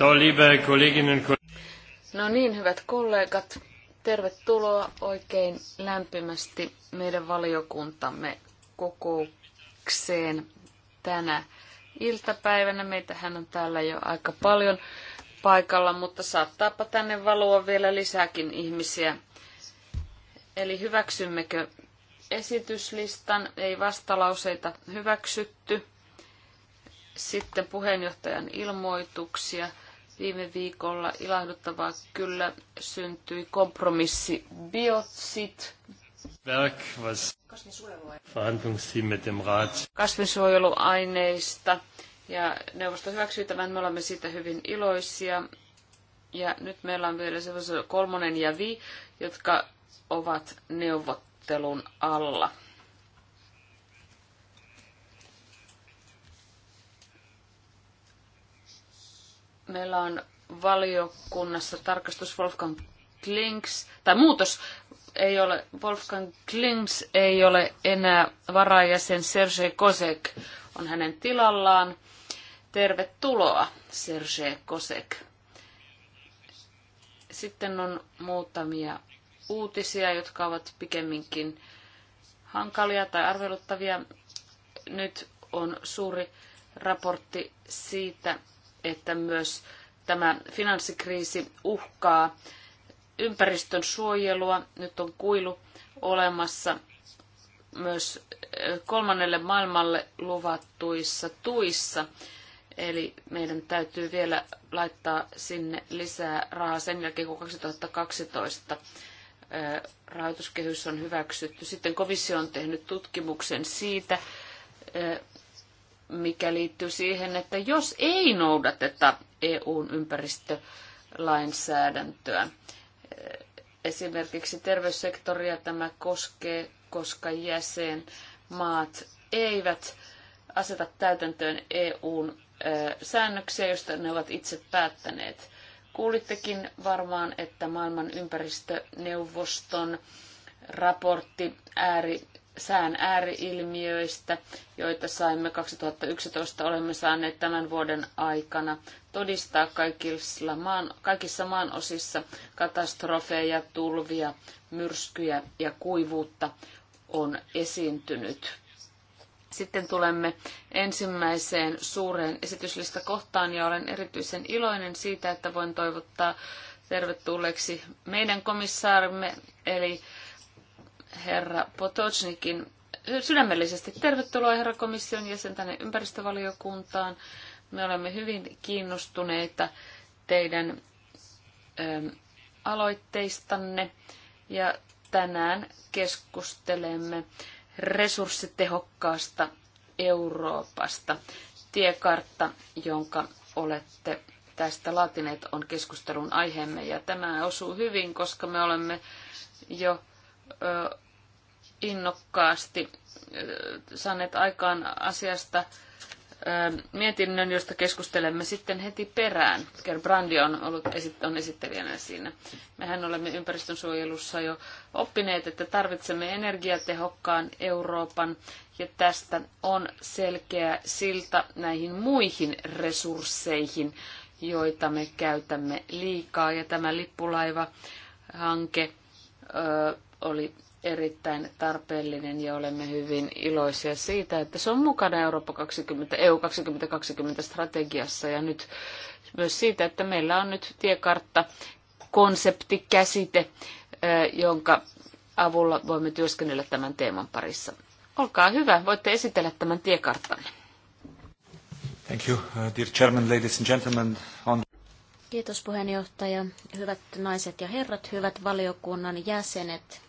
So, liebe Kolleginnen No niin, hyvät kollegat, tervetuloa oikein lämpimästi meidän valiokuntamme kokoukseen tänä iltapäivänä. Meitähän on täällä jo aika paljon paikalla, mutta saattaapa tänne valua vielä lisääkin ihmisiä. Eli hyväksymmekö esityslistan? Ei vastalauseita hyväksytty. Sitten puheenjohtajan ilmoituksia. Viime viikolla ilahduttavaa kyllä syntyi kompromissi biotsit. Werk, was kasvinsuojeluaineista. Ja neuvosto hyväksyi tämän, me olemme siitä hyvin iloisia. Ja nyt meillä on vielä sellaisia kolmonen ja vi, jotka ovat neuvottelun alla. Meillä on valiokunnassa tarkastus Wolfgang Klings, tai muutos ei ole, Wolfgang Klings ei ole enää varajäsen, Sergei Kosek on hänen tilallaan. Tervetuloa, Sergei Kosek. Sitten on muutamia uutisia, jotka ovat pikemminkin hankalia tai arveluttavia. Nyt on suuri raportti siitä, että myös tämä finanssikriisi uhkaa ympäristön suojelua. Nyt on kuilu olemassa myös kolmannelle maailmalle luvattuissa tuissa. Eli meidän täytyy vielä laittaa sinne lisää rahaa sen jälkeen, kun 2012 rahoituskehys on hyväksytty. Sitten komissio on tehnyt tutkimuksen siitä, mikä liittyy siihen, että jos ei noudateta EUn ympäristölainsäädäntöä, esimerkiksi terveyssektoria tämä koskee, koska jäsenmaat eivät aseta täytäntöön EUn säännöksiä, joista ne ovat itse päättäneet. Kuulittekin varmaan, että maailman ympäristöneuvoston raportti ääri sään ääriilmiöistä, joita saimme 2011, olemme saaneet tämän vuoden aikana todistaa kaikissa, maan, kaikissa katastrofeja, tulvia, myrskyjä ja kuivuutta on esiintynyt. Sitten tulemme ensimmäiseen suureen kohtaan ja olen erityisen iloinen siitä, että voin toivottaa tervetulleeksi meidän komissaarimme eli herra Potocnikin. Sydämellisesti tervetuloa herra komission jäsen tänne ympäristövaliokuntaan. Me olemme hyvin kiinnostuneita teidän ö, ähm, aloitteistanne ja tänään keskustelemme resurssitehokkaasta Euroopasta. Tiekartta, jonka olette tästä laatineet, on keskustelun aiheemme ja tämä osuu hyvin, koska me olemme jo innokkaasti saaneet aikaan asiasta mietinnön, josta keskustelemme sitten heti perään. Brandi on, ollut, on esittelijänä siinä. Mehän olemme ympäristönsuojelussa jo oppineet, että tarvitsemme energiatehokkaan Euroopan, ja tästä on selkeä silta näihin muihin resursseihin, joita me käytämme liikaa. Ja tämä lippulaiva-hanke oli erittäin tarpeellinen ja olemme hyvin iloisia siitä, että se on mukana Eurooppa 20, EU 2020 strategiassa ja nyt myös siitä, että meillä on nyt tiekartta, konsepti, käsite, jonka avulla voimme työskennellä tämän teeman parissa. Olkaa hyvä, voitte esitellä tämän tiekarttanne. Thank you, uh, dear chairman, ladies and gentlemen. On... Kiitos puheenjohtaja, hyvät naiset ja herrat, hyvät valiokunnan jäsenet.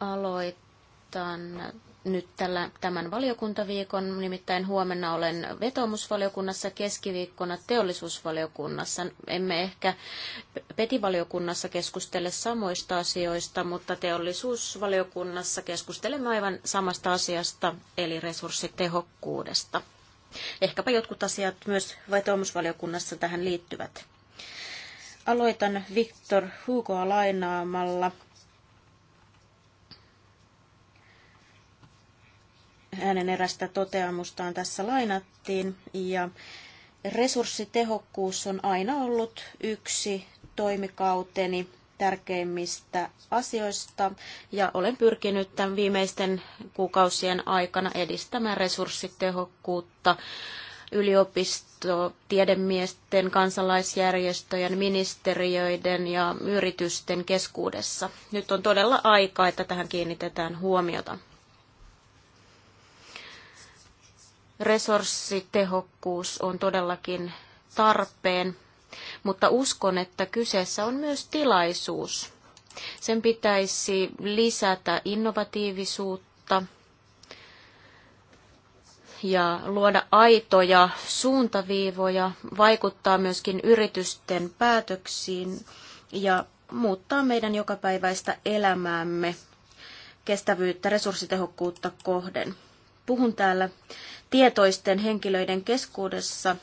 aloitan nyt tällä, tämän valiokuntaviikon, nimittäin huomenna olen vetomusvaliokunnassa, keskiviikkona teollisuusvaliokunnassa. Emme ehkä petivaliokunnassa keskustele samoista asioista, mutta teollisuusvaliokunnassa keskustelemme aivan samasta asiasta, eli resurssitehokkuudesta. Ehkäpä jotkut asiat myös vetomusvaliokunnassa tähän liittyvät. Aloitan Viktor Hugoa lainaamalla – hänen erästä toteamustaan tässä lainattiin. Ja resurssitehokkuus on aina ollut yksi toimikauteni tärkeimmistä asioista ja olen pyrkinyt tämän viimeisten kuukausien aikana edistämään resurssitehokkuutta yliopisto, tiedemiesten, kansalaisjärjestöjen, ministeriöiden ja yritysten keskuudessa. Nyt on todella aika, että tähän kiinnitetään huomiota. resurssitehokkuus on todellakin tarpeen, mutta uskon, että kyseessä on myös tilaisuus. Sen pitäisi lisätä innovatiivisuutta ja luoda aitoja suuntaviivoja, vaikuttaa myöskin yritysten päätöksiin ja muuttaa meidän jokapäiväistä elämäämme kestävyyttä, resurssitehokkuutta kohden. Puhun täällä tietoisten henkilöiden keskuudessa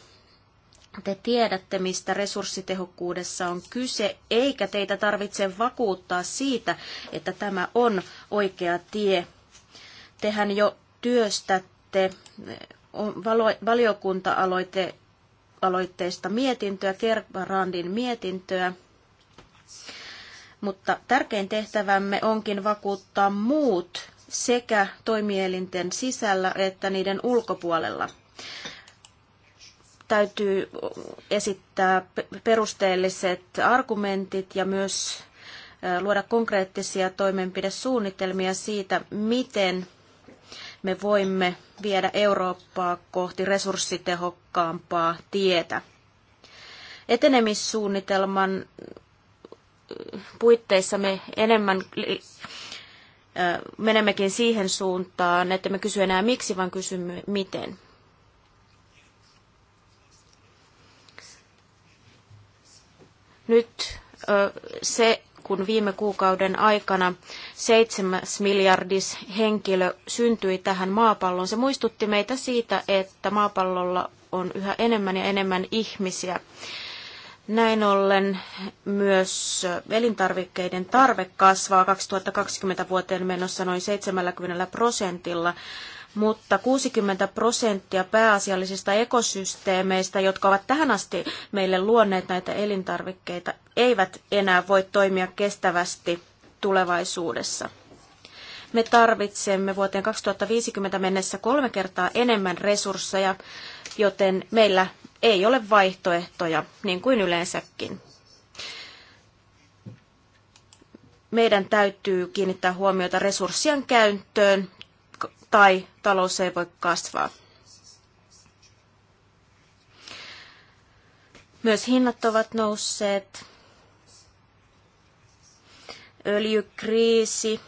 te tiedätte, mistä resurssitehokkuudessa on kyse, eikä teitä tarvitse vakuuttaa siitä, että tämä on oikea tie. Tehän jo työstätte valiokunta-aloitteista mietintöä, Kerbarandin mietintöä, mutta tärkein tehtävämme onkin vakuuttaa muut sekä toimielinten sisällä että niiden ulkopuolella. Täytyy esittää perusteelliset argumentit ja myös luoda konkreettisia toimenpidesuunnitelmia siitä, miten me voimme viedä Eurooppaa kohti resurssitehokkaampaa tietä. Etenemissuunnitelman puitteissa me enemmän menemmekin siihen suuntaan, että me kysy enää miksi, vaan kysymme miten. Nyt se, kun viime kuukauden aikana seitsemäs miljardis henkilö syntyi tähän maapalloon, se muistutti meitä siitä, että maapallolla on yhä enemmän ja enemmän ihmisiä. Näin ollen myös elintarvikkeiden tarve kasvaa 2020 vuoteen menossa noin 70 prosentilla, mutta 60 prosenttia pääasiallisista ekosysteemeistä, jotka ovat tähän asti meille luonneet näitä elintarvikkeita, eivät enää voi toimia kestävästi tulevaisuudessa. Me tarvitsemme vuoteen 2050 mennessä kolme kertaa enemmän resursseja joten meillä ei ole vaihtoehtoja, niin kuin yleensäkin. Meidän täytyy kiinnittää huomiota resurssien käyttöön tai talous ei voi kasvaa. Myös hinnat ovat nousseet. Öljykriisi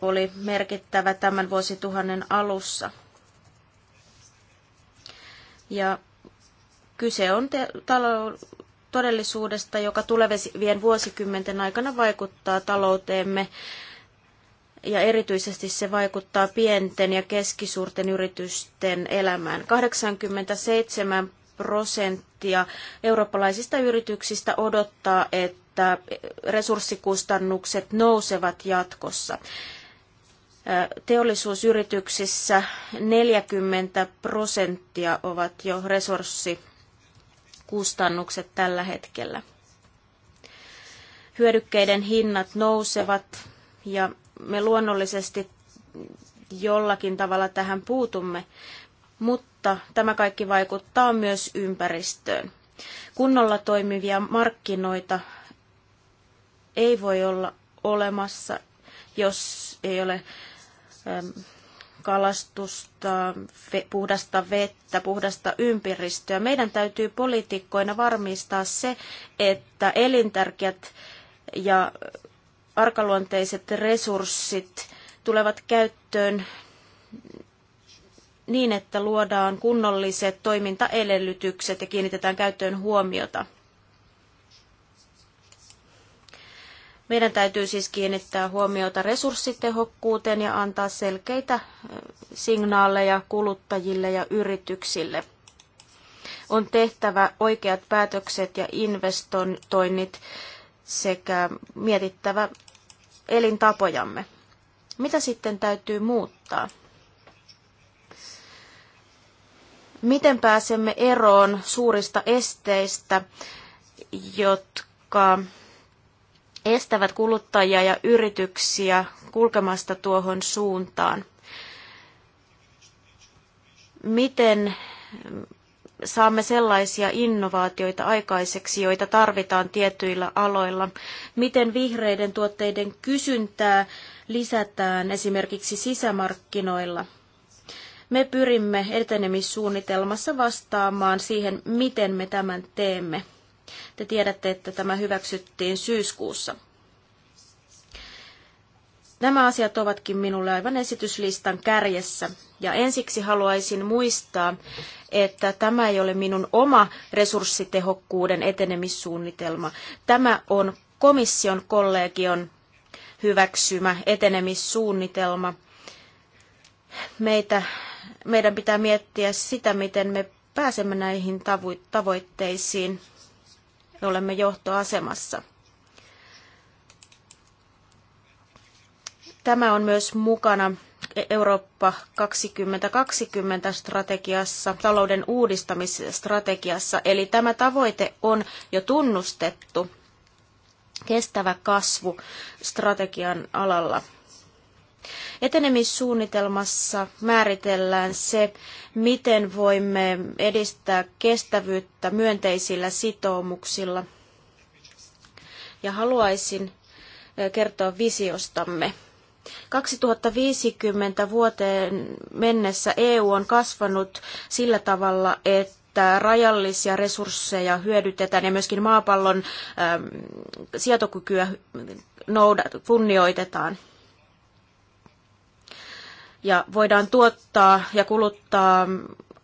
oli merkittävä tämän vuosituhannen alussa. Ja kyse on te- todellisuudesta, joka tulevien vuosikymmenten aikana vaikuttaa talouteemme ja erityisesti se vaikuttaa pienten ja keskisuurten yritysten elämään. 87 prosenttia eurooppalaisista yrityksistä odottaa, että resurssikustannukset nousevat jatkossa. Teollisuusyrityksissä 40 prosenttia ovat jo resurssikustannukset tällä hetkellä. Hyödykkeiden hinnat nousevat ja me luonnollisesti jollakin tavalla tähän puutumme, mutta tämä kaikki vaikuttaa myös ympäristöön. Kunnolla toimivia markkinoita ei voi olla olemassa, jos ei ole kalastusta, puhdasta vettä, puhdasta ympäristöä. Meidän täytyy poliitikkoina varmistaa se, että elintärkeät ja arkaluonteiset resurssit tulevat käyttöön niin, että luodaan kunnolliset toimintaedellytykset ja kiinnitetään käyttöön huomiota. Meidän täytyy siis kiinnittää huomiota resurssitehokkuuteen ja antaa selkeitä signaaleja kuluttajille ja yrityksille. On tehtävä oikeat päätökset ja investoinnit sekä mietittävä elintapojamme. Mitä sitten täytyy muuttaa? Miten pääsemme eroon suurista esteistä, jotka estävät kuluttajia ja yrityksiä kulkemasta tuohon suuntaan. Miten saamme sellaisia innovaatioita aikaiseksi, joita tarvitaan tietyillä aloilla? Miten vihreiden tuotteiden kysyntää lisätään esimerkiksi sisämarkkinoilla? Me pyrimme etenemissuunnitelmassa vastaamaan siihen, miten me tämän teemme. Te tiedätte, että tämä hyväksyttiin syyskuussa. Nämä asiat ovatkin minulle aivan esityslistan kärjessä. Ja ensiksi haluaisin muistaa, että tämä ei ole minun oma resurssitehokkuuden etenemissuunnitelma. Tämä on komission kollegion hyväksymä etenemissuunnitelma. Meitä, meidän pitää miettiä sitä, miten me pääsemme näihin tavoitteisiin me olemme johtoasemassa. Tämä on myös mukana Eurooppa 2020 strategiassa, talouden uudistamisstrategiassa. Eli tämä tavoite on jo tunnustettu kestävä kasvu strategian alalla. Etenemissuunnitelmassa määritellään se, miten voimme edistää kestävyyttä myönteisillä sitoumuksilla. Ja haluaisin kertoa visiostamme. 2050 vuoteen mennessä EU on kasvanut sillä tavalla, että rajallisia resursseja hyödytetään ja myöskin maapallon sietokykyä noudat, kunnioitetaan ja voidaan tuottaa ja kuluttaa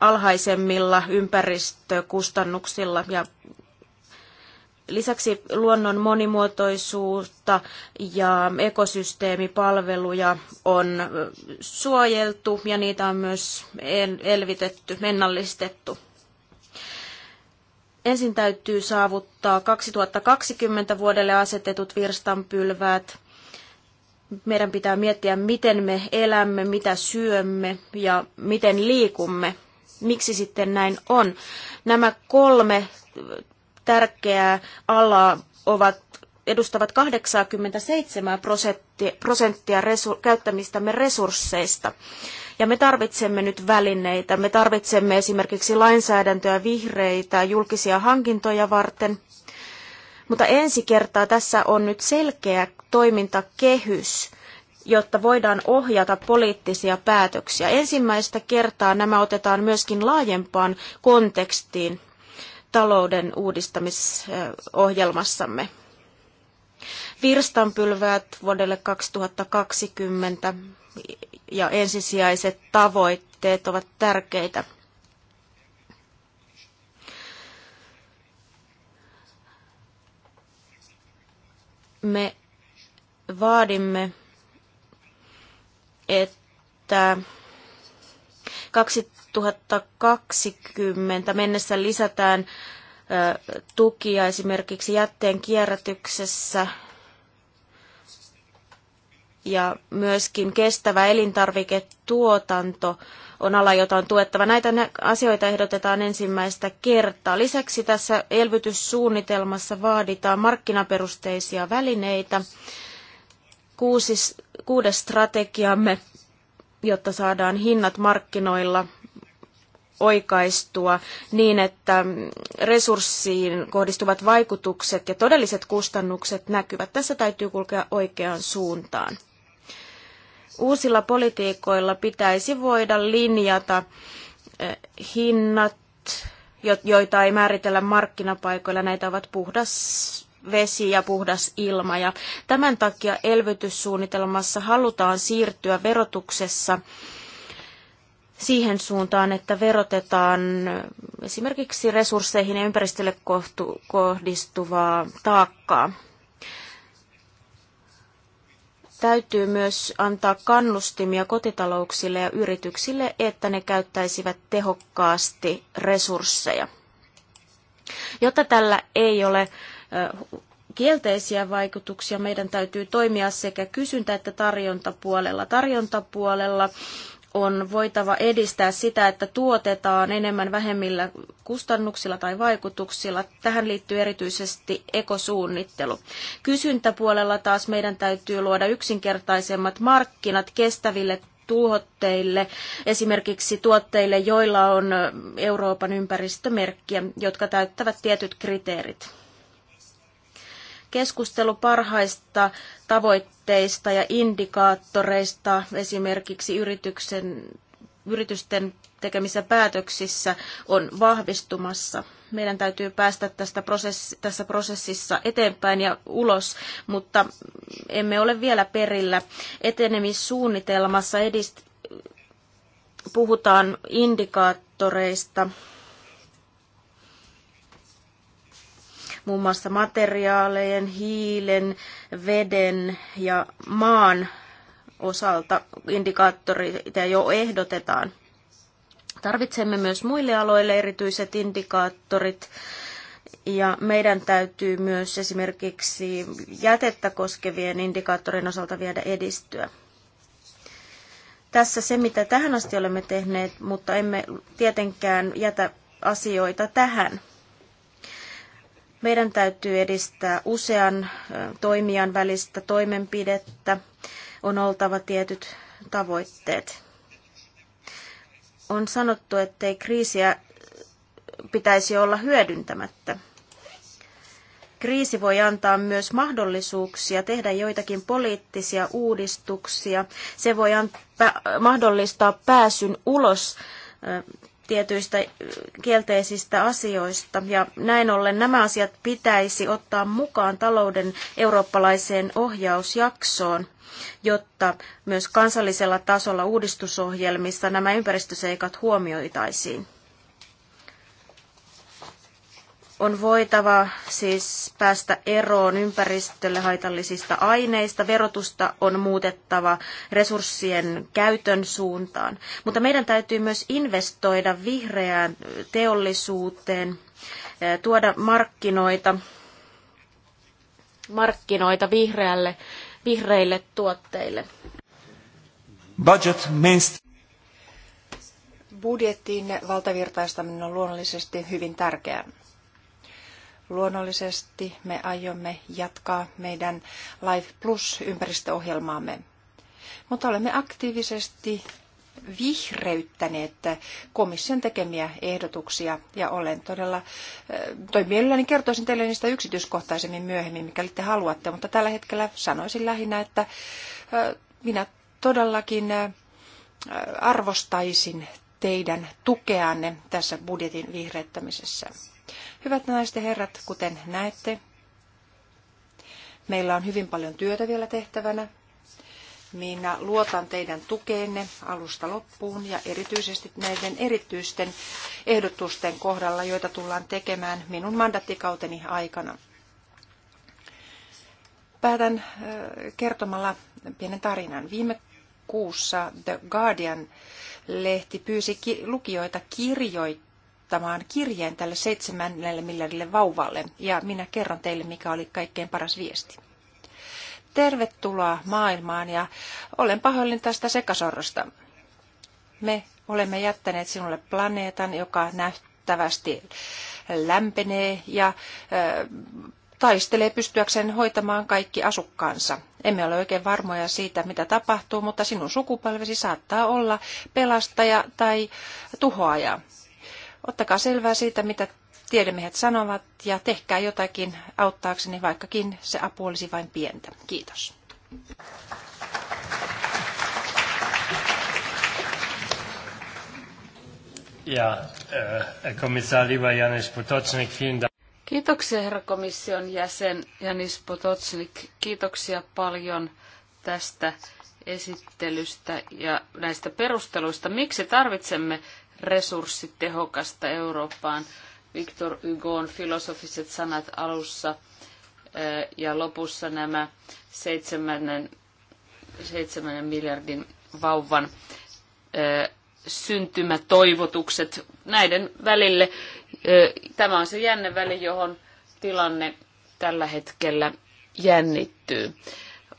alhaisemmilla ympäristökustannuksilla ja Lisäksi luonnon monimuotoisuutta ja ekosysteemipalveluja on suojeltu ja niitä on myös elvitetty, ennallistettu. Ensin täytyy saavuttaa 2020 vuodelle asetetut virstanpylväät meidän pitää miettiä, miten me elämme, mitä syömme ja miten liikumme. Miksi sitten näin on? Nämä kolme tärkeää alaa ovat, edustavat 87 prosenttia resu, käyttämistämme resursseista. Ja me tarvitsemme nyt välineitä. Me tarvitsemme esimerkiksi lainsäädäntöä vihreitä julkisia hankintoja varten – mutta ensi kertaa tässä on nyt selkeä toimintakehys, jotta voidaan ohjata poliittisia päätöksiä. Ensimmäistä kertaa nämä otetaan myöskin laajempaan kontekstiin talouden uudistamisohjelmassamme. Virstanpylväät vuodelle 2020 ja ensisijaiset tavoitteet ovat tärkeitä. me vaadimme, että 2020 mennessä lisätään tukia esimerkiksi jätteen kierrätyksessä ja myöskin kestävä elintarviketuotanto on ala, jota on tuettava. Näitä asioita ehdotetaan ensimmäistä kertaa. Lisäksi tässä elvytyssuunnitelmassa vaaditaan markkinaperusteisia välineitä kuusi, kuudes strategiamme, jotta saadaan hinnat markkinoilla oikaistua niin, että resurssiin kohdistuvat vaikutukset ja todelliset kustannukset näkyvät. Tässä täytyy kulkea oikeaan suuntaan. Uusilla politiikoilla pitäisi voida linjata eh, hinnat, joita ei määritellä markkinapaikoilla. Näitä ovat puhdas vesi ja puhdas ilma. Ja tämän takia elvytyssuunnitelmassa halutaan siirtyä verotuksessa siihen suuntaan, että verotetaan esimerkiksi resursseihin ja ympäristölle kohdistuvaa taakkaa. Täytyy myös antaa kannustimia kotitalouksille ja yrityksille, että ne käyttäisivät tehokkaasti resursseja. Jotta tällä ei ole kielteisiä vaikutuksia, meidän täytyy toimia sekä kysyntä- että tarjontapuolella. Tarjontapuolella on voitava edistää sitä, että tuotetaan enemmän vähemmillä kustannuksilla tai vaikutuksilla. Tähän liittyy erityisesti ekosuunnittelu. Kysyntäpuolella taas meidän täytyy luoda yksinkertaisemmat markkinat kestäville tuotteille, esimerkiksi tuotteille, joilla on Euroopan ympäristömerkkiä, jotka täyttävät tietyt kriteerit. Keskustelu parhaista tavoitteista ja indikaattoreista esimerkiksi yrityksen, yritysten tekemissä päätöksissä on vahvistumassa. Meidän täytyy päästä tästä prosessi, tässä prosessissa eteenpäin ja ulos, mutta emme ole vielä perillä. Etenemissuunnitelmassa edist- puhutaan indikaattoreista muun muassa materiaalejen, hiilen, veden ja maan osalta indikaattoreita jo ehdotetaan. Tarvitsemme myös muille aloille erityiset indikaattorit ja meidän täytyy myös esimerkiksi jätettä koskevien indikaattorien osalta viedä edistyä. Tässä se, mitä tähän asti olemme tehneet, mutta emme tietenkään jätä asioita tähän. Meidän täytyy edistää usean toimijan välistä toimenpidettä. On oltava tietyt tavoitteet. On sanottu, ettei kriisiä pitäisi olla hyödyntämättä. Kriisi voi antaa myös mahdollisuuksia tehdä joitakin poliittisia uudistuksia. Se voi antaa, mahdollistaa pääsyn ulos tietyistä äh, kielteisistä asioista. Ja näin ollen nämä asiat pitäisi ottaa mukaan talouden eurooppalaiseen ohjausjaksoon, jotta myös kansallisella tasolla uudistusohjelmissa nämä ympäristöseikat huomioitaisiin. On voitava siis päästä eroon ympäristölle haitallisista aineista, verotusta on muutettava resurssien käytön suuntaan. Mutta meidän täytyy myös investoida vihreään teollisuuteen, eh, tuoda markkinoita, markkinoita vihreälle, vihreille tuotteille. Budget means... Budjettiin valtavirtaistaminen on luonnollisesti hyvin tärkeää. Luonnollisesti me aiomme jatkaa meidän Life Plus-ympäristöohjelmaamme. Mutta olemme aktiivisesti vihreyttäneet komission tekemiä ehdotuksia ja olen todella, eh, toi mielelläni kertoisin teille niistä yksityiskohtaisemmin myöhemmin, mikäli te haluatte, mutta tällä hetkellä sanoisin lähinnä, että eh, minä todellakin eh, arvostaisin teidän tukeanne tässä budjetin vihreyttämisessä. Hyvät naiset ja herrat, kuten näette, meillä on hyvin paljon työtä vielä tehtävänä. Minä luotan teidän tukeenne alusta loppuun ja erityisesti näiden erityisten ehdotusten kohdalla, joita tullaan tekemään minun mandattikauteni aikana. Päätän kertomalla pienen tarinan. Viime kuussa The Guardian-lehti pyysi lukijoita kirjoittamaan kirjoittamaan kirjeen tälle seitsemännelle miljardille vauvalle, ja minä kerron teille, mikä oli kaikkein paras viesti. Tervetuloa maailmaan, ja olen pahoillinen tästä sekasorrosta. Me olemme jättäneet sinulle planeetan, joka näyttävästi lämpenee ja ö, taistelee pystyäkseen hoitamaan kaikki asukkaansa. Emme ole oikein varmoja siitä, mitä tapahtuu, mutta sinun sukupolvesi saattaa olla pelastaja tai tuhoaja. Ottakaa selvää siitä, mitä tiedemiehet sanovat ja tehkää jotakin auttaakseni, vaikkakin se apu olisi vain pientä. Kiitos. Ja, äh, eh, eh, komissaar, Janis Potocnik, Kiitoksia herra komission jäsen Janis Potocnik. Kiitoksia paljon tästä esittelystä ja näistä perusteluista, miksi tarvitsemme resurssitehokasta Eurooppaan. Victor Hugon filosofiset sanat alussa eh, ja lopussa nämä seitsemännen, seitsemännen miljardin vauvan eh, syntymätoivotukset näiden välille. Eh, tämä on se jännä väli, johon tilanne tällä hetkellä jännittyy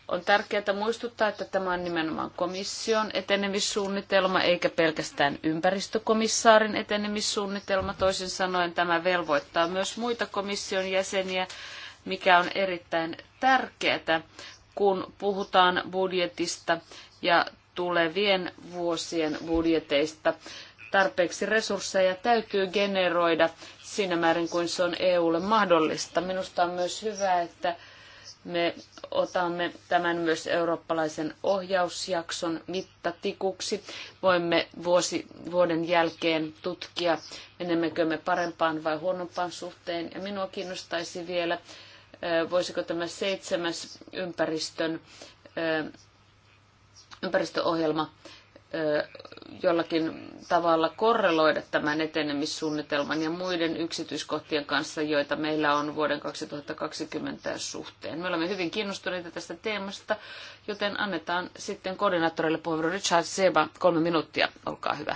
on tärkeää muistuttaa, että tämä on nimenomaan komission etenemissuunnitelma eikä pelkästään ympäristökomissaarin etenemissuunnitelma. Toisin sanoen tämä velvoittaa myös muita komission jäseniä, mikä on erittäin tärkeää, kun puhutaan budjetista ja tulevien vuosien budjeteista. Tarpeeksi resursseja täytyy generoida siinä määrin kuin se on EUlle mahdollista. Minusta on myös hyvä, että me otamme tämän myös eurooppalaisen ohjausjakson mittatikuksi. Voimme vuosi, vuoden jälkeen tutkia, menemmekö me parempaan vai huonompaan suhteen. Ja minua kiinnostaisi vielä, voisiko tämä seitsemäs ympäristön, ympäristöohjelma jollakin tavalla korreloida tämän etenemissuunnitelman ja muiden yksityiskohtien kanssa, joita meillä on vuoden 2020 suhteen. Me olemme hyvin kiinnostuneita tästä teemasta, joten annetaan sitten koordinaattorille puheenvuoro Richard Seba, kolme minuuttia, olkaa hyvä.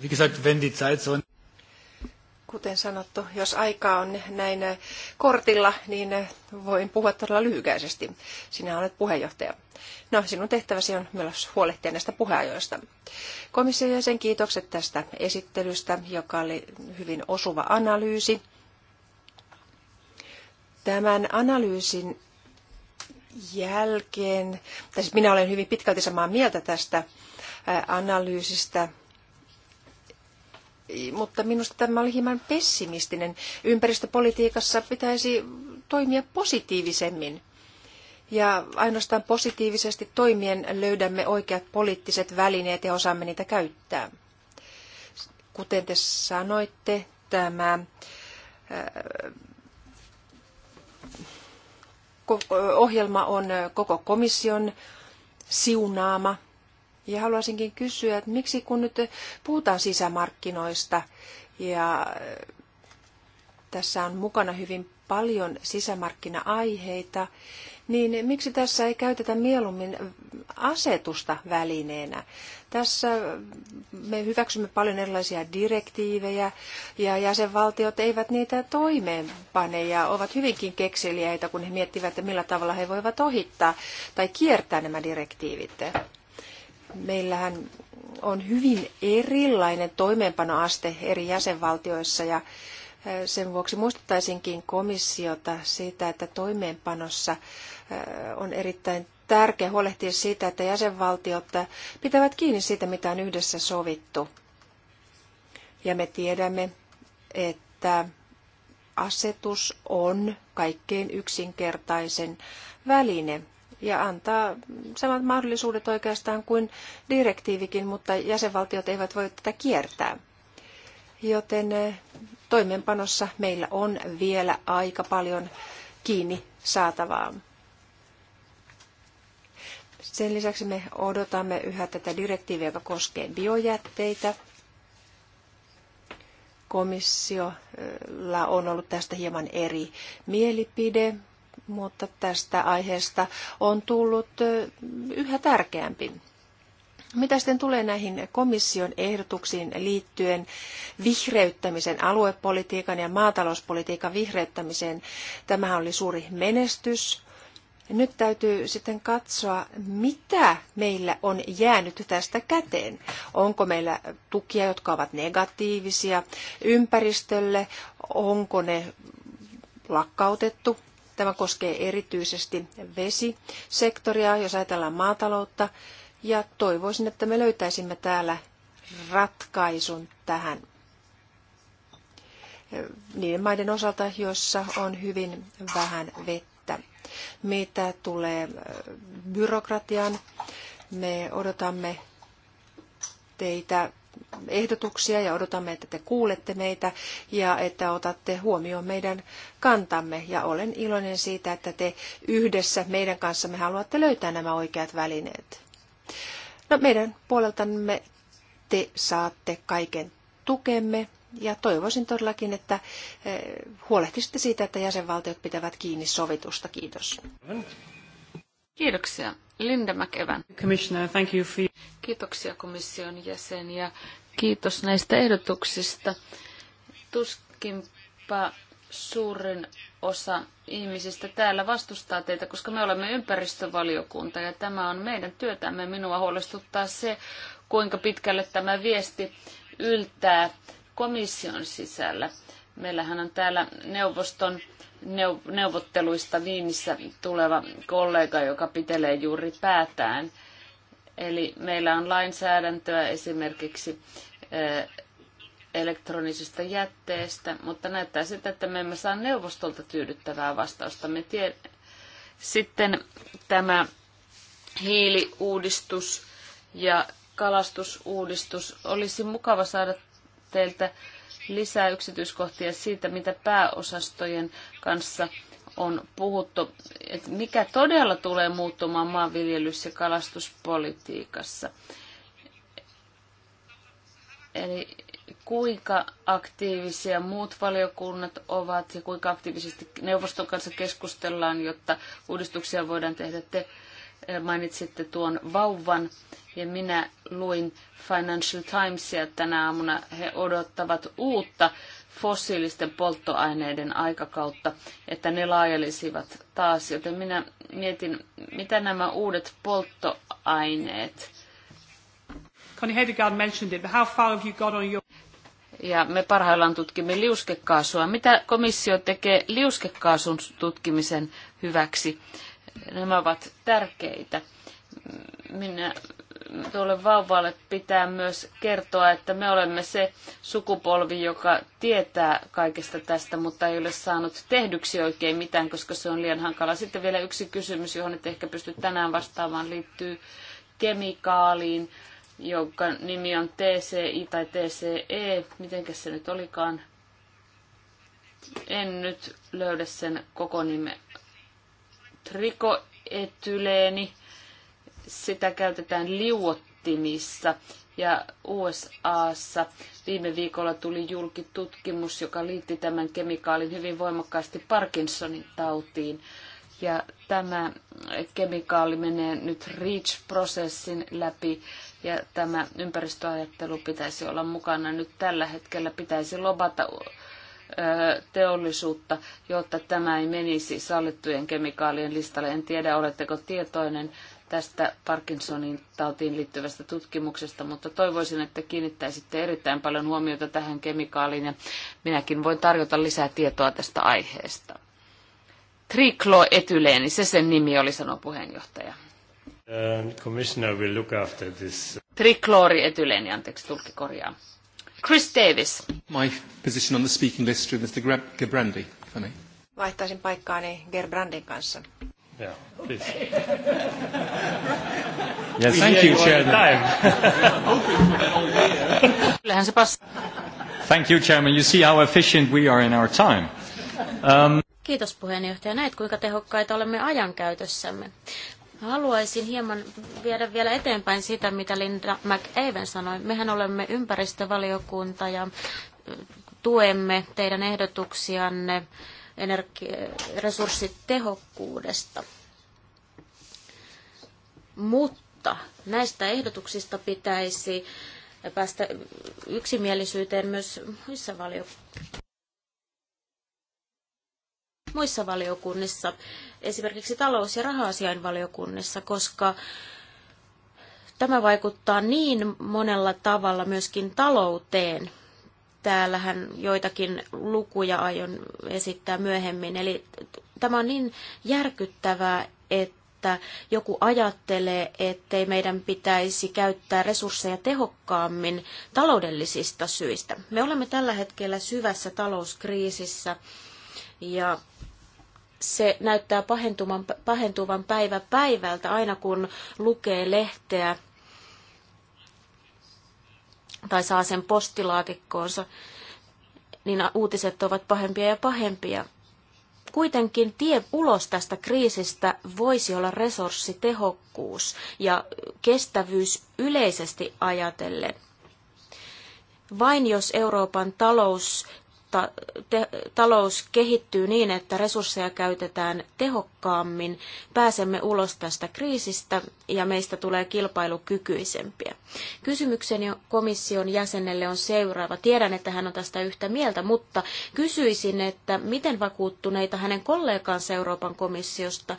Wie gesagt, wenn die Zeit so kuten sanottu, jos aikaa on näin kortilla, niin voin puhua todella lyhykäisesti. Sinä olet puheenjohtaja. No, sinun tehtäväsi on myös huolehtia näistä puheajoista. Komission jäsen kiitokset tästä esittelystä, joka oli hyvin osuva analyysi. Tämän analyysin jälkeen, tai siis minä olen hyvin pitkälti samaa mieltä tästä analyysistä, mutta minusta tämä oli hieman pessimistinen. Ympäristöpolitiikassa pitäisi toimia positiivisemmin. Ja ainoastaan positiivisesti toimien löydämme oikeat poliittiset välineet ja osaamme niitä käyttää. Kuten te sanoitte, tämä ohjelma on koko komission siunaama – ja haluaisinkin kysyä, että miksi kun nyt puhutaan sisämarkkinoista ja tässä on mukana hyvin paljon sisämarkkina-aiheita, niin miksi tässä ei käytetä mieluummin asetusta välineenä? Tässä me hyväksymme paljon erilaisia direktiivejä ja jäsenvaltiot eivät niitä toimeenpane ja ovat hyvinkin kekseliäitä, kun he miettivät, että millä tavalla he voivat ohittaa tai kiertää nämä direktiivit meillähän on hyvin erilainen toimeenpanoaste eri jäsenvaltioissa ja sen vuoksi muistuttaisinkin komissiota siitä, että toimeenpanossa on erittäin tärkeää huolehtia siitä, että jäsenvaltiot pitävät kiinni siitä, mitä on yhdessä sovittu. Ja me tiedämme, että asetus on kaikkein yksinkertaisen väline ja antaa samat mahdollisuudet oikeastaan kuin direktiivikin, mutta jäsenvaltiot eivät voi tätä kiertää. Joten eh, toimeenpanossa meillä on vielä aika paljon kiinni saatavaa. Sen lisäksi me odotamme yhä tätä direktiiviä, joka koskee biojätteitä. Komissiolla on ollut tästä hieman eri mielipide mutta tästä aiheesta on tullut yhä tärkeämpi. Mitä sitten tulee näihin komission ehdotuksiin liittyen vihreyttämisen, aluepolitiikan ja maatalouspolitiikan vihreyttämiseen, tämä oli suuri menestys. Nyt täytyy sitten katsoa, mitä meillä on jäänyt tästä käteen. Onko meillä tukia, jotka ovat negatiivisia ympäristölle? Onko ne lakkautettu Tämä koskee erityisesti vesisektoria, jos ajatellaan maataloutta, ja toivoisin, että me löytäisimme täällä ratkaisun tähän niiden maiden osalta, joissa on hyvin vähän vettä. Mitä tulee byrokratiaan, me odotamme teitä ehdotuksia ja odotamme, että te kuulette meitä ja että otatte huomioon meidän kantamme. Ja olen iloinen siitä, että te yhdessä meidän kanssamme haluatte löytää nämä oikeat välineet. No, meidän puoleltamme te saatte kaiken tukemme ja toivoisin todellakin, että eh, huolehtisitte siitä, että jäsenvaltiot pitävät kiinni sovitusta. Kiitos. Kiitoksia. Linda Commissioner, thank you for... Kiitoksia komission jäsen ja kiitos näistä ehdotuksista. Tuskinpa suurin osa ihmisistä täällä vastustaa teitä, koska me olemme ympäristövaliokunta ja tämä on meidän työtämme. Minua huolestuttaa se, kuinka pitkälle tämä viesti yltää komission sisällä. Meillähän on täällä neuvoston neuvotteluista Viinissä tuleva kollega, joka pitelee juuri päätään. Eli meillä on lainsäädäntöä esimerkiksi eh, elektronisesta jätteestä, mutta näyttää siltä, että me emme saa neuvostolta tyydyttävää vastausta. Me tie... Sitten tämä hiiliuudistus ja kalastusuudistus olisi mukava saada teiltä lisää yksityiskohtia siitä, mitä pääosastojen kanssa on puhuttu, että mikä todella tulee muuttumaan maanviljelys- ja kalastuspolitiikassa. Eli kuinka aktiivisia muut valiokunnat ovat ja kuinka aktiivisesti neuvoston kanssa keskustellaan, jotta uudistuksia voidaan tehdä. Te Mainitsitte tuon vauvan ja minä luin Financial Timesia tänä aamuna. He odottavat uutta fossiilisten polttoaineiden aikakautta, että ne laajelisivat taas. Joten minä mietin, mitä nämä uudet polttoaineet. Connie Hedegaard mentioned it, but how far have you got on your... Ja me parhaillaan tutkimme liuskekaasua. Mitä komissio tekee liuskekaasun tutkimisen hyväksi? nämä ovat tärkeitä. Minä tuolle vauvalle pitää myös kertoa, että me olemme se sukupolvi, joka tietää kaikesta tästä, mutta ei ole saanut tehdyksi oikein mitään, koska se on liian hankala. Sitten vielä yksi kysymys, johon et ehkä pysty tänään vastaamaan, liittyy kemikaaliin, jonka nimi on TCI tai TCE. Mitenkä se nyt olikaan? En nyt löydä sen koko nimeä trikoetyleeni. Sitä käytetään liuottimissa ja USAssa viime viikolla tuli julki tutkimus, joka liitti tämän kemikaalin hyvin voimakkaasti Parkinsonin tautiin. Ja tämä kemikaali menee nyt REACH-prosessin läpi ja tämä ympäristöajattelu pitäisi olla mukana nyt tällä hetkellä. Pitäisi lobata teollisuutta, jotta tämä ei menisi sallittujen kemikaalien listalle. En tiedä, oletteko tietoinen tästä Parkinsonin tautiin liittyvästä tutkimuksesta, mutta toivoisin, että kiinnittäisitte erittäin paljon huomiota tähän kemikaaliin ja minäkin voin tarjota lisää tietoa tästä aiheesta. Trikloetyleeni, se sen nimi oli, sanoi puheenjohtaja. Uh, commissioner will look after this. Trikloorietyleeni, anteeksi, tulkki korjaa. Chris Davis. My position on the speaking list with Mr. Gebrandi, for me. Vaihtaisin paikkaani Gerbrandin kanssa. Yeah, please. yes, thank you, Chairman. Kyllähän se passaa. Thank you, Chairman. You see how efficient we are in our time. Um, Kiitos puheenjohtaja. Näet, kuinka tehokkaita olemme ajankäytössämme. Haluaisin hieman viedä vielä eteenpäin sitä, mitä Linda McAven sanoi. Mehän olemme ympäristövaliokunta ja tuemme teidän ehdotuksianne energi- resurssitehokkuudesta. Mutta näistä ehdotuksista pitäisi päästä yksimielisyyteen myös muissa valiokunnissa muissa valiokunnissa, esimerkiksi talous- ja raha-asiainvaliokunnissa, koska tämä vaikuttaa niin monella tavalla myöskin talouteen. Täällähän joitakin lukuja aion esittää myöhemmin. Eli tämä on niin järkyttävää, että joku ajattelee, ettei meidän pitäisi käyttää resursseja tehokkaammin taloudellisista syistä. Me olemme tällä hetkellä syvässä talouskriisissä ja se näyttää pahentuvan, pahentuvan päivä päivältä aina kun lukee lehteä tai saa sen postilaatikkoonsa, niin uutiset ovat pahempia ja pahempia. Kuitenkin tie ulos tästä kriisistä voisi olla resurssitehokkuus ja kestävyys yleisesti ajatellen. Vain jos Euroopan talous jotta te- talous kehittyy niin, että resursseja käytetään tehokkaammin, pääsemme ulos tästä kriisistä ja meistä tulee kilpailukykyisempiä. Kysymykseni komission jäsenelle on seuraava. Tiedän, että hän on tästä yhtä mieltä, mutta kysyisin, että miten vakuuttuneita hänen kollegansa Euroopan komissiosta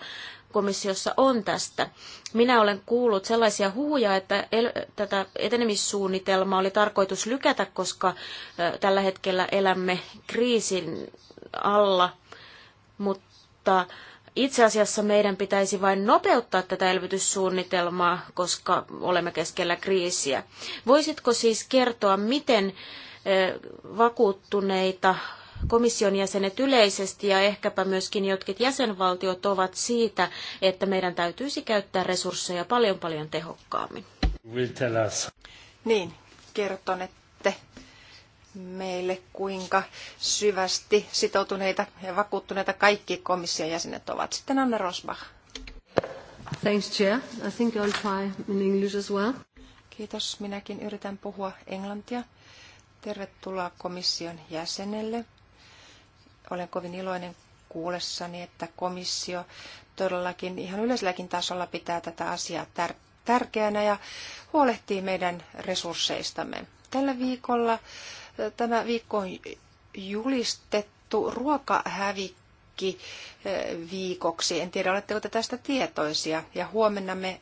komissiossa on tästä. Minä olen kuullut sellaisia huhuja, että tätä etenemissuunnitelmaa oli tarkoitus lykätä, koska tällä hetkellä elämme kriisin alla, mutta itse asiassa meidän pitäisi vain nopeuttaa tätä elvytyssuunnitelmaa, koska olemme keskellä kriisiä. Voisitko siis kertoa, miten vakuuttuneita komission jäsenet yleisesti ja ehkäpä myöskin jotkut jäsenvaltiot ovat siitä, että meidän täytyisi käyttää resursseja paljon paljon tehokkaammin. Niin, kertonette meille, kuinka syvästi sitoutuneita ja vakuuttuneita kaikki komission jäsenet ovat. Sitten Anna Rosbach. Thanks, Chair. I think I'll try in English as well. Kiitos. Minäkin yritän puhua englantia. Tervetuloa komission jäsenelle. Olen kovin iloinen kuullessani, että komissio todellakin ihan yleiselläkin tasolla pitää tätä asiaa tär- tärkeänä ja huolehtii meidän resursseistamme. Tällä viikolla äh, tämä viikko on julistettu ruokahävikki äh, viikoksi. En tiedä, oletteko te tästä tietoisia. Ja huomenna me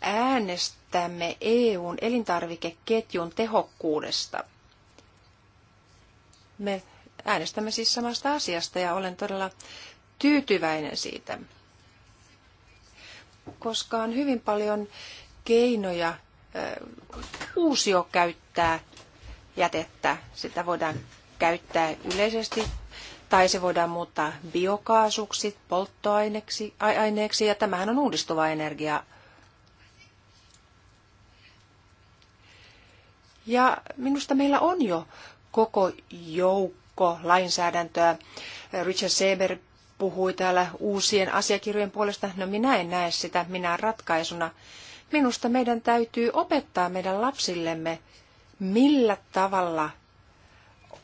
äänestämme EUn elintarvikeketjun tehokkuudesta. Me Äänestämme siis samasta asiasta ja olen todella tyytyväinen siitä, koska on hyvin paljon keinoja uusio käyttää jätettä. Sitä voidaan käyttää yleisesti tai se voidaan muuttaa biokaasuksi, polttoaineeksi aineeksi, ja tämähän on uudistuva energia. Ja minusta meillä on jo koko joukko koko lainsäädäntöä. Richard Seber puhui täällä uusien asiakirjojen puolesta. No minä en näe sitä minä ratkaisuna. Minusta meidän täytyy opettaa meidän lapsillemme, millä tavalla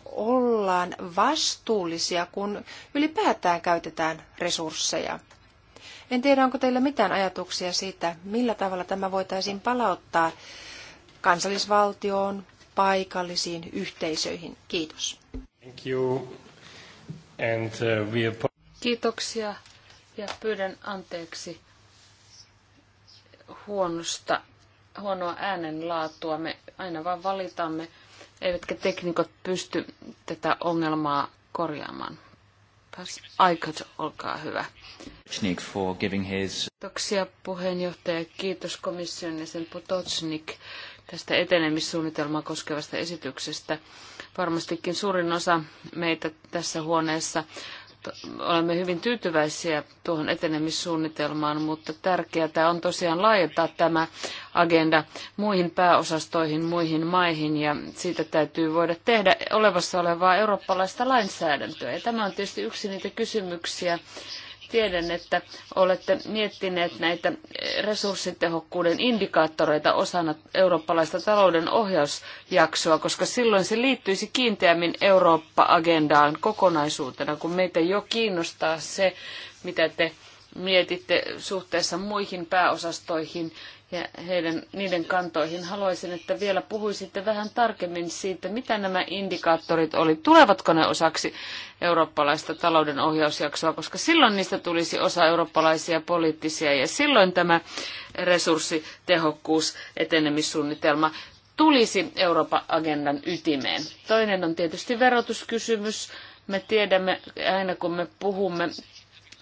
ollaan vastuullisia, kun ylipäätään käytetään resursseja. En tiedä, onko teillä mitään ajatuksia siitä, millä tavalla tämä voitaisiin palauttaa kansallisvaltioon, paikallisiin yhteisöihin. Kiitos. Thank you. And, uh, we are... Kiitoksia ja pyydän anteeksi huonosta, huonoa äänenlaatua. Me aina vain valitamme, eivätkä teknikot pysty tätä ongelmaa korjaamaan. Aikat, olkaa hyvä. For giving his... Kiitoksia puheenjohtaja. Kiitos komission ja sen Potocnik tästä etenemissuunnitelmaa koskevasta esityksestä. Varmastikin suurin osa meitä tässä huoneessa olemme hyvin tyytyväisiä tuohon etenemissuunnitelmaan, mutta tärkeää on tosiaan laajentaa tämä agenda muihin pääosastoihin, muihin maihin ja siitä täytyy voida tehdä olevassa olevaa eurooppalaista lainsäädäntöä. Ja tämä on tietysti yksi niitä kysymyksiä, Tiedän, että olette miettineet näitä resurssitehokkuuden indikaattoreita osana eurooppalaista talouden ohjausjaksoa, koska silloin se liittyisi kiinteämmin Eurooppa-agendaan kokonaisuutena, kun meitä jo kiinnostaa se, mitä te mietitte suhteessa muihin pääosastoihin ja heidän, niiden kantoihin. Haluaisin, että vielä puhuisitte vähän tarkemmin siitä, mitä nämä indikaattorit oli. Tulevatko ne osaksi eurooppalaista talouden ohjausjaksoa, koska silloin niistä tulisi osa eurooppalaisia poliittisia ja silloin tämä resurssitehokkuus etenemissuunnitelma tulisi Euroopan agendan ytimeen. Toinen on tietysti verotuskysymys. Me tiedämme aina kun me puhumme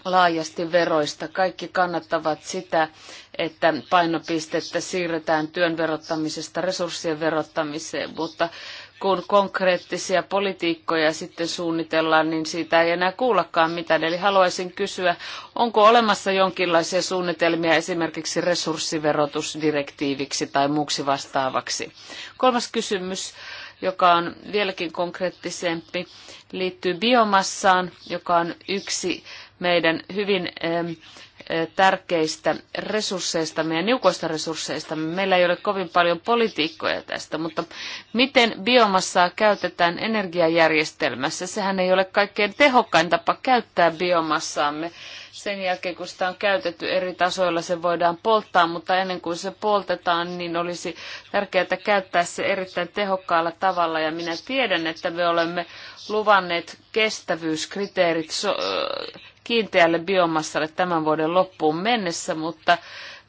laajasti veroista. Kaikki kannattavat sitä, että painopistettä siirretään työn verottamisesta resurssien verottamiseen, mutta kun konkreettisia politiikkoja sitten suunnitellaan, niin siitä ei enää kuullakaan mitään. Eli haluaisin kysyä, onko olemassa jonkinlaisia suunnitelmia esimerkiksi resurssiverotusdirektiiviksi tai muuksi vastaavaksi? Kolmas kysymys, joka on vieläkin konkreettisempi, liittyy biomassaan, joka on yksi meidän hyvin tärkeistä resursseista, meidän niukoista resursseista. Meillä ei ole kovin paljon politiikkoja tästä, mutta miten biomassaa käytetään energiajärjestelmässä? Sehän ei ole kaikkein tehokkain tapa käyttää biomassaamme. Sen jälkeen, kun sitä on käytetty eri tasoilla, se voidaan polttaa, mutta ennen kuin se poltetaan, niin olisi tärkeää käyttää se erittäin tehokkaalla tavalla. Ja minä tiedän, että me olemme luvanneet kestävyyskriteerit kiinteälle biomassalle tämän vuoden loppuun mennessä, mutta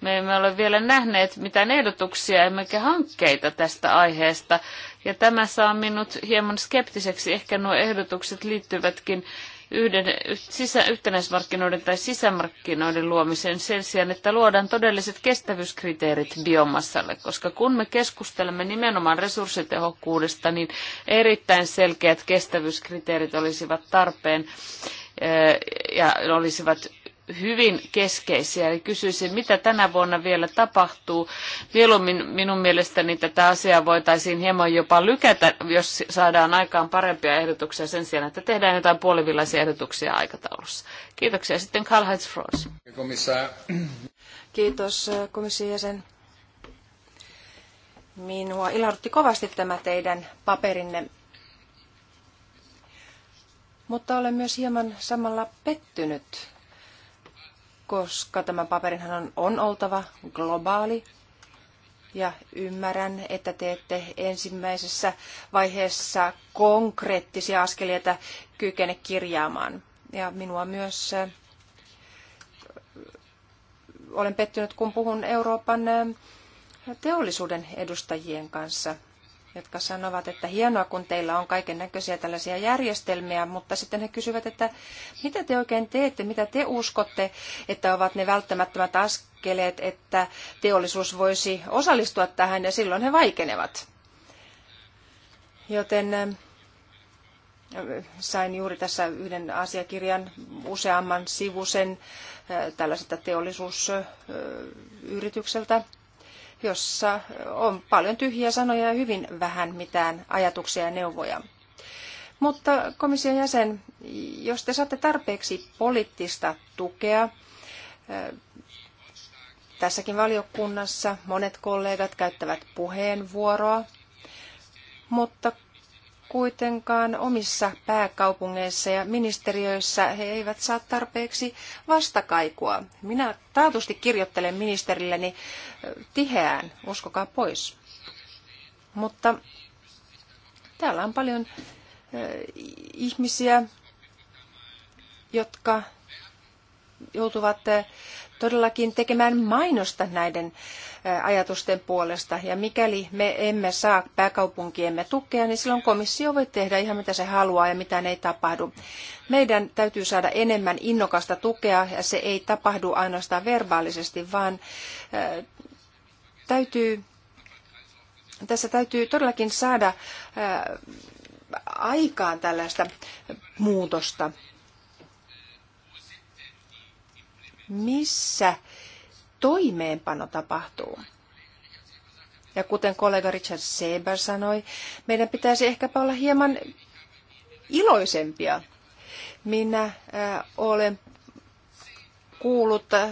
me emme ole vielä nähneet mitään ehdotuksia emmekä hankkeita tästä aiheesta. Ja tämä saa minut hieman skeptiseksi. Ehkä nuo ehdotukset liittyvätkin yhden, sisä, yhtenäismarkkinoiden tai sisämarkkinoiden luomiseen sen sijaan, että luodaan todelliset kestävyyskriteerit biomassalle, koska kun me keskustelemme nimenomaan resurssitehokkuudesta, niin erittäin selkeät kestävyyskriteerit olisivat tarpeen ja olisivat hyvin keskeisiä. Eli kysyisin, mitä tänä vuonna vielä tapahtuu. Mieluummin minun mielestäni tätä asiaa voitaisiin hieman jopa lykätä, jos saadaan aikaan parempia ehdotuksia sen sijaan, että tehdään jotain puolivillaisia ehdotuksia aikataulussa. Kiitoksia. Sitten Karl Heinz Frost. Kiitos komission jäsen. Minua ilahdutti kovasti tämä teidän paperinne mutta olen myös hieman samalla pettynyt, koska tämä paperinhan on, on oltava globaali. Ja ymmärrän, että teette ensimmäisessä vaiheessa konkreettisia askeleita kykene kirjaamaan. Ja minua myös äh, olen pettynyt, kun puhun Euroopan äh, teollisuuden edustajien kanssa – jotka sanovat, että hienoa, kun teillä on kaiken näköisiä tällaisia järjestelmiä, mutta sitten he kysyvät, että mitä te oikein teette, mitä te uskotte, että ovat ne välttämättömät askeleet, että teollisuus voisi osallistua tähän ja silloin he vaikenevat. Joten ähm, sain juuri tässä yhden asiakirjan useamman sivusen äh, tällaiselta teollisuusyritykseltä jossa on paljon tyhjiä sanoja ja hyvin vähän mitään ajatuksia ja neuvoja. Mutta komission jäsen, jos te saatte tarpeeksi poliittista tukea, eh, tässäkin valiokunnassa monet kollegat käyttävät puheenvuoroa, mutta kuitenkaan omissa pääkaupungeissa ja ministeriöissä he eivät saa tarpeeksi vastakaikua. Minä taatusti kirjoittelen ministerilleni tiheään, uskokaa pois. Mutta täällä on paljon ihmisiä, jotka joutuvat todellakin tekemään mainosta näiden ajatusten puolesta. Ja mikäli me emme saa pääkaupunkiemme tukea, niin silloin komissio voi tehdä ihan mitä se haluaa ja mitä ei tapahdu. Meidän täytyy saada enemmän innokasta tukea ja se ei tapahdu ainoastaan verbaalisesti, vaan täytyy, tässä täytyy todellakin saada aikaan tällaista muutosta. missä toimeenpano tapahtuu. Ja kuten kollega Richard Seber sanoi, meidän pitäisi ehkäpä olla hieman iloisempia. Minä äh, olen kuullut äh,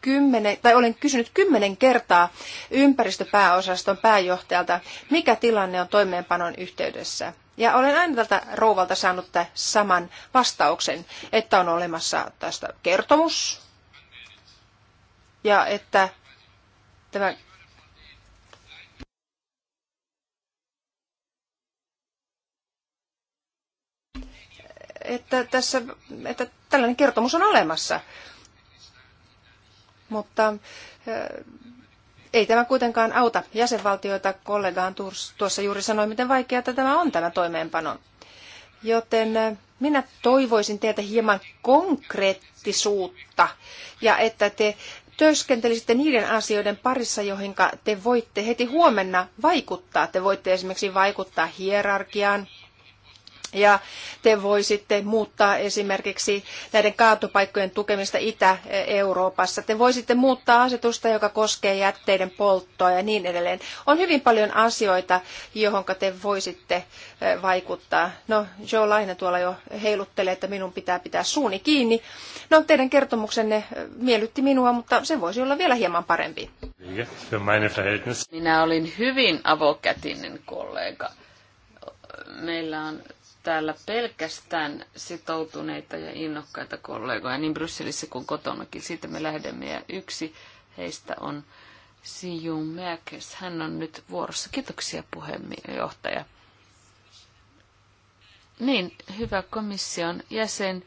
kymmenen, tai olen kysynyt kymmenen kertaa ympäristöpääosaston pääjohtajalta, mikä tilanne on toimeenpanon yhteydessä. Ja olen aina tältä rouvalta saanut saman vastauksen, että on olemassa tästä kertomus, ja että tämä että, tässä, että tällainen kertomus on olemassa. Mutta eh, ei tämä kuitenkaan auta jäsenvaltioita. Kollegaan tuossa juuri sanoi, miten vaikeaa tämä on tämä toimeenpano. Joten eh, minä toivoisin teiltä hieman konkreettisuutta ja että te työskentelisitte niiden asioiden parissa, joihin te voitte heti huomenna vaikuttaa. Te voitte esimerkiksi vaikuttaa hierarkiaan, ja te voisitte muuttaa esimerkiksi näiden kaatopaikkojen tukemista Itä-Euroopassa. Te voisitte muuttaa asetusta, joka koskee jätteiden polttoa ja niin edelleen. On hyvin paljon asioita, johon te voisitte eh, vaikuttaa. No, Joe laina tuolla jo heiluttelee, että minun pitää pitää suuni kiinni. No, teidän kertomuksenne eh, miellytti minua, mutta se voisi olla vielä hieman parempi. Minä olin hyvin avokätinen kollega. Meillä on täällä pelkästään sitoutuneita ja innokkaita kollegoja niin Brysselissä kuin kotonakin. Siitä me lähdemme ja yksi heistä on Siju Mäkes. Hän on nyt vuorossa. Kiitoksia puheenjohtaja. Niin, hyvä komission jäsen.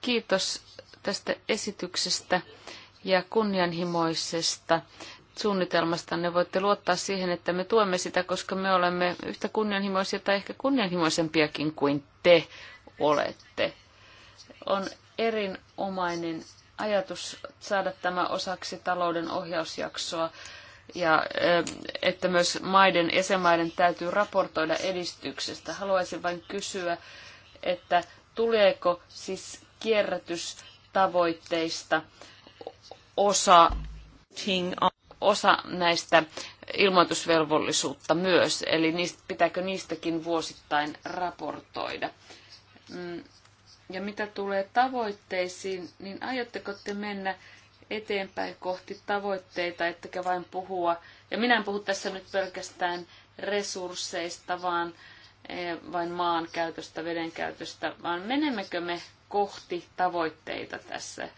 Kiitos tästä esityksestä ja kunnianhimoisesta suunnitelmastanne. Voitte luottaa siihen, että me tuemme sitä, koska me olemme yhtä kunnianhimoisia tai ehkä kunnianhimoisempiakin kuin te olette. On erinomainen ajatus saada tämä osaksi talouden ohjausjaksoa ja eh, että myös maiden, jäsenmaiden täytyy raportoida edistyksestä. Haluaisin vain kysyä, että tuleeko siis kierrätystavoitteista osa osa näistä ilmoitusvelvollisuutta myös, eli niistä, pitääkö niistäkin vuosittain raportoida. Mm, ja mitä tulee tavoitteisiin, niin aiotteko te mennä eteenpäin kohti tavoitteita, ettekä vain puhua, ja minä en puhu tässä nyt pelkästään resursseista, vaan eh, vain maan käytöstä, veden käytöstä, vaan menemmekö me kohti tavoitteita tässä.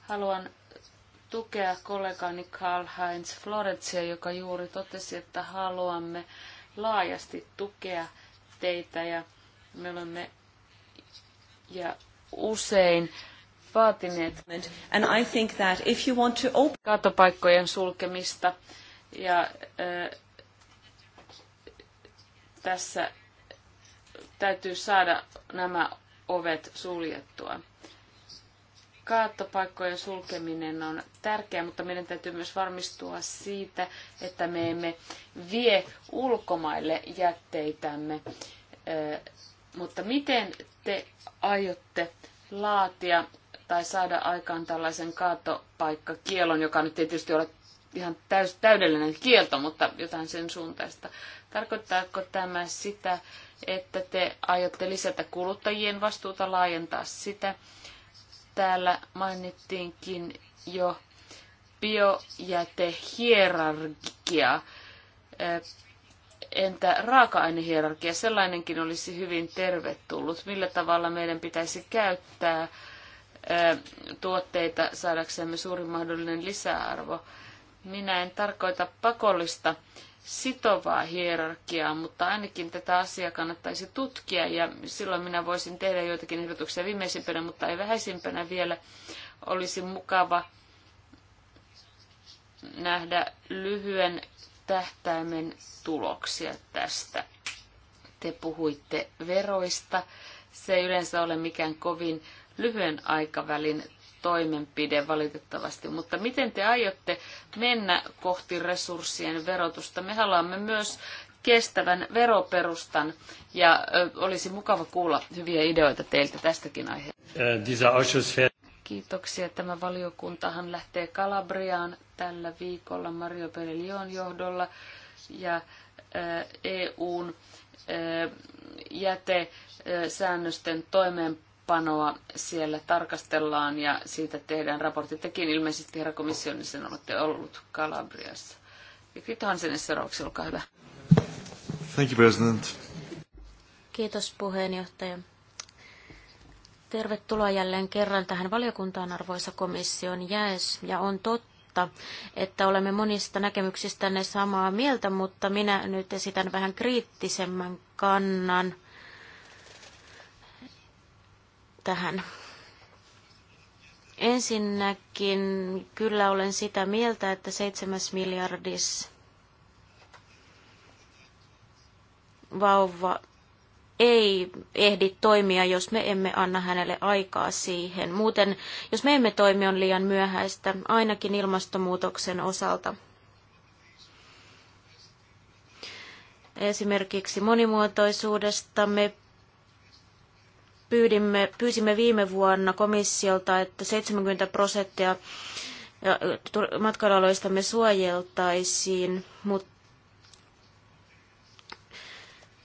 Haluan tukea kollegani Karl-Heinz Florencia, joka juuri totesi, että haluamme laajasti tukea teitä ja me olemme ja usein vaatineet And I think that if you want to open... kaatopaikkojen sulkemista ja tässä täytyy saada nämä ovet suljettua kaattopaikkojen sulkeminen on tärkeää, mutta meidän täytyy myös varmistua siitä, että me emme vie ulkomaille jätteitämme. Mutta miten te aiotte laatia tai saada aikaan tällaisen kaattopaikkakielon, joka nyt ei tietysti ole ihan täys, täydellinen kielto, mutta jotain sen suuntaista. Tarkoittaako tämä sitä, että te aiotte lisätä kuluttajien vastuuta, laajentaa sitä? Täällä mainittiinkin jo biojätehierarkia. Entä raaka-ainehierarkia? Sellainenkin olisi hyvin tervetullut. Millä tavalla meidän pitäisi käyttää tuotteita saadaksemme suurin mahdollinen lisäarvo? Minä en tarkoita pakollista sitovaa hierarkiaa, mutta ainakin tätä asiaa kannattaisi tutkia ja silloin minä voisin tehdä joitakin ehdotuksia viimeisimpänä, mutta ei vähäisimpänä vielä. Olisi mukava nähdä lyhyen tähtäimen tuloksia tästä. Te puhuitte veroista. Se ei yleensä ole mikään kovin lyhyen aikavälin toimenpide valitettavasti. Mutta miten te aiotte mennä kohti resurssien verotusta? Me haluamme myös kestävän veroperustan ja olisi mukava kuulla hyviä ideoita teiltä tästäkin aiheesta. Kiitoksia. Tämä valiokuntahan lähtee Kalabriaan tällä viikolla Mario Perelion johdolla ja EUn jätesäännösten toimeenpanoon toimeenpanoa siellä tarkastellaan ja siitä tehdään raportti. Tekin ilmeisesti herra komissionissa niin olette ollut Kalabriassa. Vikrit Hansenin seuraavaksi, olkaa hyvä. Thank you, President. Kiitos puheenjohtaja. Tervetuloa jälleen kerran tähän valiokuntaan, arvoisa komission jäes. Ja on totta, että olemme monista näkemyksistänne samaa mieltä, mutta minä nyt esitän vähän kriittisemmän kannan tähän. Ensinnäkin kyllä olen sitä mieltä, että seitsemäs miljardis vauva ei ehdi toimia, jos me emme anna hänelle aikaa siihen. Muuten, jos me emme toimi, on liian myöhäistä, ainakin ilmastonmuutoksen osalta. Esimerkiksi monimuotoisuudesta me pyydimme, pyysimme viime vuonna komissiolta, että 70 prosenttia matkailualoistamme suojeltaisiin, mutta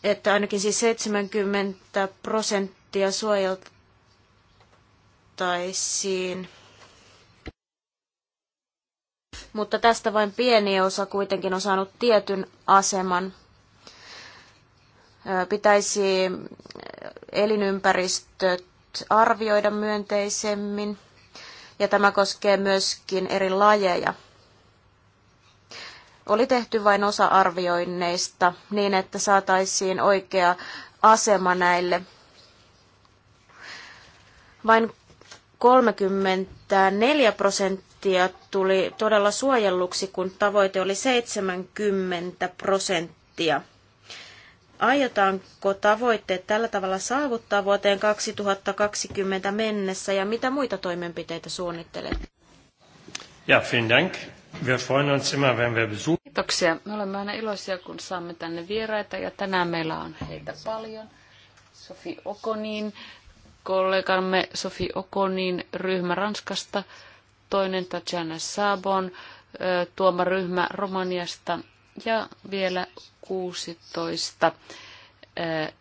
että ainakin siis 70 prosenttia suojeltaisiin. Mutta tästä vain pieni osa kuitenkin on saanut tietyn aseman Pitäisi elinympäristöt arvioida myönteisemmin ja tämä koskee myöskin eri lajeja. Oli tehty vain osa arvioinneista niin, että saataisiin oikea asema näille. Vain 34 prosenttia tuli todella suojelluksi, kun tavoite oli 70 prosenttia. Aiotaanko tavoitteet tällä tavalla saavuttaa vuoteen 2020 mennessä ja mitä muita toimenpiteitä suunnittelet? Ja, vielen dank. Wir freuen uns immer, wenn wir besuchen. Kiitoksia. Me olemme aina iloisia, kun saamme tänne vieraita ja tänään meillä on heitä paljon. Sofi Okonin, kollegamme Sofi Okonin ryhmä Ranskasta, toinen Tatjana Sabon, tuoma ryhmä Romaniasta ja vielä 16 eh,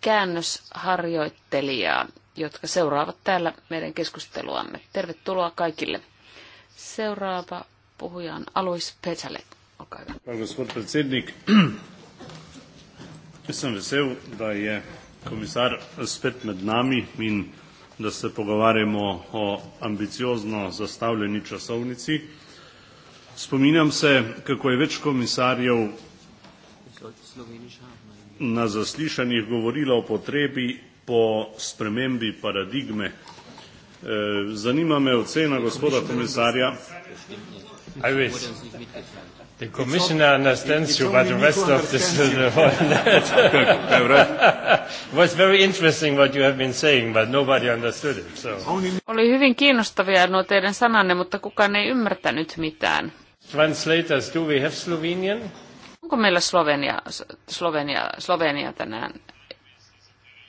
käännösharjoittelijaa, jotka seuraavat täällä meidän keskusteluamme. Tervetuloa kaikille. Seuraava puhuja on Alois Petsale. Olkaa hyvä. Gospod vesel, da je komisar spet med nami in da se pogovarjamo o ambiciozno zastavljeni časovnici Spominjam se, kako je več komisarjev na zaslišanjih govorilo o potrebi po spremembi paradigme. Eh, zanima me ocena gospoda komisarja. I wish. The commissioner understands you, but the rest of this is uh, was very interesting what you have been saying, but nobody understood it. So. Oli hyvin kiinnostavia nuo teidän sananne, mutta kukaan ei ymmärtänyt mitään. Translators, do we have Slovenian? Onko meillä Slovenia, Slovenia, Slovenia tänään?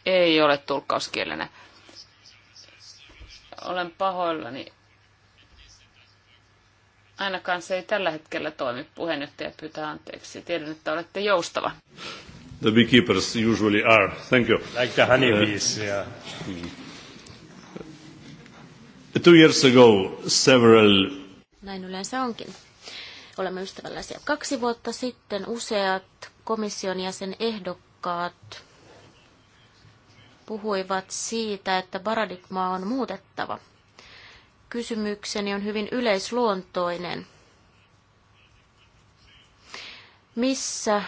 Ei ole tulkkauskielenä. Olen pahoillani. Ainakaan se ei tällä hetkellä toimi. Puheenjohtaja pyytää anteeksi. Tiedän, että olette joustava. The beekeepers usually are. Thank you. Like the honeybees, uh, yeah. Two years ago, several... Näin yleensä onkin olemme ystävällisiä. Kaksi vuotta sitten useat komission jäsen ehdokkaat puhuivat siitä, että paradigmaa on muutettava. Kysymykseni on hyvin yleisluontoinen. Missä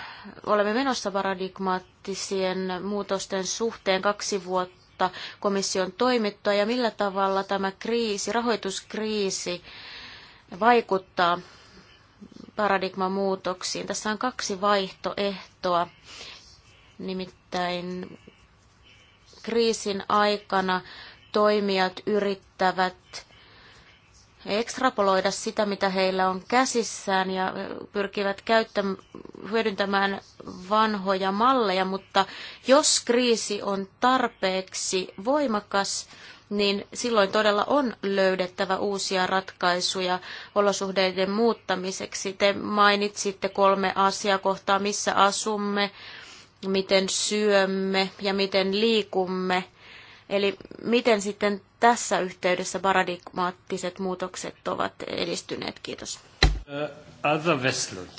olemme menossa paradigmaattisien muutosten suhteen kaksi vuotta komission toimittua ja millä tavalla tämä kriisi, rahoituskriisi vaikuttaa paradigman muutoksiin. Tässä on kaksi vaihtoehtoa. Nimittäin kriisin aikana toimijat yrittävät ekstrapoloida sitä, mitä heillä on käsissään ja pyrkivät käyttämään, hyödyntämään vanhoja malleja, mutta jos kriisi on tarpeeksi voimakas, niin silloin todella on löydettävä uusia ratkaisuja olosuhteiden muuttamiseksi. Te mainitsitte kolme asiakohtaa, missä asumme, miten syömme ja miten liikumme. Eli miten sitten tässä yhteydessä paradigmaattiset muutokset ovat edistyneet? Kiitos. Äh, Ada Westland.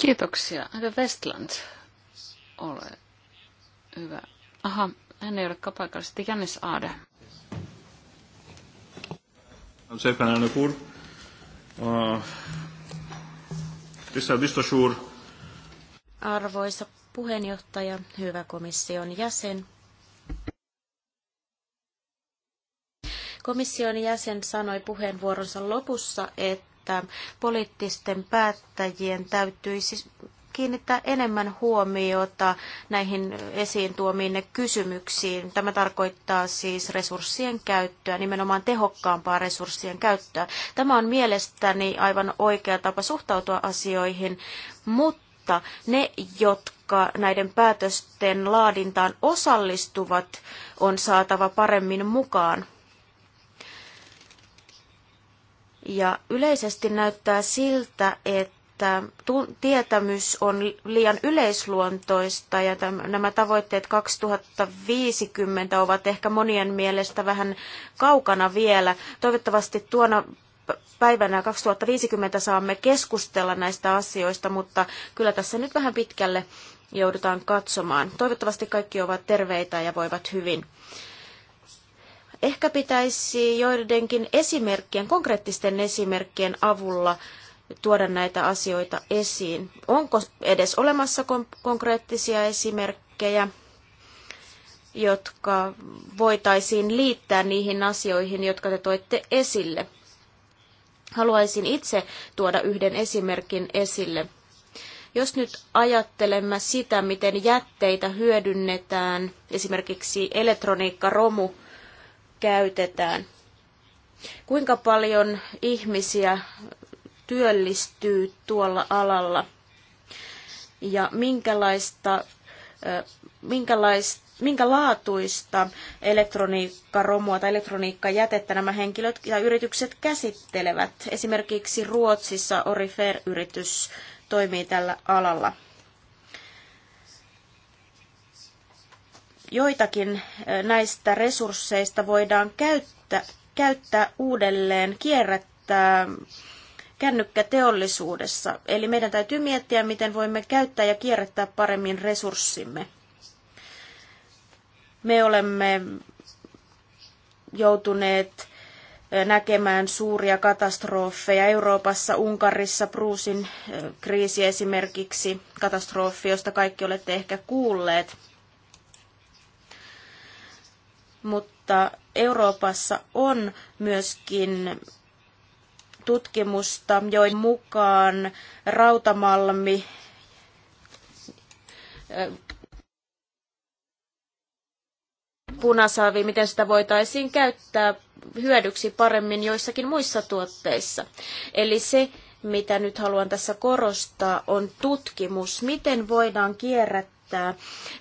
Kiitoksia. Ada Westland, ole hyvä. Aha, hän ei ole paikalla. Sitten Jannis Aade. Szépen, elnök úr. Tisztelt biztos úr. Arvoisa puheenjohtaja, hyvä komission jäsen. Komission jäsen sanoi puheenvuoronsa lopussa, että poliittisten päättäjien täytyisi kiinnittää enemmän huomiota näihin esiin tuomiin kysymyksiin. Tämä tarkoittaa siis resurssien käyttöä, nimenomaan tehokkaampaa resurssien käyttöä. Tämä on mielestäni aivan oikea tapa suhtautua asioihin, mutta ne, jotka näiden päätösten laadintaan osallistuvat, on saatava paremmin mukaan. Ja yleisesti näyttää siltä, että että tietämys on liian yleisluontoista ja nämä tavoitteet 2050 ovat ehkä monien mielestä vähän kaukana vielä. Toivottavasti tuona päivänä 2050 saamme keskustella näistä asioista, mutta kyllä tässä nyt vähän pitkälle joudutaan katsomaan. Toivottavasti kaikki ovat terveitä ja voivat hyvin. Ehkä pitäisi joidenkin esimerkkien, konkreettisten esimerkkien avulla tuoda näitä asioita esiin. Onko edes olemassa konkreettisia esimerkkejä, jotka voitaisiin liittää niihin asioihin, jotka te toitte esille? Haluaisin itse tuoda yhden esimerkin esille. Jos nyt ajattelemme sitä, miten jätteitä hyödynnetään, esimerkiksi elektroniikkaromu käytetään, kuinka paljon ihmisiä työllistyy tuolla alalla ja minkälaista, minkälaista minkälaatuista elektroniikkaromua tai elektroniikkajätettä nämä henkilöt ja yritykset käsittelevät. Esimerkiksi Ruotsissa Orifer-yritys toimii tällä alalla. Joitakin näistä resursseista voidaan käyttää, käyttää uudelleen, kierrättää kännykkäteollisuudessa. Eli meidän täytyy miettiä, miten voimme käyttää ja kierrättää paremmin resurssimme. Me olemme joutuneet näkemään suuria katastrofeja Euroopassa, Unkarissa, Bruusin kriisi esimerkiksi, katastrofi, josta kaikki olette ehkä kuulleet. Mutta Euroopassa on myöskin tutkimusta, joiden mukaan rautamalmi äh, punasaavi, miten sitä voitaisiin käyttää hyödyksi paremmin joissakin muissa tuotteissa. Eli se, mitä nyt haluan tässä korostaa, on tutkimus, miten voidaan kierrättää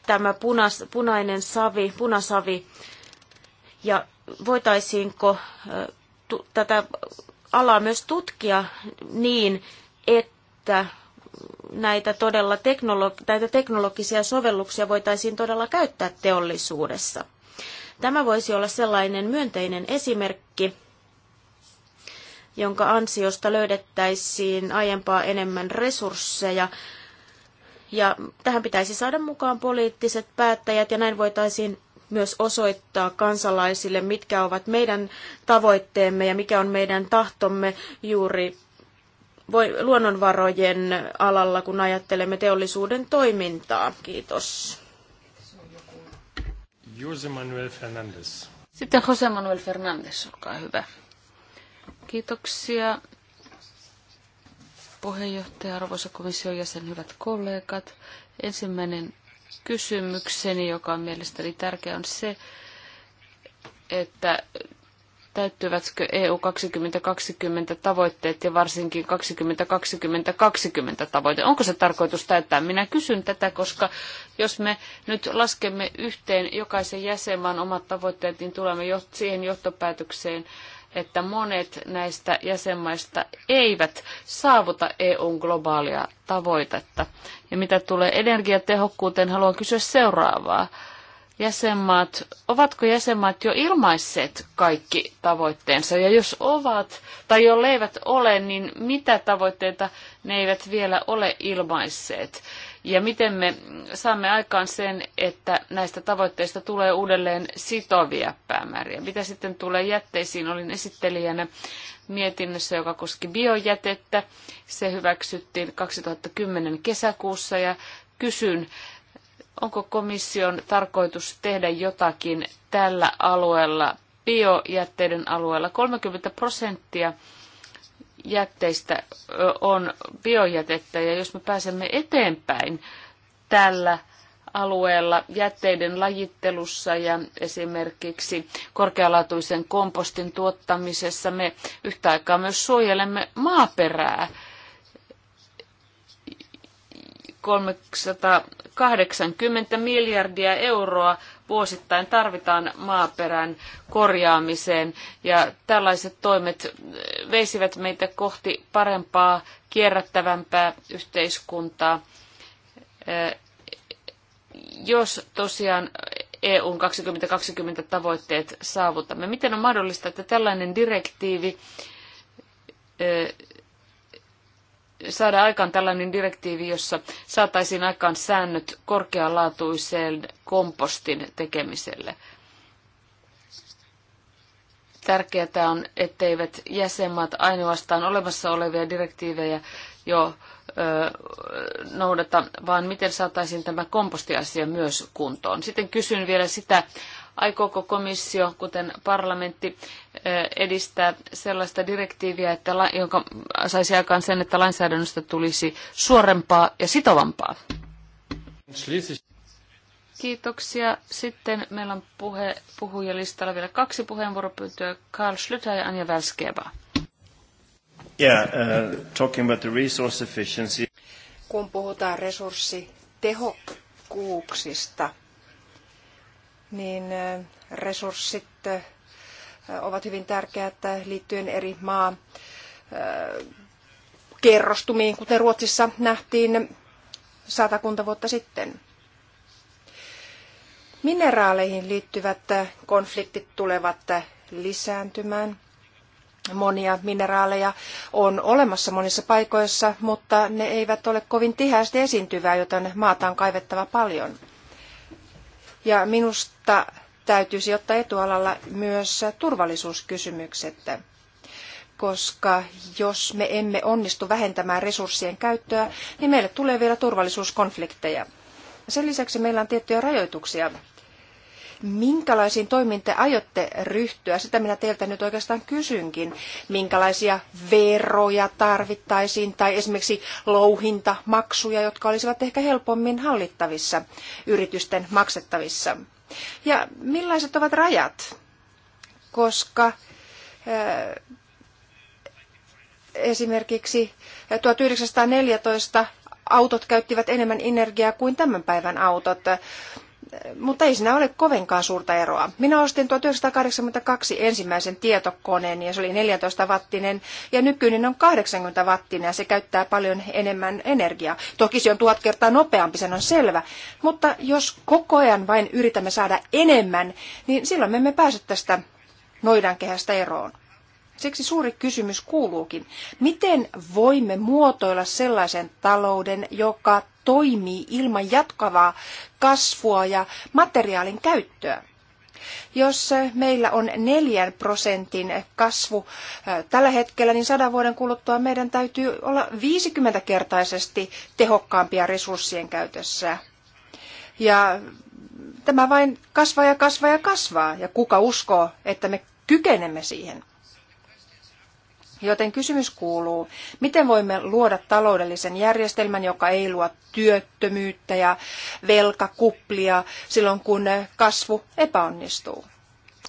tämä punas, punainen savi, punasavi, ja voitaisiinko äh, tätä alaa myös tutkia niin, että näitä todella teknologi- näitä teknologisia sovelluksia voitaisiin todella käyttää teollisuudessa. Tämä voisi olla sellainen myönteinen esimerkki, jonka ansiosta löydettäisiin aiempaa enemmän resursseja. Ja tähän pitäisi saada mukaan poliittiset päättäjät ja näin voitaisiin myös osoittaa kansalaisille, mitkä ovat meidän tavoitteemme ja mikä on meidän tahtomme juuri voi, luonnonvarojen alalla, kun ajattelemme teollisuuden toimintaa. Kiitos. Jose Manuel Fernandes. Sitten Jose Manuel Fernandes, olkaa hyvä. Kiitoksia puheenjohtaja, arvoisa komission jäsen, hyvät kollegat. Ensimmäinen kysymykseni, joka on mielestäni tärkeä, on se, että täyttyvätkö EU 2020 tavoitteet ja varsinkin 2020 2020 tavoite? Onko se tarkoitus täyttää? Minä kysyn tätä, koska jos me nyt laskemme yhteen jokaisen jäsenmaan omat tavoitteet, niin tulemme siihen johtopäätökseen, että monet näistä jäsenmaista eivät saavuta EUn globaalia tavoitetta. Ja mitä tulee energiatehokkuuteen, haluan kysyä seuraavaa. Jäsenmaat, ovatko jäsenmaat jo ilmaisseet kaikki tavoitteensa? Ja jos ovat tai jolle eivät ole, niin mitä tavoitteita ne eivät vielä ole ilmaisseet? ja miten me saamme aikaan sen, että näistä tavoitteista tulee uudelleen sitovia päämääriä. Mitä sitten tulee jätteisiin, olin esittelijänä mietinnössä, joka koski biojätettä. Se hyväksyttiin 2010 kesäkuussa ja kysyn, onko komission tarkoitus tehdä jotakin tällä alueella, biojätteiden alueella. 30 prosenttia jätteistä on biojätettä ja jos me pääsemme eteenpäin tällä alueella jätteiden lajittelussa ja esimerkiksi korkealaatuisen kompostin tuottamisessa me yhtä aikaa myös suojelemme maaperää. 380 miljardia euroa vuosittain tarvitaan maaperän korjaamiseen ja tällaiset toimet veisivät meitä kohti parempaa, kierrättävämpää yhteiskuntaa. Jos tosiaan EUn 2020 tavoitteet saavutamme. Miten on mahdollista, että tällainen direktiivi saada aikaan tällainen direktiivi, jossa saataisiin aikaan säännöt korkealaatuiseen kompostin tekemiselle. Tärkeää on, etteivät jäsenmaat ainoastaan olemassa olevia direktiivejä jo ö, noudata, vaan miten saataisiin tämä kompostiasia myös kuntoon. Sitten kysyn vielä sitä, Aikooko komissio, kuten parlamentti, edistää sellaista direktiiviä, että, joka saisi aikaan sen, että lainsäädännöstä tulisi suorempaa ja sitovampaa? Kiitoksia. Sitten meillä on puhe, puhujalistalla vielä kaksi puheenvuoropyyntöä. Karl Schlüter ja Anja Välskeva. Yeah, uh, talking about the resource efficiency. Kun puhutaan resurssitehokkuuksista, niin resurssit ovat hyvin tärkeät liittyen eri maa kerrostumiin, kuten Ruotsissa nähtiin satakunta vuotta sitten. Mineraaleihin liittyvät konfliktit tulevat lisääntymään. Monia mineraaleja on olemassa monissa paikoissa, mutta ne eivät ole kovin tiheästi esiintyvää, joten maata on kaivettava paljon. Ja minusta täytyisi ottaa etualalla myös turvallisuuskysymykset, koska jos me emme onnistu vähentämään resurssien käyttöä, niin meille tulee vielä turvallisuuskonflikteja. Sen lisäksi meillä on tiettyjä rajoituksia minkälaisiin toimiin te aiotte ryhtyä? Sitä minä teiltä nyt oikeastaan kysynkin. Minkälaisia veroja tarvittaisiin tai esimerkiksi louhintamaksuja, jotka olisivat ehkä helpommin hallittavissa yritysten maksettavissa? Ja millaiset ovat rajat? Koska äh, esimerkiksi 1914 autot käyttivät enemmän energiaa kuin tämän päivän autot mutta ei siinä ole kovinkaan suurta eroa. Minä ostin 1982 ensimmäisen tietokoneen ja se oli 14 wattinen ja nykyinen on 80 wattinen ja se käyttää paljon enemmän energiaa. Toki se on tuhat kertaa nopeampi, sen on selvä, mutta jos koko ajan vain yritämme saada enemmän, niin silloin me emme pääse tästä noidankehästä eroon. Siksi suuri kysymys kuuluukin, miten voimme muotoilla sellaisen talouden, joka toimii ilman jatkavaa kasvua ja materiaalin käyttöä. Jos meillä on neljän prosentin kasvu tällä hetkellä, niin sadan vuoden kuluttua meidän täytyy olla 50-kertaisesti tehokkaampia resurssien käytössä. Ja tämä vain kasvaa ja kasvaa ja kasvaa. Ja kuka uskoo, että me kykenemme siihen? Joten kysymys kuuluu, miten voimme luoda taloudellisen järjestelmän, joka ei luo työttömyyttä ja velkakuplia silloin, kun kasvu epäonnistuu?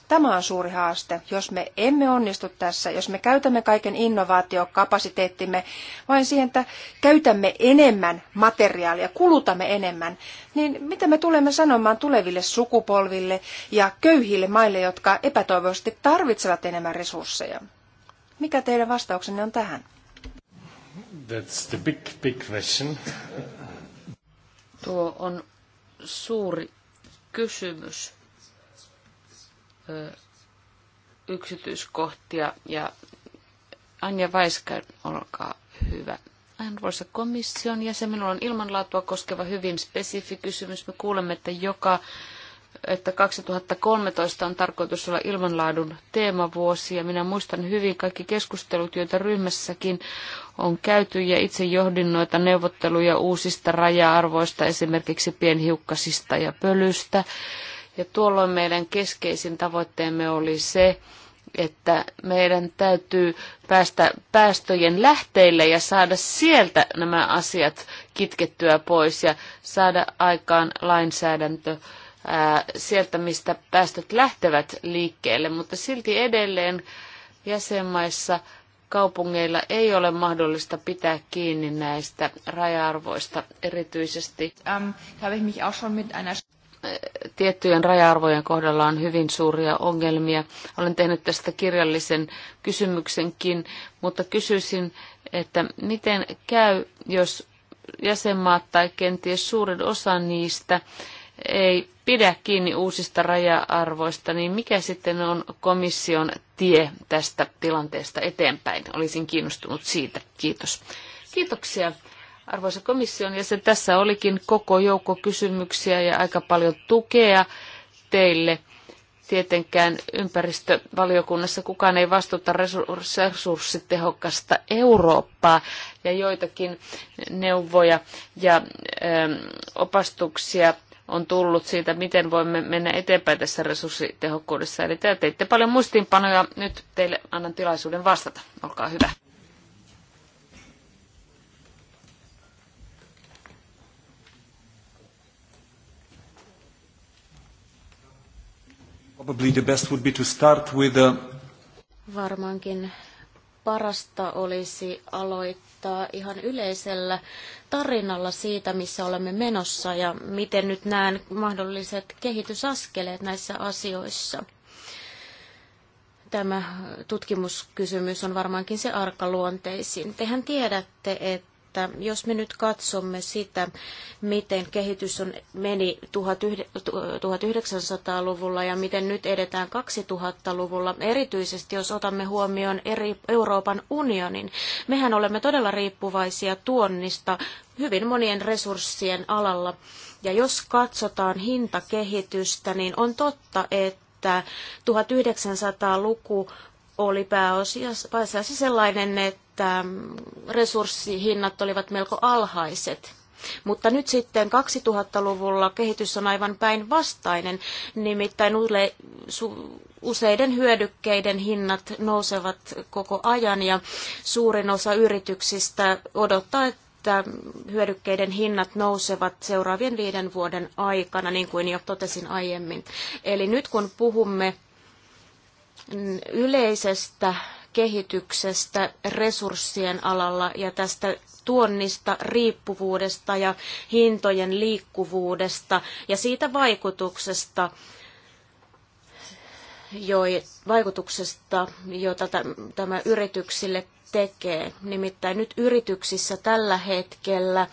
Tämä on suuri haaste. Jos me emme onnistu tässä, jos me käytämme kaiken innovaatiokapasiteettimme vain siihen, että käytämme enemmän materiaalia, kulutamme enemmän, niin mitä me tulemme sanomaan tuleville sukupolville ja köyhille maille, jotka epätoivoisesti tarvitsevat enemmän resursseja? Mikä teidän vastauksenne on tähän? That's the big, big question. Tuo on suuri kysymys. Ö, yksityiskohtia ja Anja Vaiska, olkaa hyvä. Arvoisa komission jäsen, minulla on ilmanlaatua koskeva hyvin spesifi kysymys. Me kuulemme, että joka että 2013 on tarkoitus olla ilmanlaadun teemavuosi ja minä muistan hyvin kaikki keskustelut, joita ryhmässäkin on käyty ja itse johdin noita neuvotteluja uusista raja-arvoista, esimerkiksi pienhiukkasista ja pölystä. Ja tuolloin meidän keskeisin tavoitteemme oli se, että meidän täytyy päästä päästöjen lähteille ja saada sieltä nämä asiat kitkettyä pois ja saada aikaan lainsäädäntö, sieltä, mistä päästöt lähtevät liikkeelle, mutta silti edelleen jäsenmaissa kaupungeilla ei ole mahdollista pitää kiinni näistä raja-arvoista erityisesti. Ähm, tiettyjen raja-arvojen kohdalla on hyvin suuria ongelmia. Olen tehnyt tästä kirjallisen kysymyksenkin, mutta kysyisin, että miten käy, jos jäsenmaat tai kenties suurin osa niistä ei pidä kiinni uusista raja-arvoista, niin mikä sitten on komission tie tästä tilanteesta eteenpäin? Olisin kiinnostunut siitä. Kiitos. Kiitoksia. Arvoisa komission jäsen, tässä olikin koko joukko kysymyksiä ja aika paljon tukea teille. Tietenkään ympäristövaliokunnassa kukaan ei vastuuta resurssitehokasta Eurooppaa ja joitakin neuvoja ja ö, opastuksia on tullut siitä, miten voimme mennä eteenpäin tässä resurssitehokkuudessa. Eli te teitte paljon muistiinpanoja. Nyt teille annan tilaisuuden vastata. Olkaa hyvä. Probably the best would be to start with a... Uh, Varmaankin parasta olisi aloittaa ihan yleisellä tarinalla siitä, missä olemme menossa ja miten nyt näen mahdolliset kehitysaskeleet näissä asioissa. Tämä tutkimuskysymys on varmaankin se arkaluonteisin. Tehän tiedätte, että että jos me nyt katsomme sitä, miten kehitys on, meni 1900-luvulla ja miten nyt edetään 2000-luvulla, erityisesti jos otamme huomioon eri Euroopan unionin, mehän olemme todella riippuvaisia tuonnista hyvin monien resurssien alalla. Ja jos katsotaan hintakehitystä, niin on totta, että 1900-luku oli pääasiassa sellainen, että että resurssihinnat olivat melko alhaiset. Mutta nyt sitten 2000-luvulla kehitys on aivan päinvastainen, nimittäin useiden hyödykkeiden hinnat nousevat koko ajan ja suurin osa yrityksistä odottaa, että hyödykkeiden hinnat nousevat seuraavien viiden vuoden aikana, niin kuin jo totesin aiemmin. Eli nyt kun puhumme yleisestä kehityksestä resurssien alalla ja tästä tuonnista, riippuvuudesta ja hintojen liikkuvuudesta ja siitä vaikutuksesta, jo, vaikutuksesta, jota tämä yrityksille tekee. Nimittäin nyt yrityksissä tällä hetkellä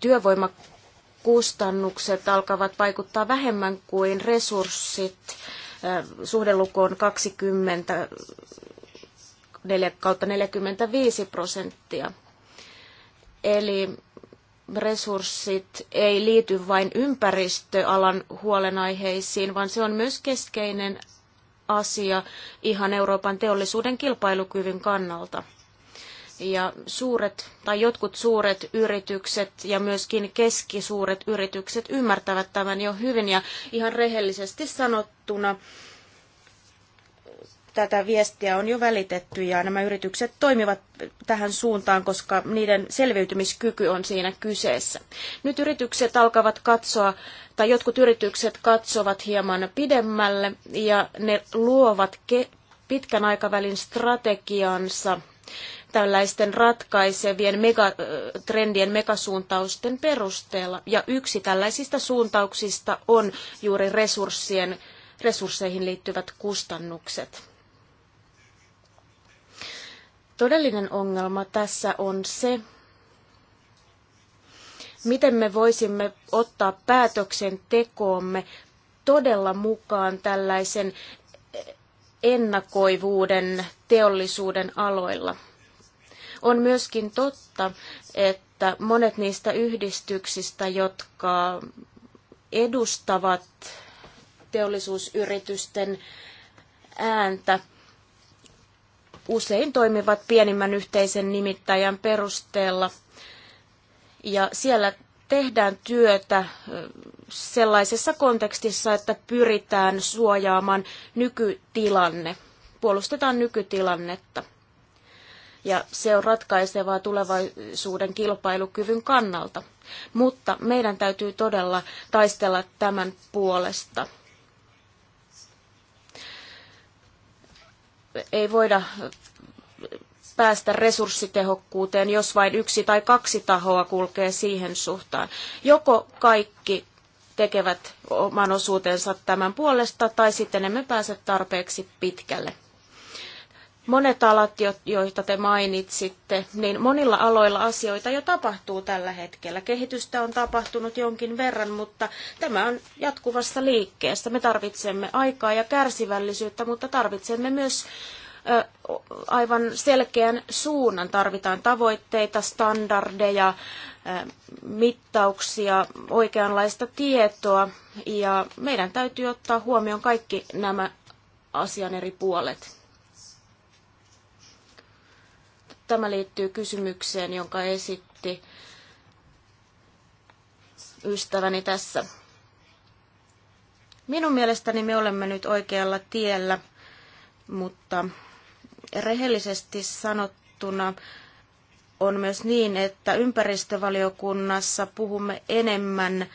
työvoimakustannukset alkavat vaikuttaa vähemmän kuin resurssit. Suhdeluku on 20 kautta 45 prosenttia. Eli resurssit ei liity vain ympäristöalan huolenaiheisiin, vaan se on myös keskeinen asia ihan Euroopan teollisuuden kilpailukyvyn kannalta. Ja suuret tai jotkut suuret yritykset ja myöskin keskisuuret yritykset ymmärtävät tämän jo hyvin ja ihan rehellisesti sanottuna tätä viestiä on jo välitetty ja nämä yritykset toimivat tähän suuntaan, koska niiden selviytymiskyky on siinä kyseessä. Nyt yritykset alkavat katsoa, tai jotkut yritykset katsovat hieman pidemmälle ja ne luovat pitkän aikavälin strategiansa tällaisten ratkaisevien megatrendien, megasuuntausten perusteella. Ja yksi tällaisista suuntauksista on juuri resurssien, resursseihin liittyvät kustannukset. Todellinen ongelma tässä on se, miten me voisimme ottaa päätöksentekoomme todella mukaan tällaisen ennakoivuuden teollisuuden aloilla. On myöskin totta, että monet niistä yhdistyksistä, jotka edustavat teollisuusyritysten ääntä, usein toimivat pienimmän yhteisen nimittäjän perusteella. Ja siellä tehdään työtä sellaisessa kontekstissa, että pyritään suojaamaan nykytilanne, puolustetaan nykytilannetta. Ja se on ratkaisevaa tulevaisuuden kilpailukyvyn kannalta. Mutta meidän täytyy todella taistella tämän puolesta. ei voida päästä resurssitehokkuuteen, jos vain yksi tai kaksi tahoa kulkee siihen suhtaan. Joko kaikki tekevät oman osuutensa tämän puolesta, tai sitten emme pääse tarpeeksi pitkälle. Monet alat, joita te mainitsitte, niin monilla aloilla asioita jo tapahtuu tällä hetkellä. Kehitystä on tapahtunut jonkin verran, mutta tämä on jatkuvassa liikkeessä. Me tarvitsemme aikaa ja kärsivällisyyttä, mutta tarvitsemme myös aivan selkeän suunnan. Tarvitaan tavoitteita, standardeja, mittauksia, oikeanlaista tietoa ja meidän täytyy ottaa huomioon kaikki nämä asian eri puolet. Tämä liittyy kysymykseen, jonka esitti ystäväni tässä. Minun mielestäni me olemme nyt oikealla tiellä, mutta rehellisesti sanottuna on myös niin, että ympäristövaliokunnassa puhumme enemmän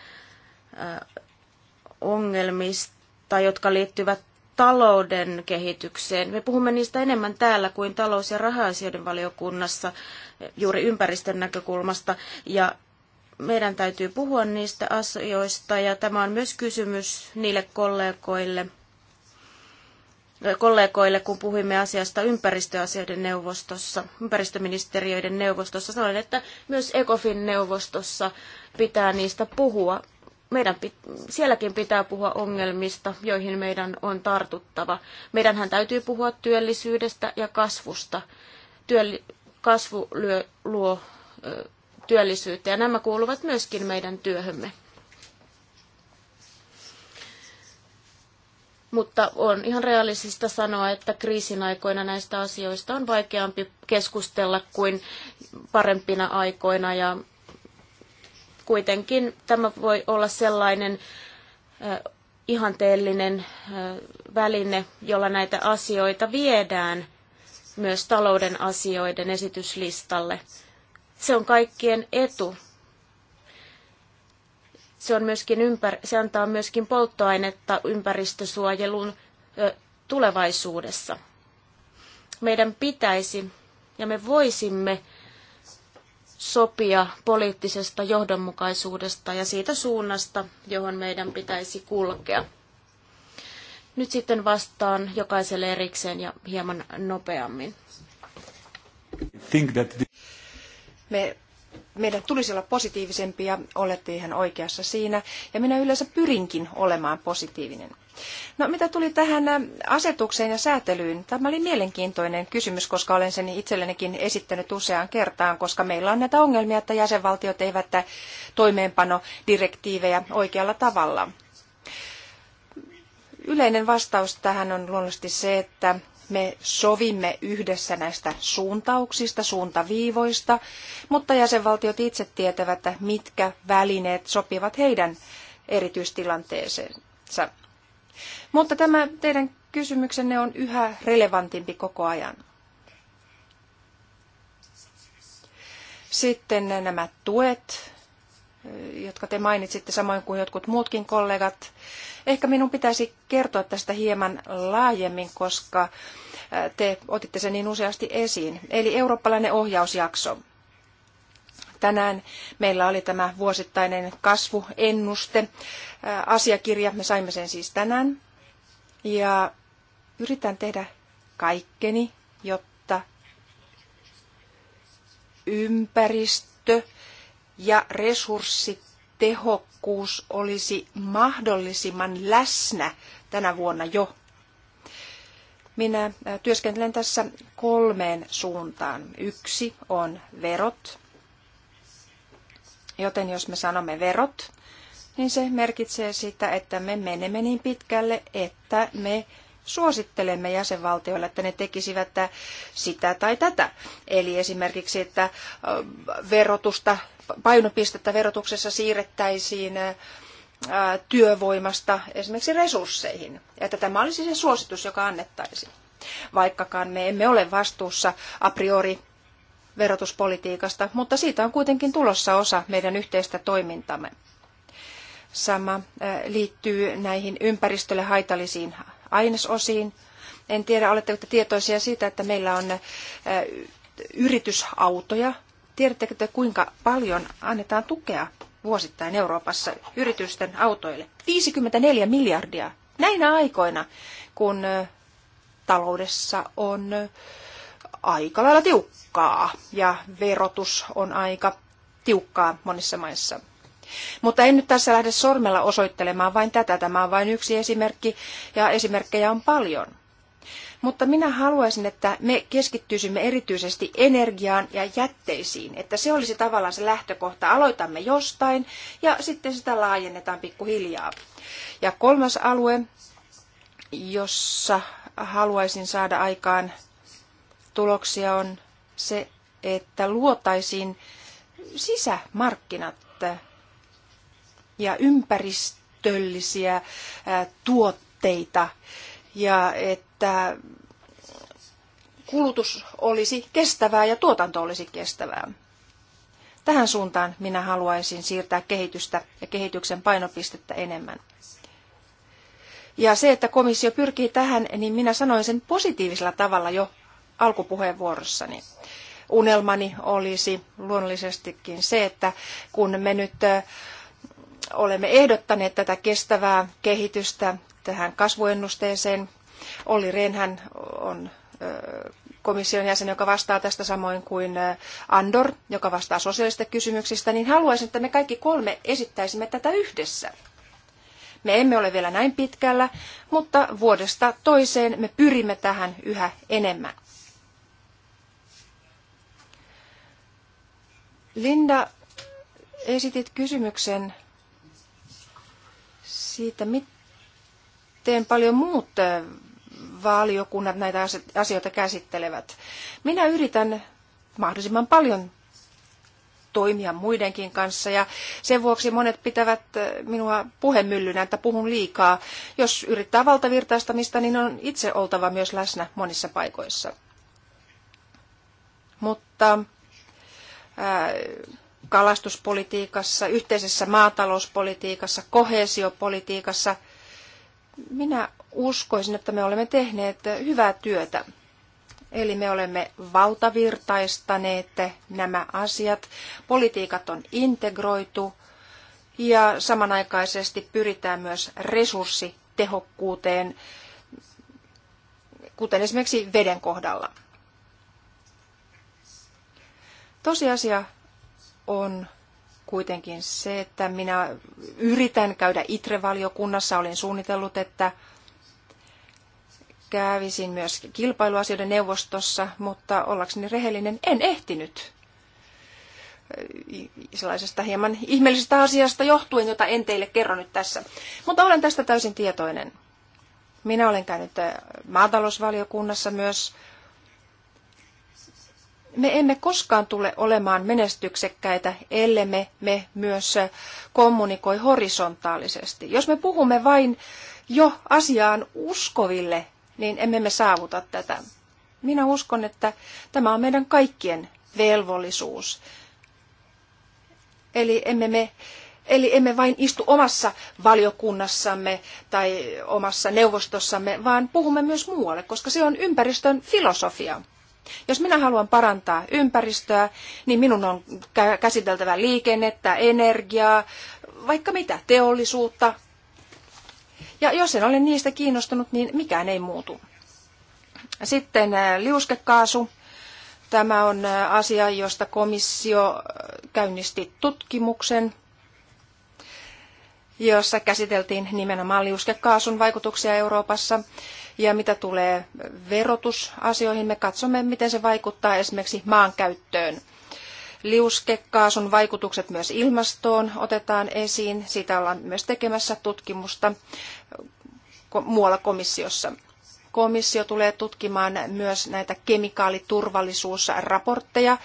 ongelmista, jotka liittyvät talouden kehitykseen. Me puhumme niistä enemmän täällä kuin talous- ja raha-asioiden valiokunnassa juuri ympäristön näkökulmasta. Ja meidän täytyy puhua niistä asioista ja tämä on myös kysymys niille kollegoille, kollegoille kun puhuimme asiasta ympäristöasioiden neuvostossa, ympäristöministeriöiden neuvostossa. Sanoin, että myös ECOFIN neuvostossa pitää niistä puhua meidän pit- sielläkin pitää puhua ongelmista, joihin meidän on tartuttava. Meidänhän täytyy puhua työllisyydestä ja kasvusta. Työli- kasvu lyö, luo ö, työllisyyttä ja nämä kuuluvat myöskin meidän työhömme. Mutta on ihan realistista sanoa, että kriisin aikoina näistä asioista on vaikeampi keskustella kuin parempina aikoina ja kuitenkin tämä voi olla sellainen ihanteellinen väline, jolla näitä asioita viedään myös talouden asioiden esityslistalle. Se on kaikkien etu. Se, on myöskin ympär- se antaa myöskin polttoainetta ympäristösuojelun tulevaisuudessa. Meidän pitäisi ja me voisimme sopia poliittisesta johdonmukaisuudesta ja siitä suunnasta, johon meidän pitäisi kulkea. Nyt sitten vastaan jokaiselle erikseen ja hieman nopeammin. Me meidän tulisi olla positiivisempia, olette ihan oikeassa siinä, ja minä yleensä pyrinkin olemaan positiivinen. No mitä tuli tähän äh, asetukseen ja säätelyyn? Tämä oli mielenkiintoinen kysymys, koska olen sen itsellenikin esittänyt useaan kertaan, koska meillä on näitä ongelmia, että jäsenvaltiot eivät äh, toimeenpano direktiivejä oikealla tavalla. Yleinen vastaus tähän on luonnollisesti se, että me sovimme yhdessä näistä suuntauksista, suuntaviivoista, mutta jäsenvaltiot itse tietävät, mitkä välineet sopivat heidän erityistilanteeseensa. Mutta tämä teidän kysymyksenne on yhä relevantimpi koko ajan. Sitten nämä tuet, jotka te mainitsitte, samoin kuin jotkut muutkin kollegat. Ehkä minun pitäisi kertoa tästä hieman laajemmin, koska äh, te otitte sen niin useasti esiin. Eli eurooppalainen ohjausjakso. Tänään meillä oli tämä vuosittainen kasvuennuste äh, asiakirja. Me saimme sen siis tänään. Ja yritän tehdä kaikkeni, jotta ympäristö ja resurssitehokkuus olisi mahdollisimman läsnä tänä vuonna jo. Minä äh, työskentelen tässä kolmeen suuntaan. Yksi on verot, joten jos me sanomme verot, niin se merkitsee sitä, että me menemme niin pitkälle, että me suosittelemme jäsenvaltioille, että ne tekisivät sitä tai tätä. Eli esimerkiksi, että verotusta, painopistettä verotuksessa siirrettäisiin työvoimasta esimerkiksi resursseihin. Ja että tämä olisi se suositus, joka annettaisiin. Vaikkakaan me emme ole vastuussa a priori verotuspolitiikasta, mutta siitä on kuitenkin tulossa osa meidän yhteistä toimintamme. Sama liittyy näihin ympäristölle haitallisiin ainesosiin. En tiedä, oletteko te tietoisia siitä, että meillä on yritysautoja. Tiedättekö te, kuinka paljon annetaan tukea vuosittain Euroopassa yritysten autoille? 54 miljardia näinä aikoina, kun taloudessa on aika lailla tiukkaa ja verotus on aika tiukkaa monissa maissa. Mutta en nyt tässä lähde sormella osoittelemaan vain tätä. Tämä on vain yksi esimerkki ja esimerkkejä on paljon. Mutta minä haluaisin, että me keskittyisimme erityisesti energiaan ja jätteisiin, että se olisi tavallaan se lähtökohta. Aloitamme jostain ja sitten sitä laajennetaan pikkuhiljaa. Ja kolmas alue, jossa haluaisin saada aikaan tuloksia, on se, että luotaisiin sisämarkkinat ja ympäristöllisiä tuotteita ja että kulutus olisi kestävää ja tuotanto olisi kestävää. Tähän suuntaan minä haluaisin siirtää kehitystä ja kehityksen painopistettä enemmän. Ja se, että komissio pyrkii tähän, niin minä sanoin sen positiivisella tavalla jo alkupuheenvuorossani. Unelmani olisi luonnollisestikin se, että kun me nyt olemme ehdottaneet tätä kestävää kehitystä tähän kasvuennusteeseen. Olli Rehnhän on komission jäsen, joka vastaa tästä samoin kuin Andor, joka vastaa sosiaalisista kysymyksistä, niin haluaisin, että me kaikki kolme esittäisimme tätä yhdessä. Me emme ole vielä näin pitkällä, mutta vuodesta toiseen me pyrimme tähän yhä enemmän. Linda, esitit kysymyksen siitä, miten paljon muut eh, valiokunnat näitä asioita käsittelevät. Minä yritän mahdollisimman paljon toimia muidenkin kanssa ja sen vuoksi monet pitävät eh, minua puhemyllynä, että puhun liikaa. Jos yrittää valtavirtaistamista, niin on itse oltava myös läsnä monissa paikoissa. Mutta ää, eh, kalastuspolitiikassa, yhteisessä maatalouspolitiikassa, kohesiopolitiikassa. Minä uskoisin, että me olemme tehneet hyvää työtä. Eli me olemme valtavirtaistaneet nämä asiat. Politiikat on integroitu ja samanaikaisesti pyritään myös resurssitehokkuuteen, kuten esimerkiksi veden kohdalla. Tosiasia on kuitenkin se, että minä yritän käydä ITRE-valiokunnassa. Olin suunnitellut, että kävisin myös kilpailuasioiden neuvostossa, mutta ollakseni rehellinen, en ehtinyt. Sellaisesta hieman ihmeellisestä asiasta johtuen, jota en teille kerro nyt tässä. Mutta olen tästä täysin tietoinen. Minä olen käynyt maatalousvaliokunnassa myös me emme koskaan tule olemaan menestyksekkäitä, ellemme me myös kommunikoi horisontaalisesti. Jos me puhumme vain jo asiaan uskoville, niin emme me saavuta tätä. Minä uskon, että tämä on meidän kaikkien velvollisuus. Eli emme me Eli emme vain istu omassa valiokunnassamme tai omassa neuvostossamme, vaan puhumme myös muualle, koska se on ympäristön filosofia. Jos minä haluan parantaa ympäristöä, niin minun on käsiteltävä liikennettä, energiaa, vaikka mitä, teollisuutta. Ja jos en ole niistä kiinnostunut, niin mikään ei muutu. Sitten äh, liuskekaasu. Tämä on äh, asia, josta komissio äh, käynnisti tutkimuksen, jossa käsiteltiin nimenomaan liuskekaasun vaikutuksia Euroopassa. Ja mitä tulee verotusasioihin, me katsomme, miten se vaikuttaa esimerkiksi maankäyttöön. Liuskekaasun vaikutukset myös ilmastoon otetaan esiin. Siitä ollaan myös tekemässä tutkimusta muualla komissiossa. Komissio tulee tutkimaan myös näitä kemikaaliturvallisuusraportteja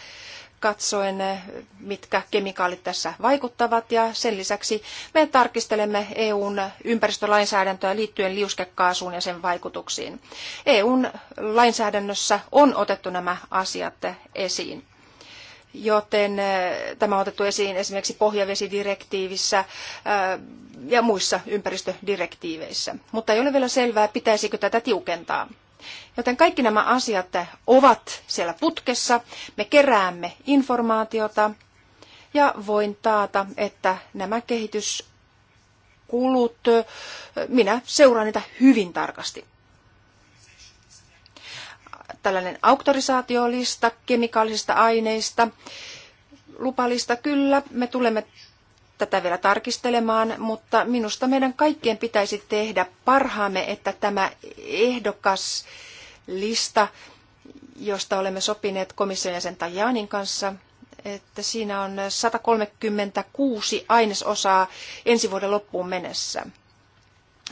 katsoen, mitkä kemikaalit tässä vaikuttavat. Ja sen lisäksi me tarkistelemme EUn ympäristölainsäädäntöä liittyen liuskekaasuun ja sen vaikutuksiin. EUn lainsäädännössä on otettu nämä asiat esiin. Joten äh, tämä on otettu esiin esimerkiksi pohjavesidirektiivissä äh, ja muissa ympäristödirektiiveissä. Mutta ei ole vielä selvää, pitäisikö tätä tiukentaa. Joten kaikki nämä asiat ovat siellä putkessa. Me keräämme informaatiota ja voin taata, että nämä kehityskulut, minä seuraan niitä hyvin tarkasti. Tällainen auktorisaatiolista kemikaalisista aineista, lupalista kyllä, me tulemme tätä vielä tarkistelemaan, mutta minusta meidän kaikkien pitäisi tehdä parhaamme, että tämä ehdokas lista, josta olemme sopineet komission jäsen Tajanin kanssa, että siinä on 136 ainesosaa ensi vuoden loppuun mennessä.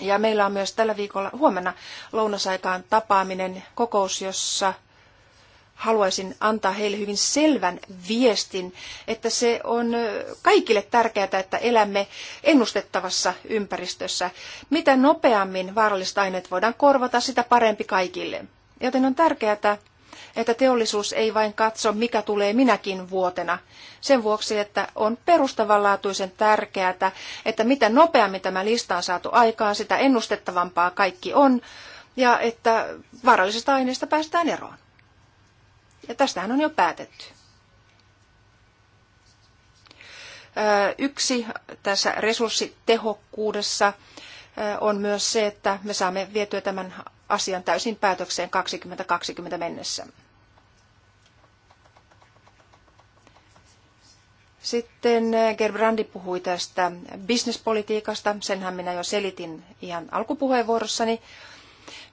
Ja meillä on myös tällä viikolla huomenna lounasaikaan tapaaminen kokous, jossa haluaisin antaa heille hyvin selvän viestin, että se on kaikille tärkeää, että elämme ennustettavassa ympäristössä. Mitä nopeammin vaaralliset aineet voidaan korvata, sitä parempi kaikille. Joten on tärkeää, että teollisuus ei vain katso, mikä tulee minäkin vuotena. Sen vuoksi, että on perustavanlaatuisen tärkeää, että mitä nopeammin tämä lista on saatu aikaan, sitä ennustettavampaa kaikki on, ja että vaarallisista aineista päästään eroon. Ja tästähän on jo päätetty. Yksi tässä resurssitehokkuudessa on myös se, että me saamme vietyä tämän asian täysin päätökseen 2020 mennessä. Sitten Gerbrandi puhui tästä bisnespolitiikasta, senhän minä jo selitin ihan alkupuheenvuorossani,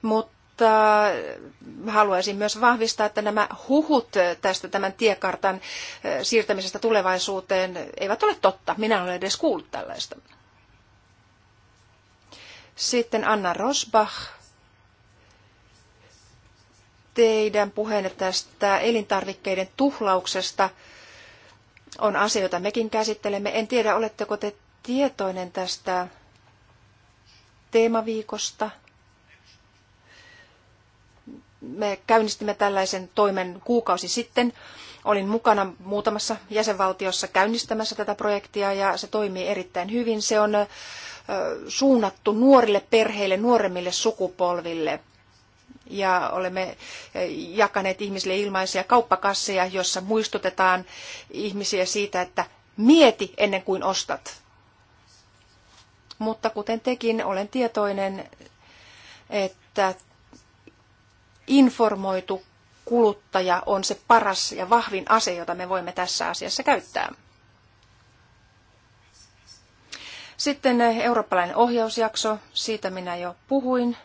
mutta mutta haluaisin myös vahvistaa, että nämä huhut tästä tämän tiekartan eh, siirtämisestä tulevaisuuteen eivät ole totta. Minä olen edes kuullut tällaista. Sitten Anna Rosbach, teidän puheenne tästä elintarvikkeiden tuhlauksesta on asia, jota mekin käsittelemme. En tiedä, oletteko te tietoinen tästä teemaviikosta – me käynnistimme tällaisen toimen kuukausi sitten. Olin mukana muutamassa jäsenvaltiossa käynnistämässä tätä projektia ja se toimii erittäin hyvin. Se on suunnattu nuorille perheille, nuoremmille sukupolville. Ja olemme jakaneet ihmisille ilmaisia kauppakasseja, jossa muistutetaan ihmisiä siitä, että mieti ennen kuin ostat. Mutta kuten tekin, olen tietoinen, että informoitu kuluttaja on se paras ja vahvin ase, jota me voimme tässä asiassa käyttää. Sitten eurooppalainen ohjausjakso, siitä minä jo puhuin.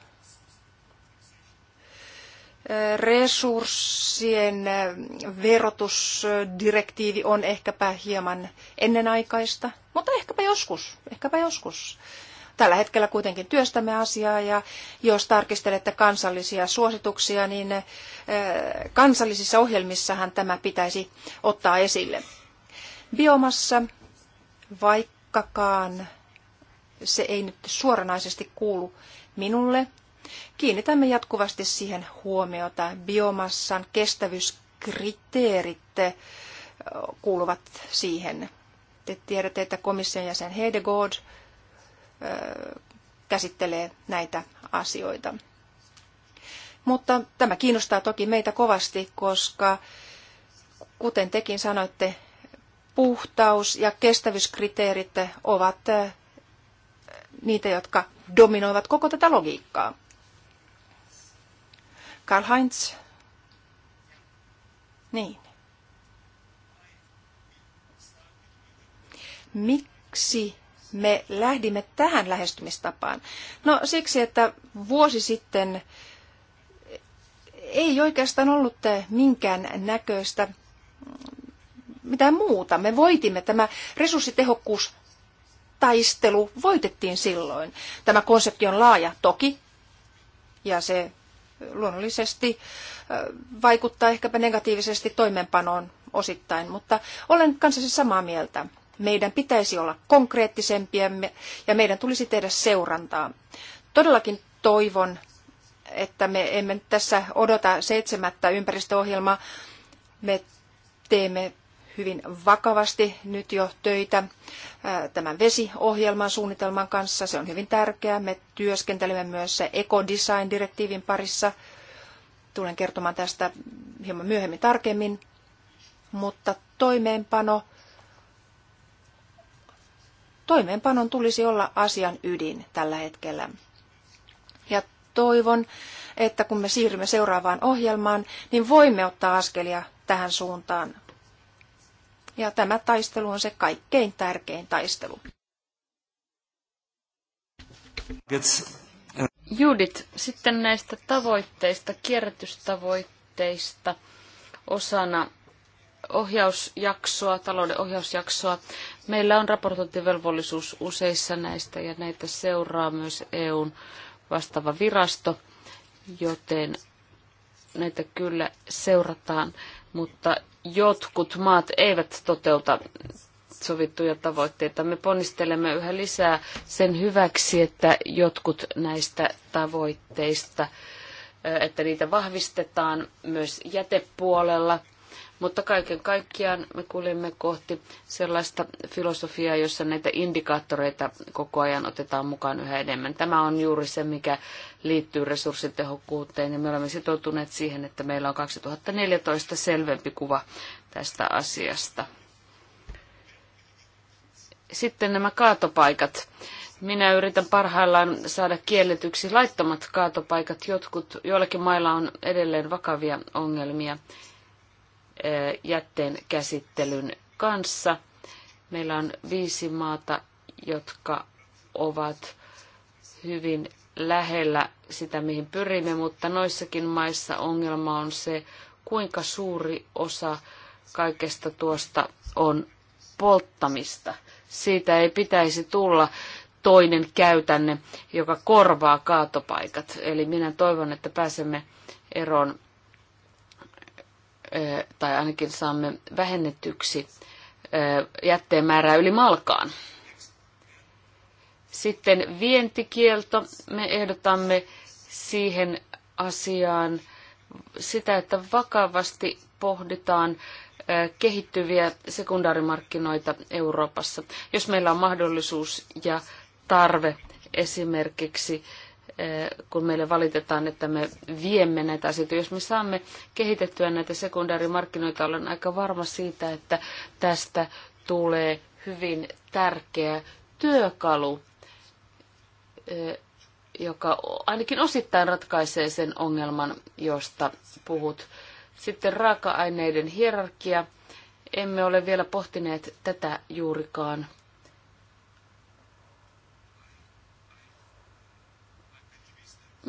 Resurssien verotusdirektiivi on ehkäpä hieman ennenaikaista, mutta ehkäpä joskus, ehkäpä joskus. Tällä hetkellä kuitenkin työstämme asiaa ja jos tarkistelette kansallisia suosituksia, niin eh, kansallisissa ohjelmissahan tämä pitäisi ottaa esille. Biomassa, vaikkakaan se ei nyt suoranaisesti kuulu minulle, kiinnitämme jatkuvasti siihen huomiota. Biomassan kestävyyskriteerit eh, kuuluvat siihen. Te tiedätte, että komission jäsen Hedegaard käsittelee näitä asioita. Mutta tämä kiinnostaa toki meitä kovasti, koska kuten tekin sanoitte, puhtaus ja kestävyyskriteerit ovat niitä, jotka dominoivat koko tätä logiikkaa. Karl Heinz. Niin. Miksi me lähdimme tähän lähestymistapaan? No siksi, että vuosi sitten ei oikeastaan ollut eh, minkään näköistä mm, mitään muuta. Me voitimme tämä resurssitehokkuus taistelu voitettiin silloin. Tämä konsepti on laaja toki, ja se luonnollisesti eh, vaikuttaa ehkäpä negatiivisesti toimeenpanoon osittain, mutta olen kanssasi samaa mieltä. Meidän pitäisi olla konkreettisempia ja meidän tulisi tehdä seurantaa. Todellakin toivon, että me emme tässä odota seitsemättä ympäristöohjelmaa. Me teemme hyvin vakavasti nyt jo töitä tämän vesiohjelman suunnitelman kanssa. Se on hyvin tärkeää. Me työskentelemme myös ekodesign-direktiivin parissa. Tulen kertomaan tästä hieman myöhemmin tarkemmin. Mutta toimeenpano toimeenpanon tulisi olla asian ydin tällä hetkellä. Ja toivon, että kun me siirrymme seuraavaan ohjelmaan, niin voimme ottaa askelia tähän suuntaan. Ja tämä taistelu on se kaikkein tärkein taistelu. Uh, Judit, sitten näistä tavoitteista, kierrätystavoitteista osana ohjausjaksoa, talouden ohjausjaksoa. Meillä on raportointivelvollisuus useissa näistä ja näitä seuraa myös EUn vastaava virasto, joten näitä kyllä seurataan, mutta jotkut maat eivät toteuta sovittuja tavoitteita. Me ponnistelemme yhä lisää sen hyväksi, että jotkut näistä tavoitteista, että niitä vahvistetaan myös jätepuolella – mutta kaiken kaikkiaan me kuljemme kohti sellaista filosofiaa, jossa näitä indikaattoreita koko ajan otetaan mukaan yhä enemmän. Tämä on juuri se, mikä liittyy resurssitehokkuuteen ja me olemme sitoutuneet siihen, että meillä on 2014 selvempi kuva tästä asiasta. Sitten nämä kaatopaikat. Minä yritän parhaillaan saada kielletyksi laittomat kaatopaikat. Jotkut, joillakin mailla on edelleen vakavia ongelmia jätteen käsittelyn kanssa. Meillä on viisi maata, jotka ovat hyvin lähellä sitä, mihin pyrimme, mutta noissakin maissa ongelma on se, kuinka suuri osa kaikesta tuosta on polttamista. Siitä ei pitäisi tulla toinen käytänne, joka korvaa kaatopaikat. Eli minä toivon, että pääsemme eroon tai ainakin saamme vähennetyksi jätteen määrää yli malkaan. Sitten vientikielto. Me ehdotamme siihen asiaan sitä, että vakavasti pohditaan kehittyviä sekundaarimarkkinoita Euroopassa. Jos meillä on mahdollisuus ja tarve esimerkiksi Eh, kun meille valitetaan, että me viemme näitä asioita. Jos me saamme kehitettyä näitä sekundaarimarkkinoita, olen aika varma siitä, että tästä tulee hyvin tärkeä työkalu, eh, joka ainakin osittain ratkaisee sen ongelman, josta puhut. Sitten raaka-aineiden hierarkia. Emme ole vielä pohtineet tätä juurikaan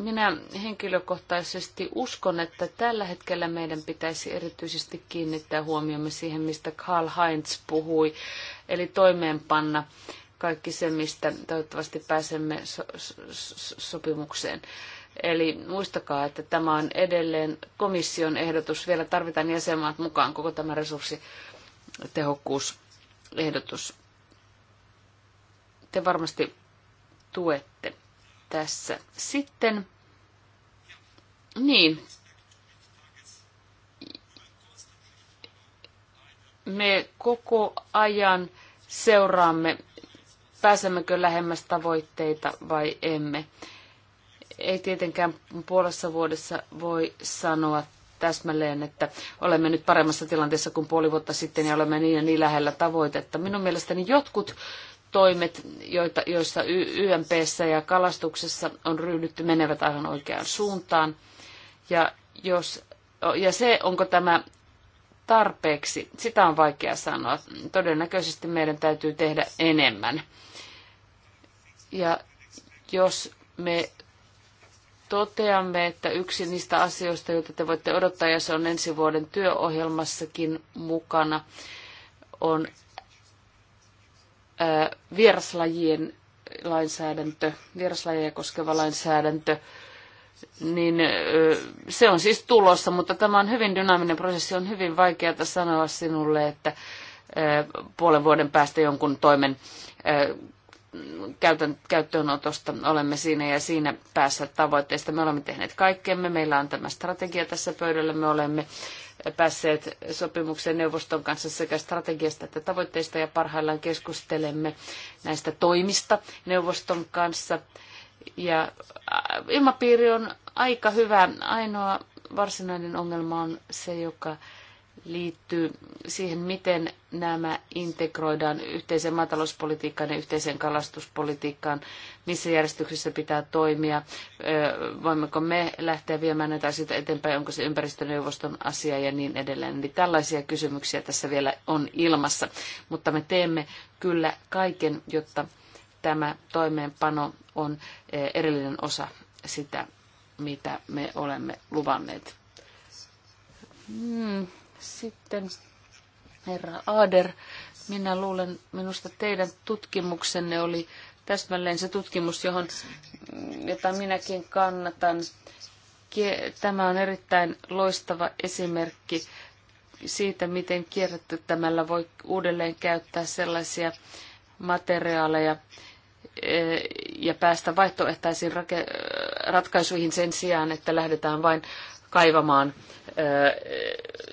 Minä henkilökohtaisesti uskon, että tällä hetkellä meidän pitäisi erityisesti kiinnittää huomiomme siihen, mistä Karl Heinz puhui, eli toimeenpanna kaikki se, mistä toivottavasti pääsemme so- so- sopimukseen. Eli muistakaa, että tämä on edelleen komission ehdotus. Vielä tarvitaan jäsenmaat mukaan koko tämä resurssitehokkuusehdotus. Te varmasti tuette tässä sitten. Niin. Me koko ajan seuraamme, pääsemmekö lähemmäs tavoitteita vai emme. Ei tietenkään puolessa vuodessa voi sanoa täsmälleen, että olemme nyt paremmassa tilanteessa kuin puoli vuotta sitten ja olemme niin ja niin lähellä tavoitetta. Minun mielestäni jotkut toimet, joita, joissa YMPssä ja kalastuksessa on ryhdytty, menevät aivan oikeaan suuntaan. Ja, jos, ja se, onko tämä tarpeeksi, sitä on vaikea sanoa. Todennäköisesti meidän täytyy tehdä enemmän. Ja jos me toteamme, että yksi niistä asioista, joita te voitte odottaa, ja se on ensi vuoden työohjelmassakin mukana, on vieraslajien lainsäädäntö, vieraslajeja koskeva lainsäädäntö, niin se on siis tulossa, mutta tämä on hyvin dynaaminen prosessi. On hyvin vaikeaa sanoa sinulle, että puolen vuoden päästä jonkun toimen käytön, käyttöönotosta olemme siinä ja siinä päässä tavoitteista. Me olemme tehneet kaikkemme, meillä on tämä strategia tässä pöydällä, me olemme päässeet sopimukseen neuvoston kanssa sekä strategiasta että tavoitteista ja parhaillaan keskustelemme näistä toimista neuvoston kanssa. Ja äh, ilmapiiri on aika hyvä. Ainoa varsinainen ongelma on se, joka liittyy siihen, miten nämä integroidaan yhteiseen maatalouspolitiikkaan ja yhteiseen kalastuspolitiikkaan, missä järjestyksessä pitää toimia, voimmeko me lähteä viemään näitä asioita eteenpäin, onko se ympäristöneuvoston asia ja niin edelleen. Eli tällaisia kysymyksiä tässä vielä on ilmassa, mutta me teemme kyllä kaiken, jotta tämä toimeenpano on erillinen osa sitä, mitä me olemme luvanneet. Hmm sitten herra Aader, minä luulen, minusta teidän tutkimuksenne oli täsmälleen se tutkimus, johon, jota minäkin kannatan. Tämä on erittäin loistava esimerkki siitä, miten kierrättämällä voi uudelleen käyttää sellaisia materiaaleja e, ja päästä vaihtoehtaisiin ratkaisuihin sen sijaan, että lähdetään vain kaivamaan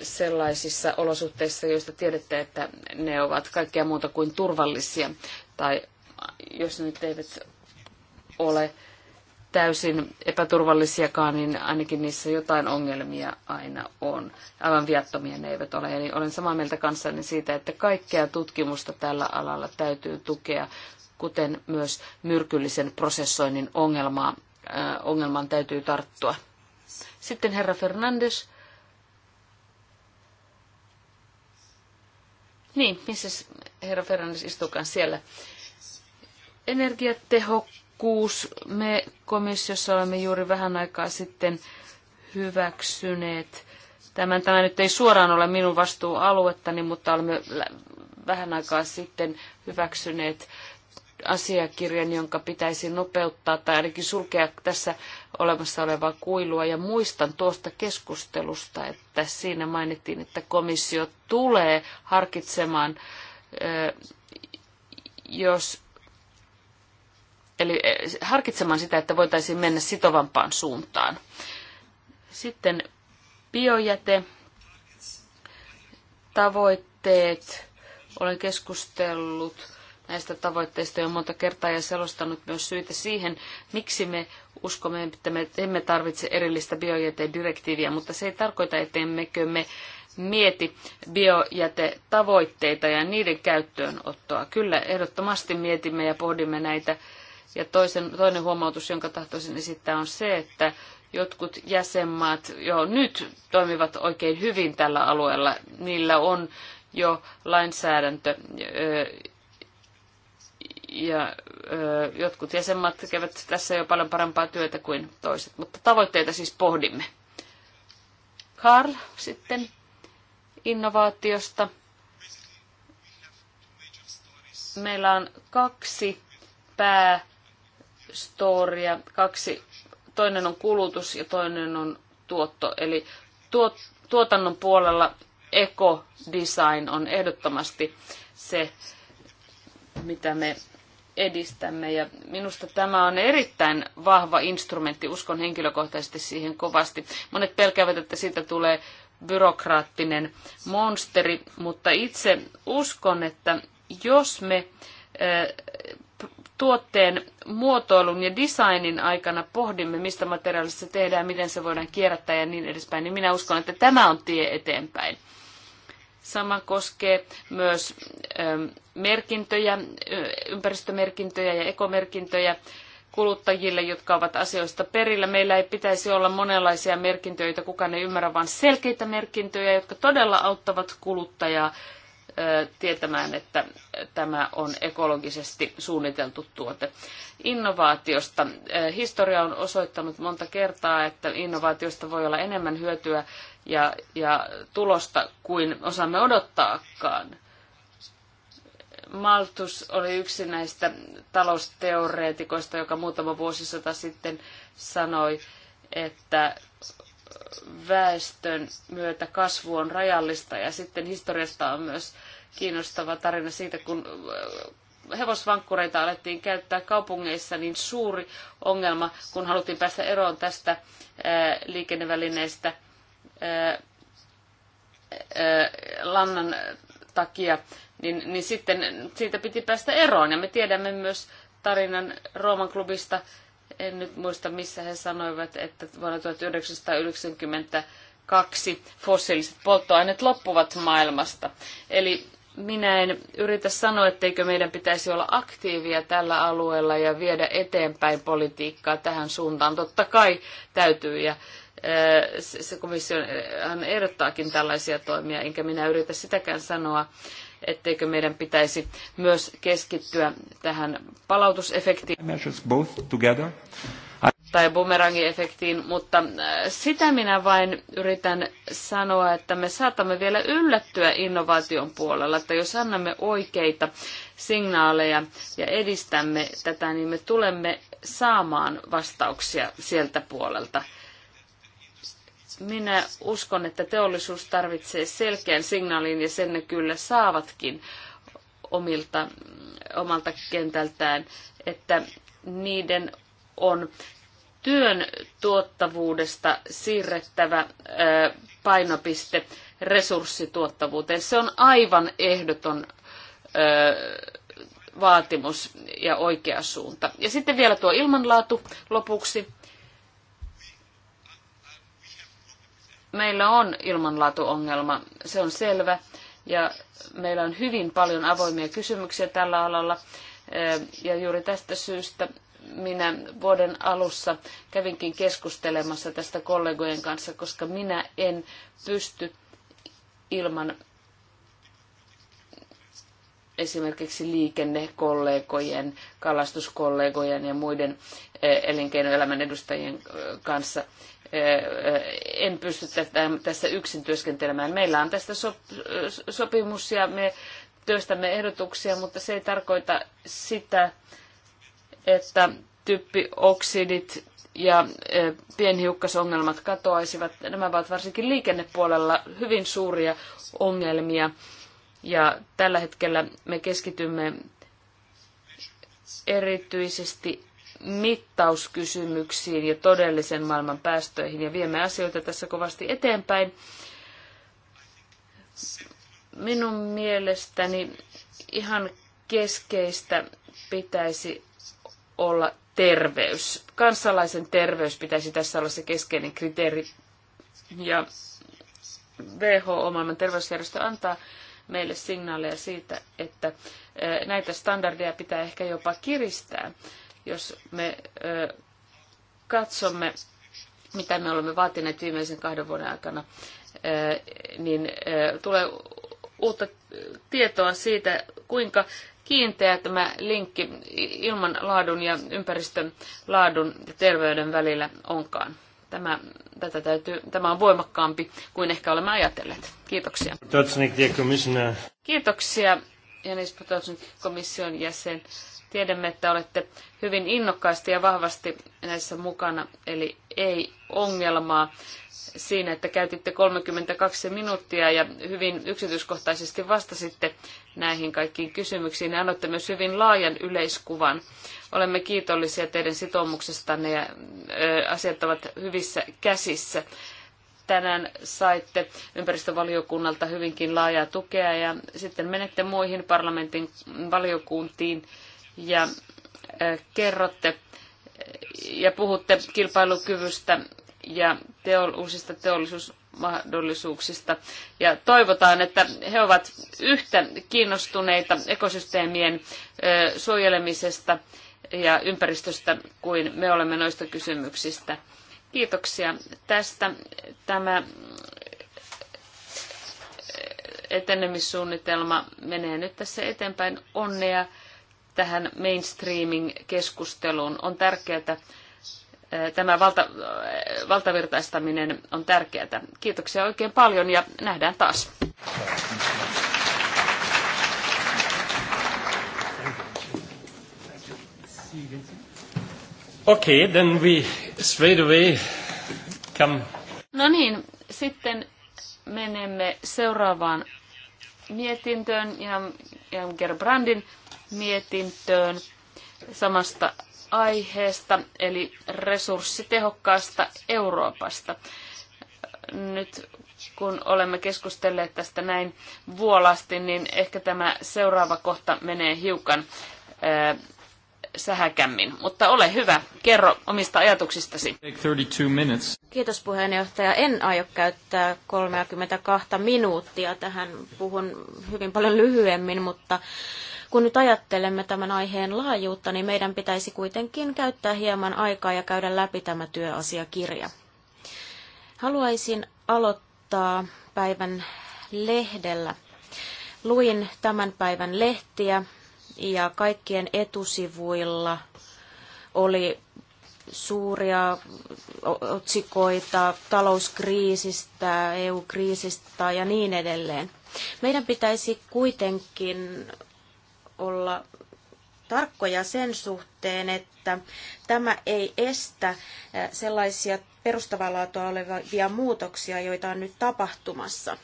sellaisissa olosuhteissa, joista tiedätte, että ne ovat kaikkea muuta kuin turvallisia, tai jos ne nyt eivät ole täysin epäturvallisiakaan, niin ainakin niissä jotain ongelmia aina on. Aivan viattomia ne eivät ole. Eli olen samaa mieltä kanssani siitä, että kaikkea tutkimusta tällä alalla täytyy tukea, kuten myös myrkyllisen prosessoinnin ongelmaa, äh, ongelman täytyy tarttua. Sitten herra Fernandes Niin, missä herra Fernandes istuukaan siellä. Energiatehokkuus. Me komissiossa olemme juuri vähän aikaa sitten hyväksyneet. Tämän, tämä nyt ei suoraan ole minun vastuualuettani, mutta olemme vähän aikaa sitten hyväksyneet asiakirjan, jonka pitäisi nopeuttaa tai ainakin sulkea tässä olemassa olevaa kuilua. Ja muistan tuosta keskustelusta, että siinä mainittiin, että komissio tulee harkitsemaan, jos eli harkitsemaan sitä, että voitaisiin mennä sitovampaan suuntaan. Sitten biojäte, tavoitteet. Olen keskustellut näistä tavoitteista jo monta kertaa ja selostanut myös syitä siihen, miksi me uskomme, että me emme tarvitse erillistä biojätedirektiiviä, mutta se ei tarkoita, ettemmekö me mieti biojätetavoitteita ja niiden käyttöönottoa. Kyllä, ehdottomasti mietimme ja pohdimme näitä. Ja toisen, toinen huomautus, jonka tahtoisin esittää, on se, että jotkut jäsenmaat jo nyt toimivat oikein hyvin tällä alueella. Niillä on jo lainsäädäntö, ja ö, jotkut jäsenmaat tekevät tässä jo paljon parempaa työtä kuin toiset, mutta tavoitteita siis pohdimme. Karl sitten innovaatiosta. Meillä on kaksi päästoria, kaksi, toinen on kulutus ja toinen on tuotto. Eli tuot, tuotannon puolella ekodesign on ehdottomasti se, mitä me edistämme. Ja minusta tämä on erittäin vahva instrumentti, uskon henkilökohtaisesti siihen kovasti. Monet pelkäävät, että siitä tulee byrokraattinen monsteri, mutta itse uskon, että jos me tuotteen muotoilun ja designin aikana pohdimme, mistä materiaalista se tehdään, miten se voidaan kierrättää ja niin edespäin, niin minä uskon, että tämä on tie eteenpäin. Sama koskee myös ähm, merkintöjä, äh, ympäristömerkintöjä ja ekomerkintöjä kuluttajille, jotka ovat asioista perillä. Meillä ei pitäisi olla monenlaisia merkintöjä, joita kukaan ei ymmärrä, vaan selkeitä merkintöjä, jotka todella auttavat kuluttajaa tietämään, että tämä on ekologisesti suunniteltu tuote. Innovaatiosta. Historia on osoittanut monta kertaa, että innovaatiosta voi olla enemmän hyötyä ja, ja tulosta kuin osaamme odottaakaan. Maltus oli yksi näistä talousteoreetikoista, joka muutama vuosisata sitten sanoi, että väestön myötä kasvu on rajallista ja sitten historiasta on myös kiinnostava tarina siitä, kun äh, hevosvankkureita alettiin käyttää kaupungeissa, niin suuri ongelma, kun haluttiin päästä eroon tästä äh, liikennevälineestä äh, lannan takia, niin, niin sitten siitä piti päästä eroon. Ja me tiedämme myös tarinan Rooman klubista, en nyt muista missä he sanoivat, että vuonna 1992 fossiiliset polttoaineet loppuvat maailmasta. Eli minä en yritä sanoa, etteikö meidän pitäisi olla aktiivia tällä alueella ja viedä eteenpäin politiikkaa tähän suuntaan. Totta kai täytyy ja se komissio ehdottaakin tällaisia toimia, enkä minä yritä sitäkään sanoa, etteikö meidän pitäisi myös keskittyä tähän palautusefektiin tai bumerangiefektiin, mutta äh, sitä minä vain yritän sanoa, että me saatamme vielä yllättyä innovaation puolella, että jos annamme oikeita signaaleja ja edistämme tätä, niin me tulemme saamaan vastauksia sieltä puolelta. Minä uskon, että teollisuus tarvitsee selkeän signaalin ja sen ne kyllä saavatkin omilta, omalta kentältään, että niiden on työn tuottavuudesta siirrettävä painopiste resurssituottavuuteen. Se on aivan ehdoton vaatimus ja oikea suunta. Ja sitten vielä tuo ilmanlaatu lopuksi. Meillä on ilmanlaatuongelma, se on selvä. Ja meillä on hyvin paljon avoimia kysymyksiä tällä alalla. Ja juuri tästä syystä minä vuoden alussa kävinkin keskustelemassa tästä kollegojen kanssa, koska minä en pysty ilman esimerkiksi liikennekollegojen, kalastuskollegojen ja muiden eh, elinkeinoelämän edustajien eh, kanssa. Eh, en pysty tässä yksin työskentelemään. Meillä on tästä sopimus ja me työstämme ehdotuksia, mutta se ei tarkoita sitä, että typpioksidit ja e, pienhiukkasongelmat katoaisivat. Nämä ovat varsinkin liikennepuolella hyvin suuria ongelmia. Ja tällä hetkellä me keskitymme erityisesti mittauskysymyksiin ja todellisen maailman päästöihin ja viemme asioita tässä kovasti eteenpäin. Minun mielestäni ihan keskeistä pitäisi olla terveys. Kansalaisen terveys pitäisi tässä olla se keskeinen kriteeri. Ja WHO, maailman terveysjärjestö, antaa meille signaaleja siitä, että näitä standardeja pitää ehkä jopa kiristää, jos me katsomme, mitä me olemme vaatineet viimeisen kahden vuoden aikana, niin tulee uutta tietoa siitä, kuinka kiinteä tämä linkki ilman laadun ja ympäristön laadun ja terveyden välillä onkaan. Tämä, tätä täytyy, tämä on voimakkaampi kuin ehkä olemme ajatelleet. Kiitoksia. Kiitoksia Janis Potosin komission jäsen. Tiedämme, että olette hyvin innokkaasti ja vahvasti näissä mukana, eli ei ongelmaa siinä, että käytitte 32 minuuttia ja hyvin yksityiskohtaisesti vastasitte näihin kaikkiin kysymyksiin ja annoitte myös hyvin laajan yleiskuvan. Olemme kiitollisia teidän sitoumuksestanne ja asiat ovat hyvissä käsissä tänään saitte ympäristövaliokunnalta hyvinkin laajaa tukea ja sitten menette muihin parlamentin valiokuntiin ja kerrotte ja puhutte kilpailukyvystä ja teol- uusista teollisuusmahdollisuuksista. Ja toivotaan, että he ovat yhtä kiinnostuneita ekosysteemien suojelemisesta ja ympäristöstä kuin me olemme noista kysymyksistä. Kiitoksia tästä. Tämä etenemissuunnitelma menee nyt tässä eteenpäin. Onnea tähän mainstreaming-keskusteluun. On tärkeää, eh, tämä valta, eh, valtavirtaistaminen on tärkeää. Kiitoksia oikein paljon ja nähdään taas. Okay, then we Straight away, come. No niin, sitten menemme seuraavaan mietintöön, Jan, ja Gerbrandin mietintöön samasta aiheesta, eli resurssitehokkaasta Euroopasta. Nyt kun olemme keskustelleet tästä näin vuolasti, niin ehkä tämä seuraava kohta menee hiukan sähäkämmin. Mutta ole hyvä, kerro omista ajatuksistasi. Kiitos puheenjohtaja. En aio käyttää 32 minuuttia tähän. Puhun hyvin paljon lyhyemmin, mutta kun nyt ajattelemme tämän aiheen laajuutta, niin meidän pitäisi kuitenkin käyttää hieman aikaa ja käydä läpi tämä työasiakirja. Haluaisin aloittaa päivän lehdellä. Luin tämän päivän lehtiä ja kaikkien etusivuilla oli suuria otsikoita talouskriisistä, EU-kriisistä ja niin edelleen. Meidän pitäisi kuitenkin olla tarkkoja sen suhteen, että tämä ei estä sellaisia perustavanlaatua olevia muutoksia, joita on nyt tapahtumassa.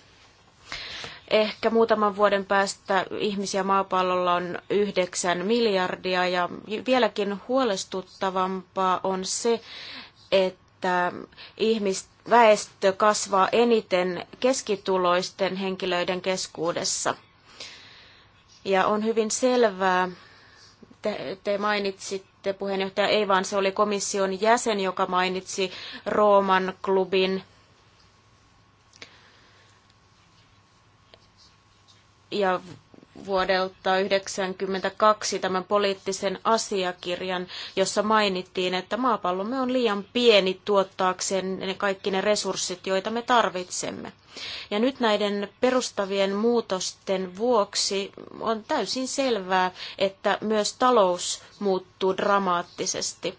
Ehkä muutaman vuoden päästä ihmisiä maapallolla on yhdeksän miljardia ja vieläkin huolestuttavampaa on se, että ihmis, väestö kasvaa eniten keskituloisten henkilöiden keskuudessa. Ja on hyvin selvää, te, te mainitsitte puheenjohtaja, ei vaan se oli komission jäsen, joka mainitsi Rooman klubin ja vuodelta 1992 tämän poliittisen asiakirjan, jossa mainittiin, että maapallomme on liian pieni tuottaakseen ne kaikki ne resurssit, joita me tarvitsemme. Ja nyt näiden perustavien muutosten vuoksi on täysin selvää, että myös talous muuttuu dramaattisesti.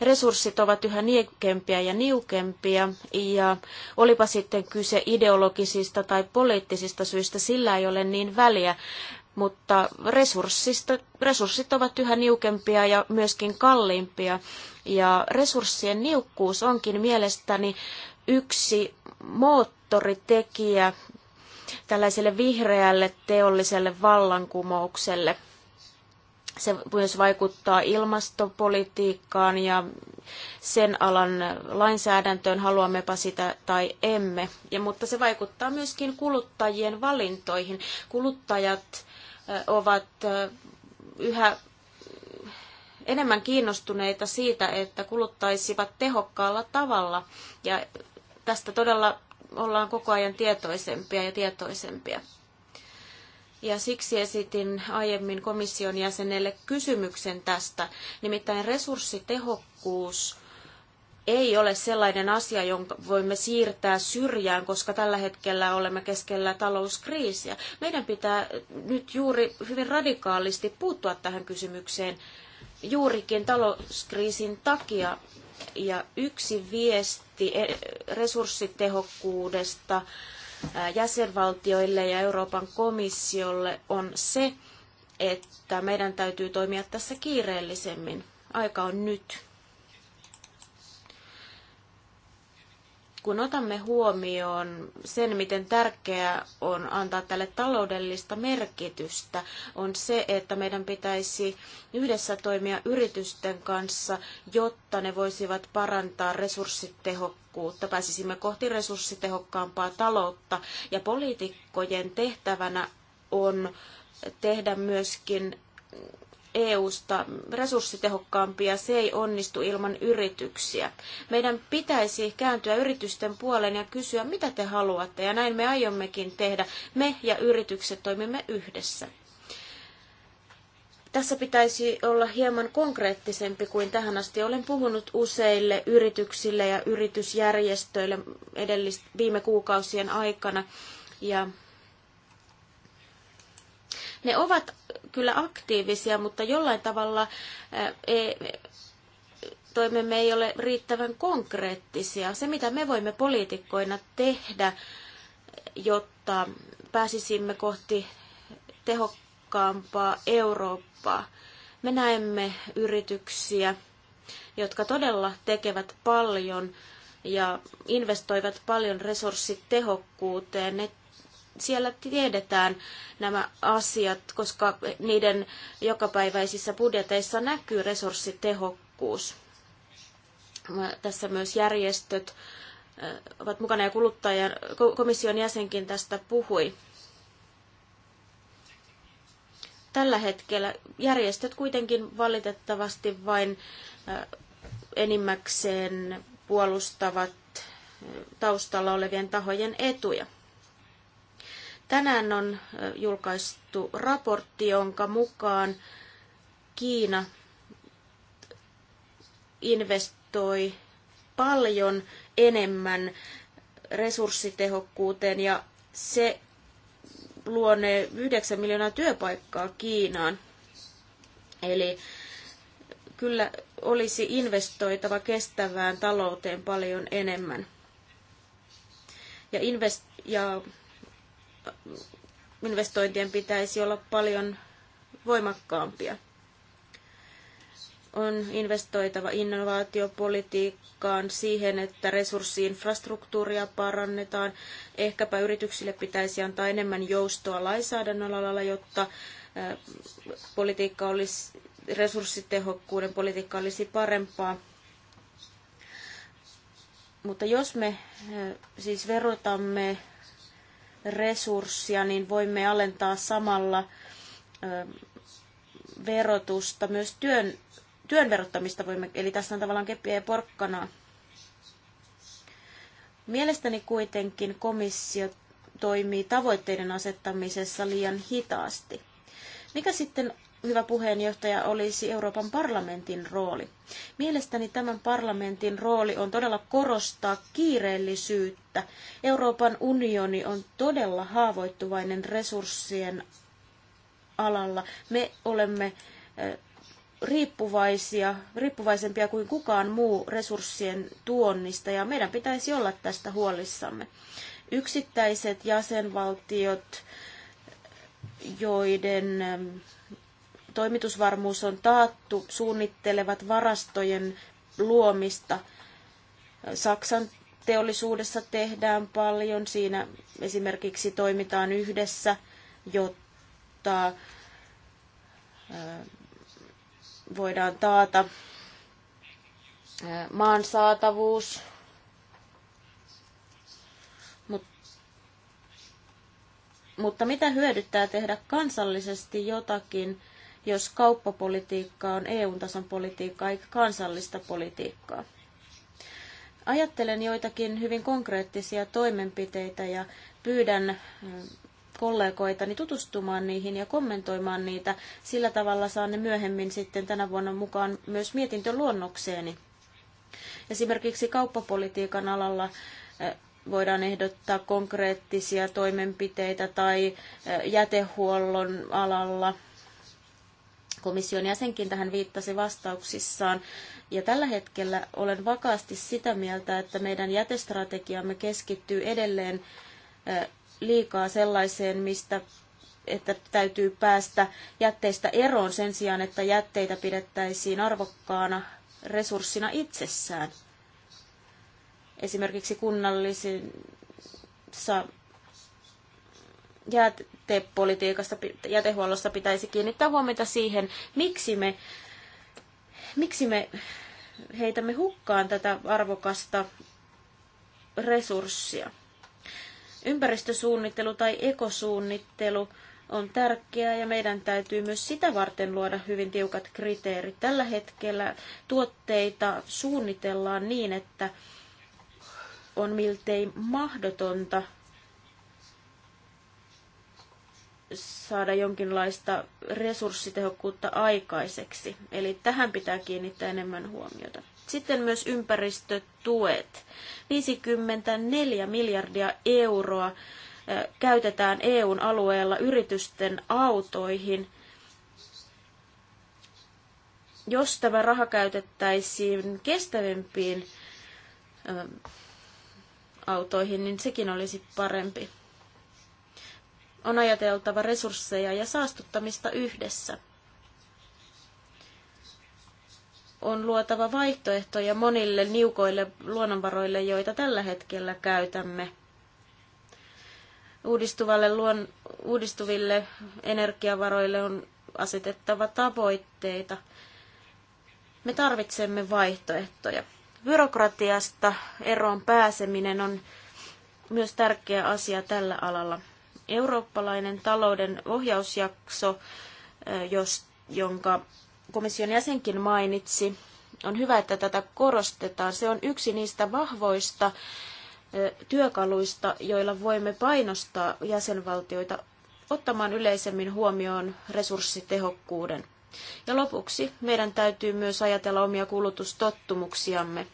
Resurssit ovat yhä niukempia ja niukempia, ja olipa sitten kyse ideologisista tai poliittisista syistä, sillä ei ole niin väliä, mutta resurssit ovat yhä niukempia ja myöskin kalliimpia. Ja resurssien niukkuus onkin mielestäni yksi moottoritekijä tällaiselle vihreälle teolliselle vallankumoukselle – se myös vaikuttaa ilmastopolitiikkaan ja sen alan lainsäädäntöön, haluammepa sitä tai emme. Ja, mutta se vaikuttaa myöskin kuluttajien valintoihin. Kuluttajat ovat yhä enemmän kiinnostuneita siitä, että kuluttaisivat tehokkaalla tavalla. Ja tästä todella ollaan koko ajan tietoisempia ja tietoisempia. Ja siksi esitin aiemmin komission jäsenelle kysymyksen tästä. Nimittäin resurssitehokkuus ei ole sellainen asia, jonka voimme siirtää syrjään, koska tällä hetkellä olemme keskellä talouskriisiä. Meidän pitää nyt juuri hyvin radikaalisti puuttua tähän kysymykseen juurikin talouskriisin takia. Ja yksi viesti e- resurssitehokkuudesta jäsenvaltioille ja Euroopan komissiolle on se, että meidän täytyy toimia tässä kiireellisemmin. Aika on nyt. kun otamme huomioon sen, miten tärkeää on antaa tälle taloudellista merkitystä, on se, että meidän pitäisi yhdessä toimia yritysten kanssa, jotta ne voisivat parantaa resurssitehokkuutta. Pääsisimme kohti resurssitehokkaampaa taloutta ja poliitikkojen tehtävänä on tehdä myöskin EUsta resurssitehokkaampi ja se ei onnistu ilman yrityksiä. Meidän pitäisi kääntyä yritysten puoleen ja kysyä, mitä te haluatte, ja näin me aiommekin tehdä. Me ja yritykset toimimme yhdessä. Tässä pitäisi olla hieman konkreettisempi kuin tähän asti. Olen puhunut useille yrityksille ja yritysjärjestöille edellis- viime kuukausien aikana, ja ne ovat kyllä aktiivisia, mutta jollain tavalla eh, eh, toimemme ei ole riittävän konkreettisia. Se, mitä me voimme poliitikkoina tehdä, jotta pääsisimme kohti tehokkaampaa Eurooppaa. Me näemme yrityksiä, jotka todella tekevät paljon ja investoivat paljon resurssitehokkuuteen. Ne siellä tiedetään nämä asiat, koska niiden jokapäiväisissä budjeteissa näkyy resurssitehokkuus. Tässä myös järjestöt äh, ovat mukana ja kuluttajan, komission jäsenkin tästä puhui. Tällä hetkellä järjestöt kuitenkin valitettavasti vain äh, enimmäkseen puolustavat äh, taustalla olevien tahojen etuja. Tänään on julkaistu raportti, jonka mukaan Kiina investoi paljon enemmän resurssitehokkuuteen ja se luo ne 9 miljoonaa työpaikkaa Kiinaan. Eli kyllä olisi investoitava kestävään talouteen paljon enemmän. Ja, invest- ja investointien pitäisi olla paljon voimakkaampia. On investoitava innovaatiopolitiikkaan siihen, että resurssiinfrastruktuuria parannetaan. Ehkäpä yrityksille pitäisi antaa enemmän joustoa lainsäädännön alalla, jotta politiikka olisi, resurssitehokkuuden politiikka olisi parempaa. Mutta jos me siis verotamme resurssia, niin voimme alentaa samalla verotusta, myös työn, työn verottamista voimme, eli tässä on tavallaan keppiä ja porkkanaa. Mielestäni kuitenkin komissio toimii tavoitteiden asettamisessa liian hitaasti. Mikä sitten hyvä puheenjohtaja olisi Euroopan parlamentin rooli. Mielestäni tämän parlamentin rooli on todella korostaa kiireellisyyttä. Euroopan unioni on todella haavoittuvainen resurssien alalla. Me olemme riippuvaisia, riippuvaisempia kuin kukaan muu resurssien tuonnista ja meidän pitäisi olla tästä huolissamme. Yksittäiset jäsenvaltiot, joiden toimitusvarmuus on taattu, suunnittelevat varastojen luomista. Saksan teollisuudessa tehdään paljon, siinä esimerkiksi toimitaan yhdessä, jotta voidaan taata maan saatavuus, mutta mitä hyödyttää tehdä kansallisesti jotakin, jos kauppapolitiikka on EU-tason politiikkaa eikä kansallista politiikkaa. Ajattelen joitakin hyvin konkreettisia toimenpiteitä ja pyydän kollegoitani tutustumaan niihin ja kommentoimaan niitä. Sillä tavalla saan ne myöhemmin sitten tänä vuonna mukaan myös mietintöluonnokseeni. Esimerkiksi kauppapolitiikan alalla voidaan ehdottaa konkreettisia toimenpiteitä tai jätehuollon alalla – komission jäsenkin tähän viittasi vastauksissaan. Ja tällä hetkellä olen vakaasti sitä mieltä, että meidän jätestrategiamme keskittyy edelleen liikaa sellaiseen, mistä että täytyy päästä jätteistä eroon sen sijaan, että jätteitä pidettäisiin arvokkaana resurssina itsessään. Esimerkiksi kunnallisissa jätepolitiikasta, jätehuollossa pitäisi kiinnittää huomiota siihen, miksi me, miksi me heitämme hukkaan tätä arvokasta resurssia. Ympäristösuunnittelu tai ekosuunnittelu on tärkeää ja meidän täytyy myös sitä varten luoda hyvin tiukat kriteerit. Tällä hetkellä tuotteita suunnitellaan niin, että on miltei mahdotonta saada jonkinlaista resurssitehokkuutta aikaiseksi. Eli tähän pitää kiinnittää enemmän huomiota. Sitten myös ympäristötuet. 54 miljardia euroa käytetään EUn alueella yritysten autoihin. Jos tämä raha käytettäisiin kestävimpiin autoihin, niin sekin olisi parempi on ajateltava resursseja ja saastuttamista yhdessä. On luotava vaihtoehtoja monille niukoille luonnonvaroille, joita tällä hetkellä käytämme. Uudistuvalle luon, uudistuville energiavaroille on asetettava tavoitteita. Me tarvitsemme vaihtoehtoja. Byrokratiasta eroon pääseminen on myös tärkeä asia tällä alalla eurooppalainen talouden ohjausjakso, jos, jonka komission jäsenkin mainitsi, on hyvä, että tätä korostetaan. Se on yksi niistä vahvoista työkaluista, joilla voimme painostaa jäsenvaltioita ottamaan yleisemmin huomioon resurssitehokkuuden. Ja lopuksi meidän täytyy myös ajatella omia kulutustottumuksiamme.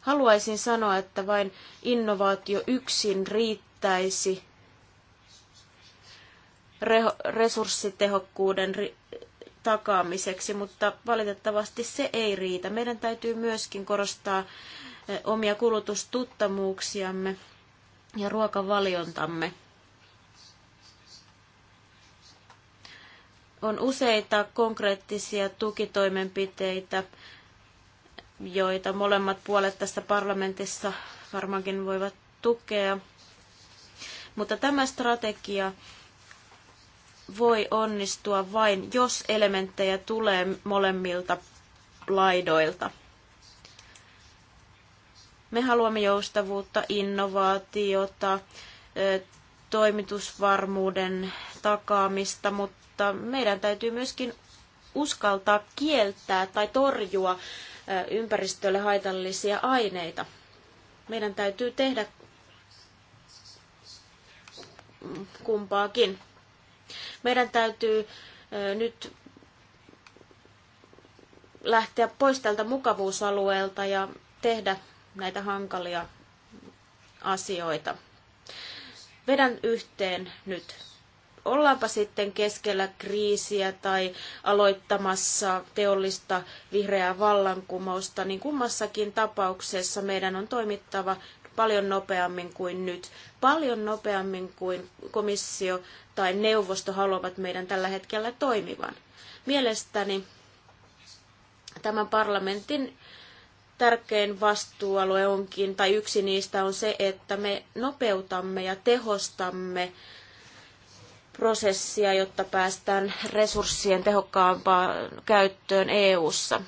Haluaisin sanoa, että vain innovaatio yksin riittäisi resurssitehokkuuden takaamiseksi, mutta valitettavasti se ei riitä. Meidän täytyy myöskin korostaa eh, omia kulutustuttamuuksiamme ja ruokavaliontamme. On useita konkreettisia tukitoimenpiteitä, joita molemmat puolet tässä parlamentissa varmaankin voivat tukea. Mutta tämä strategia voi onnistua vain, jos elementtejä tulee molemmilta laidoilta. Me haluamme joustavuutta, innovaatiota, toimitusvarmuuden takaamista, mutta meidän täytyy myöskin uskaltaa kieltää tai torjua ympäristölle haitallisia aineita. Meidän täytyy tehdä kumpaakin. Meidän täytyy nyt lähteä pois tältä mukavuusalueelta ja tehdä näitä hankalia asioita. Vedän yhteen nyt. Ollaanpa sitten keskellä kriisiä tai aloittamassa teollista vihreää vallankumousta, niin kummassakin tapauksessa meidän on toimittava paljon nopeammin kuin nyt, paljon nopeammin kuin komissio tai neuvosto haluavat meidän tällä hetkellä toimivan. Mielestäni tämän parlamentin tärkein vastuualue onkin, tai yksi niistä on se, että me nopeutamme ja tehostamme prosessia, jotta päästään resurssien tehokkaampaan käyttöön EU:ssa.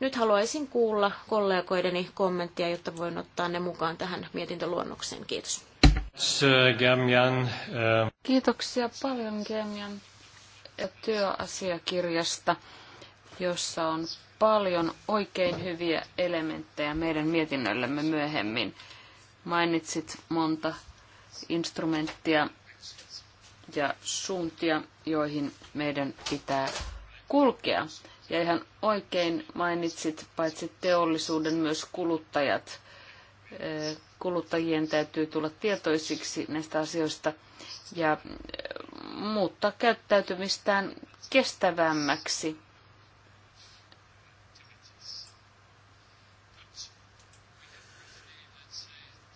Nyt haluaisin kuulla kollegoideni kommenttia, jotta voin ottaa ne mukaan tähän mietintöluonnokseen. Kiitos. Eh, Kiitoksia paljon Gemjan työasiakirjasta, jossa on paljon oikein hyviä elementtejä meidän mietinnöllemme myöhemmin. Mainitsit monta instrumenttia ja suuntia, joihin meidän pitää kulkea. Ja ihan oikein mainitsit paitsi teollisuuden myös kuluttajat. Eh, kuluttajien täytyy tulla tietoisiksi näistä asioista ja eh, muuttaa käyttäytymistään kestävämmäksi.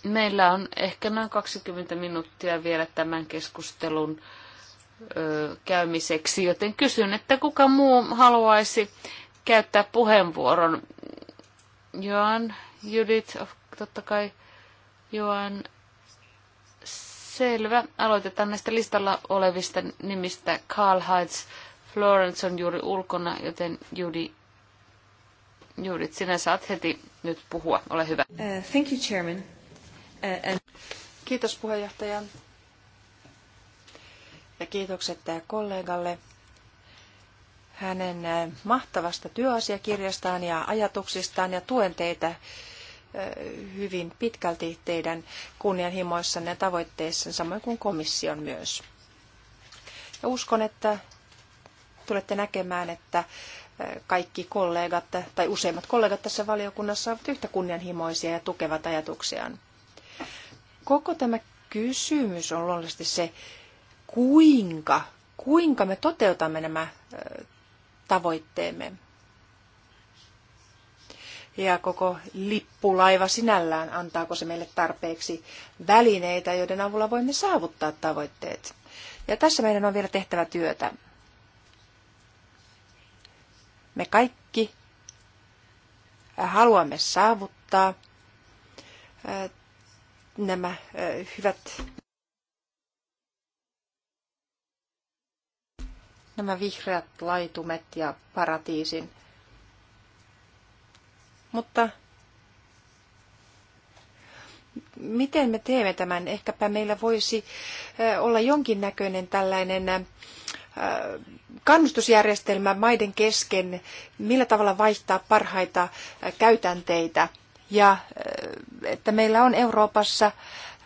Meillä on ehkä noin 20 minuuttia vielä tämän keskustelun käymiseksi, joten kysyn, että kuka muu haluaisi käyttää puheenvuoron. Joan, Judith, totta kai Joan. Selvä. Aloitetaan näistä listalla olevista nimistä. Karl Heitz, Florence on juuri ulkona, joten Judy, Judith, sinä saat heti nyt puhua. Ole hyvä. Uh, thank you, Chairman. Uh, and... Kiitos puheenjohtaja ja kiitokset kollegalle hänen mahtavasta työasiakirjastaan ja ajatuksistaan ja tuen teitä hyvin pitkälti teidän kunnianhimoissanne ja tavoitteissanne, samoin kuin komission myös. Ja uskon, että tulette näkemään, että kaikki kollegat tai useimmat kollegat tässä valiokunnassa ovat yhtä kunnianhimoisia ja tukevat ajatuksiaan. Koko tämä kysymys on luonnollisesti se, kuinka, kuinka me toteutamme nämä tavoitteemme. Ja koko lippulaiva sinällään, antaako se meille tarpeeksi välineitä, joiden avulla voimme saavuttaa tavoitteet. Ja tässä meidän on vielä tehtävä työtä. Me kaikki haluamme saavuttaa nämä hyvät nämä vihreät laitumet ja paratiisin. Mutta miten me teemme tämän? Ehkäpä meillä voisi olla jonkinnäköinen tällainen kannustusjärjestelmä maiden kesken, millä tavalla vaihtaa parhaita käytänteitä. Ja että meillä on Euroopassa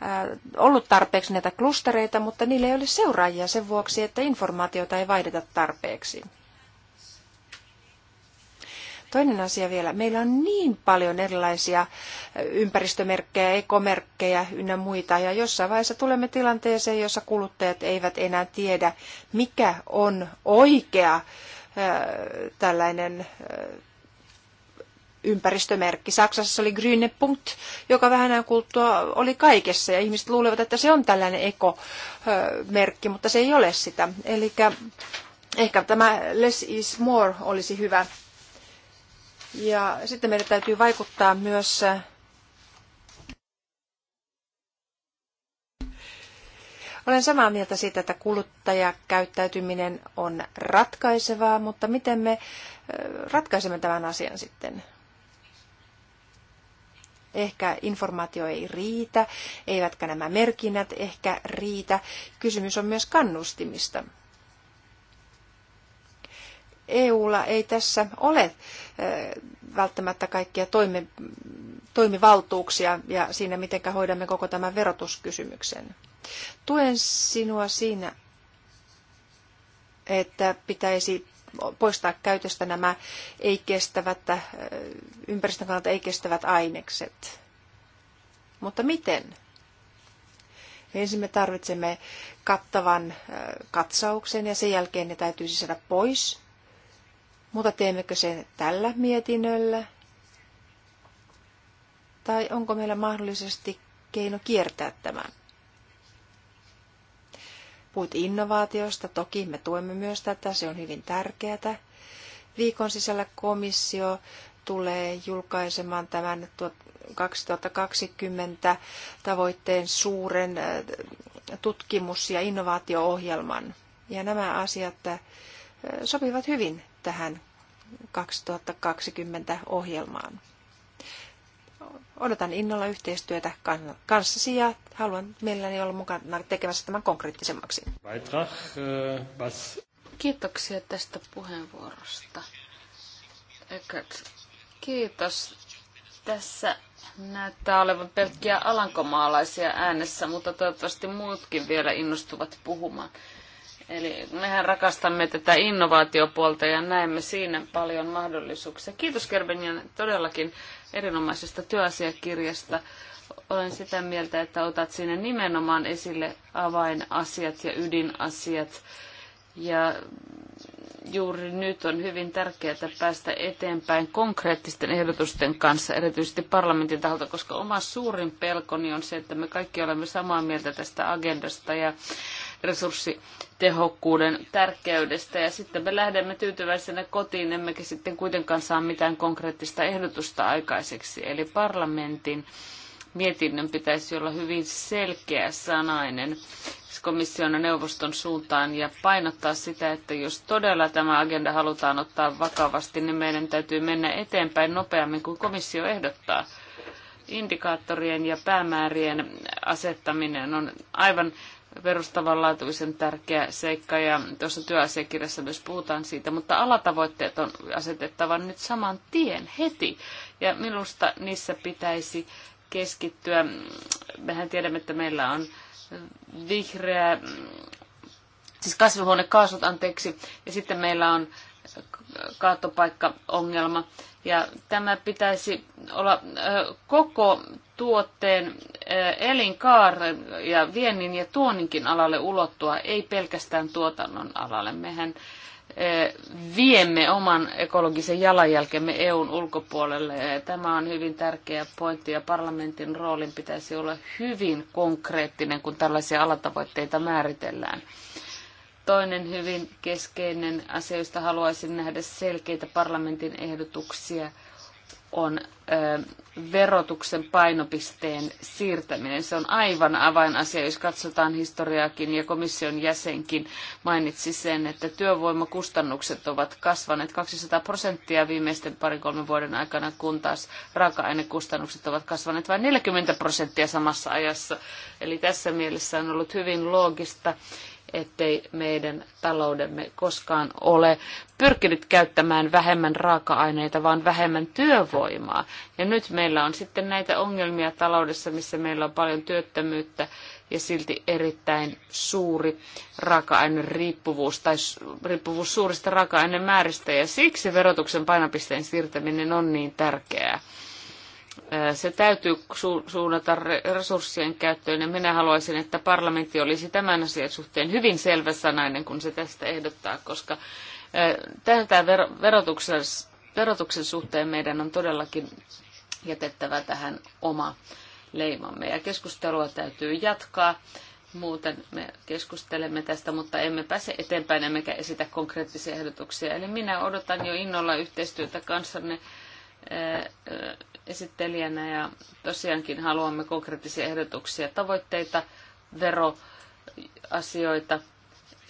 Äh, ollut tarpeeksi näitä klustereita, mutta niillä ei ole seuraajia sen vuoksi, että informaatiota ei vaihdeta tarpeeksi. Toinen asia vielä. Meillä on niin paljon erilaisia äh, ympäristömerkkejä, ekomerkkejä ynnä muita, ja jossain vaiheessa tulemme tilanteeseen, jossa kuluttajat eivät enää tiedä, mikä on oikea äh, tällainen ympäristömerkki. Saksassa oli Grüne Punkt, joka vähän ajan kulttua oli kaikessa ja ihmiset luulevat, että se on tällainen ekomerkki, mutta se ei ole sitä. Eli ehkä tämä less is more olisi hyvä. Ja sitten meidän täytyy vaikuttaa myös Olen samaa mieltä siitä, että kuluttajakäyttäytyminen on ratkaisevaa, mutta miten me äh, ratkaisemme tämän asian sitten? ehkä informaatio ei riitä, eivätkä nämä merkinnät ehkä riitä. Kysymys on myös kannustimista. EUlla ei tässä ole välttämättä kaikkia toimi, toimivaltuuksia ja siinä, miten hoidamme koko tämän verotuskysymyksen. Tuen sinua siinä, että pitäisi poistaa käytöstä nämä ei-kestävät, äh, ympäristön kannalta ei-kestävät ainekset. Mutta miten? Ensin me tarvitsemme kattavan äh, katsauksen ja sen jälkeen ne täytyisi saada pois. Mutta teemmekö sen tällä mietinnöllä? Tai onko meillä mahdollisesti keino kiertää tämän? Puhuit innovaatioista. toki me tuemme myös tätä, se on hyvin tärkeää. Viikon sisällä komissio tulee julkaisemaan tämän 2020 tavoitteen suuren äh, tutkimus- ja innovaatio-ohjelman. Ja nämä asiat äh, sopivat hyvin tähän 2020 ohjelmaan odotan innolla yhteistyötä kanssasi ja haluan mielelläni olla mukana tekemässä tämän konkreettisemmaksi. Äh, Kiitoksia tästä puheenvuorosta. Kiitos. Tässä näyttää olevan pelkkiä alankomaalaisia äänessä, mutta toivottavasti muutkin vielä innostuvat puhumaan. Eli mehän rakastamme tätä innovaatiopuolta ja näemme siinä paljon mahdollisuuksia. Kiitos Kerbenjan todellakin erinomaisesta työasiakirjasta. Olen sitä mieltä, että otat siinä nimenomaan esille avainasiat ja ydinasiat. Ja juuri nyt on hyvin tärkeää päästä eteenpäin konkreettisten ehdotusten kanssa, erityisesti parlamentin taholta, koska oma suurin pelkoni on se, että me kaikki olemme samaa mieltä tästä agendasta ja resurssitehokkuuden tärkeydestä. Ja sitten me lähdemme tyytyväisenä kotiin, emmekä sitten kuitenkaan saa mitään konkreettista ehdotusta aikaiseksi. Eli parlamentin mietinnön pitäisi olla hyvin selkeä sanainen komission ja neuvoston suuntaan ja painottaa sitä, että jos todella tämä agenda halutaan ottaa vakavasti, niin meidän täytyy mennä eteenpäin nopeammin kuin komissio ehdottaa. Indikaattorien ja päämäärien asettaminen on aivan perustavanlaatuisen tärkeä seikka ja tuossa työasiakirjassa myös puhutaan siitä, mutta alatavoitteet on asetettava nyt saman tien heti ja minusta niissä pitäisi keskittyä. Mehän tiedämme, että meillä on vihreä, siis kasvihuonekaasut, anteeksi, ja sitten meillä on kaatopaikkaongelma. Ja tämä pitäisi olla koko tuotteen elinkaaren ja viennin ja tuoninkin alalle ulottua, ei pelkästään tuotannon alalle. Mehän viemme oman ekologisen jalanjälkemme EUn ulkopuolelle. Tämä on hyvin tärkeä pointti ja parlamentin roolin pitäisi olla hyvin konkreettinen, kun tällaisia alatavoitteita määritellään. Toinen hyvin keskeinen asia, josta haluaisin nähdä selkeitä parlamentin ehdotuksia, on verotuksen painopisteen siirtäminen. Se on aivan avainasia, jos katsotaan historiaakin ja komission jäsenkin mainitsi sen, että työvoimakustannukset ovat kasvaneet 200 prosenttia viimeisten parin kolmen vuoden aikana, kun taas raaka-ainekustannukset ovat kasvaneet vain 40 prosenttia samassa ajassa. Eli tässä mielessä on ollut hyvin loogista ettei meidän taloudemme koskaan ole pyrkinyt käyttämään vähemmän raaka-aineita, vaan vähemmän työvoimaa. Ja nyt meillä on sitten näitä ongelmia taloudessa, missä meillä on paljon työttömyyttä ja silti erittäin suuri raaka aineen riippuvuus tai riippuvuus suurista raaka määristä ja siksi verotuksen painopisteen siirtäminen on niin tärkeää. Äh, se täytyy su- suunnata resurssien käyttöön ja minä haluaisin, että parlamentti olisi tämän asian suhteen hyvin selväsanainen, kun se tästä ehdottaa, koska äh, tätä verotuksen, verotuksen suhteen meidän on todellakin jätettävä tähän oma leimamme ja keskustelua täytyy jatkaa. Muuten me keskustelemme tästä, mutta emme pääse eteenpäin emmekä esitä konkreettisia ehdotuksia. Eli minä odotan jo innolla yhteistyötä kanssanne äh, esittelijänä ja tosiaankin haluamme konkreettisia ehdotuksia, tavoitteita, veroasioita,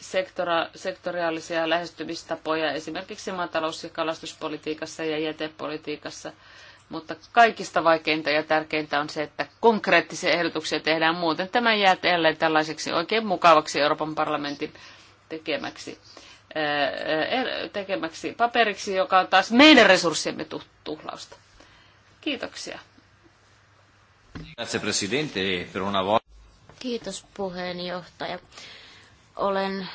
sektora, sektoriaalisia lähestymistapoja esimerkiksi maatalous- ja kalastuspolitiikassa ja jätepolitiikassa. Mutta kaikista vaikeinta ja tärkeintä on se, että konkreettisia ehdotuksia tehdään. Muuten tämä jää jälleen tällaiseksi oikein mukavaksi Euroopan parlamentin tekemäksi, tekemäksi paperiksi, joka on taas meidän resurssiemme tuhlausta. Kiitoksia. Kiitos puheenjohtaja. Olen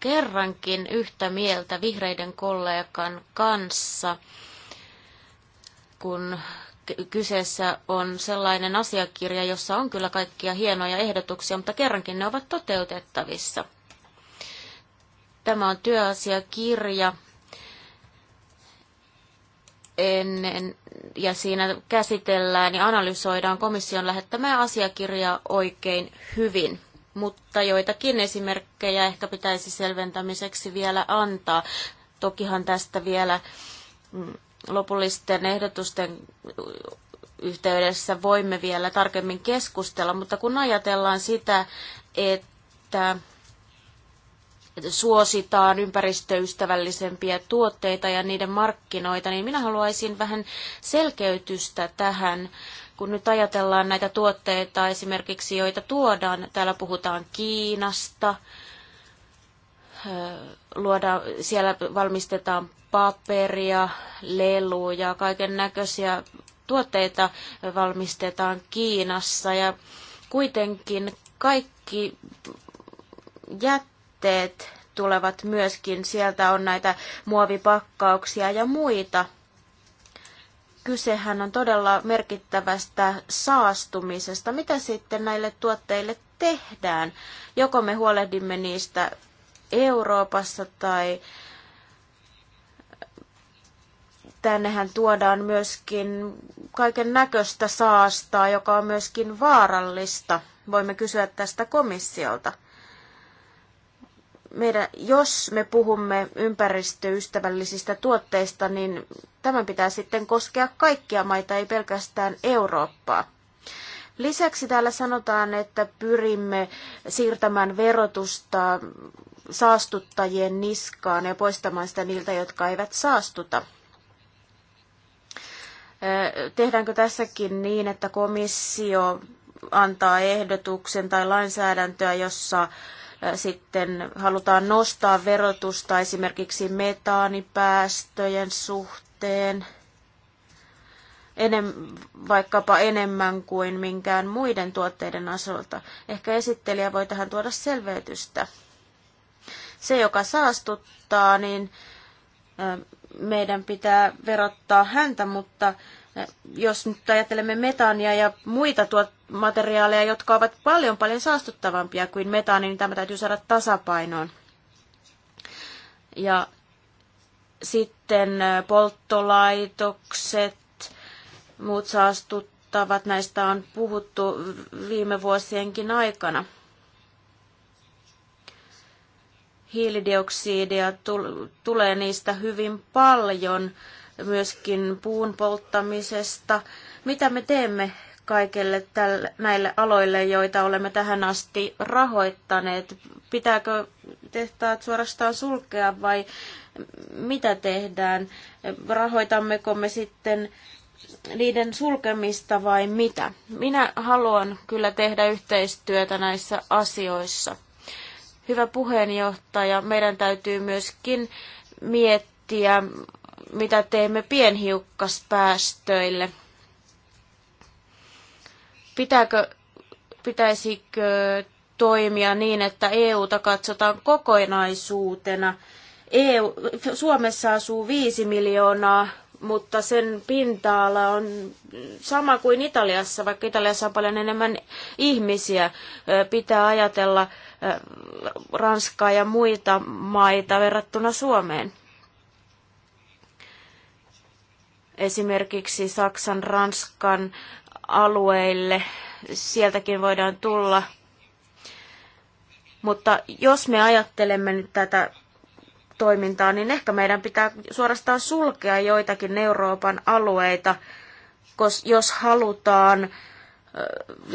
kerrankin yhtä mieltä vihreiden kollegan kanssa, kun kyseessä on sellainen asiakirja, jossa on kyllä kaikkia hienoja ehdotuksia, mutta kerrankin ne ovat toteutettavissa. Tämä on työasiakirja, ennen, ja siinä käsitellään ja analysoidaan komission lähettämää asiakirjaa oikein hyvin. Mutta joitakin esimerkkejä ehkä pitäisi selventämiseksi vielä antaa. Tokihan tästä vielä mm, lopullisten ehdotusten yhteydessä voimme vielä tarkemmin keskustella, mutta kun ajatellaan sitä, että suositaan ympäristöystävällisempiä tuotteita ja niiden markkinoita, niin minä haluaisin vähän selkeytystä tähän, kun nyt ajatellaan näitä tuotteita esimerkiksi, joita tuodaan. Täällä puhutaan Kiinasta, luodaan, siellä valmistetaan paperia, leluja, kaiken näköisiä tuotteita valmistetaan Kiinassa ja kuitenkin kaikki jätteet tuotteet tulevat myöskin. Sieltä on näitä muovipakkauksia ja muita. Kysehän on todella merkittävästä saastumisesta. Mitä sitten näille tuotteille tehdään? Joko me huolehdimme niistä Euroopassa tai tännehän tuodaan myöskin kaiken näköistä saastaa, joka on myöskin vaarallista. Voimme kysyä tästä komissiolta meidän, jos me puhumme ympäristöystävällisistä tuotteista, niin tämän pitää sitten koskea kaikkia maita, ei pelkästään Eurooppaa. Lisäksi täällä sanotaan, että pyrimme siirtämään verotusta saastuttajien niskaan ja poistamaan sitä niiltä, jotka eivät saastuta. Tehdäänkö tässäkin niin, että komissio antaa ehdotuksen tai lainsäädäntöä, jossa sitten halutaan nostaa verotusta esimerkiksi metaanipäästöjen suhteen, enem, vaikkapa enemmän kuin minkään muiden tuotteiden asolta. Ehkä esittelijä voi tähän tuoda selveytystä. Se, joka saastuttaa, niin meidän pitää verottaa häntä, mutta jos nyt ajattelemme metaania ja muita tuot materiaaleja, jotka ovat paljon paljon saastuttavampia kuin metaani, niin tämä täytyy saada tasapainoon. Ja sitten polttolaitokset, muut saastuttavat, näistä on puhuttu viime vuosienkin aikana. Hiilidioksidia tulee niistä hyvin paljon myöskin puun polttamisesta. Mitä me teemme kaikille tälle, näille aloille, joita olemme tähän asti rahoittaneet? Pitääkö tehtaat suorastaan sulkea vai mitä tehdään? Rahoitammeko me sitten niiden sulkemista vai mitä? Minä haluan kyllä tehdä yhteistyötä näissä asioissa. Hyvä puheenjohtaja, meidän täytyy myöskin miettiä mitä teemme pienhiukkaspäästöille. Pitääkö, pitäisikö toimia niin, että EUta katsotaan kokonaisuutena? EU, Suomessa asuu viisi miljoonaa, mutta sen pinta-ala on sama kuin Italiassa, vaikka Italiassa on paljon enemmän ihmisiä. Pitää ajatella Ranskaa ja muita maita verrattuna Suomeen. esimerkiksi Saksan, Ranskan alueille. Sieltäkin voidaan tulla. Mutta jos me ajattelemme nyt tätä toimintaa, niin ehkä meidän pitää suorastaan sulkea joitakin Euroopan alueita, jos halutaan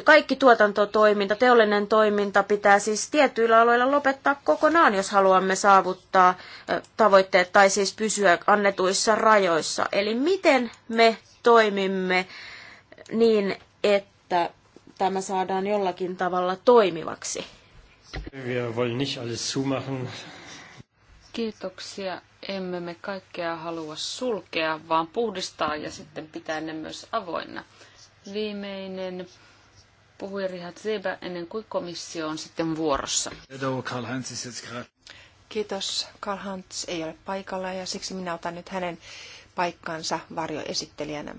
kaikki tuotantotoiminta, teollinen toiminta pitää siis tietyillä aloilla lopettaa kokonaan, jos haluamme saavuttaa tavoitteet tai siis pysyä annetuissa rajoissa. Eli miten me toimimme niin, että tämä saadaan jollakin tavalla toimivaksi? Kiitoksia. Emme me kaikkea halua sulkea, vaan puhdistaa ja sitten pitää ne myös avoinna. Viimeinen puhuja Richard Zeba ennen kuin komissio on sitten vuorossa. Kiitos. Karl Hans ei ole paikalla ja siksi minä otan nyt hänen paikkansa varjoesittelijänä.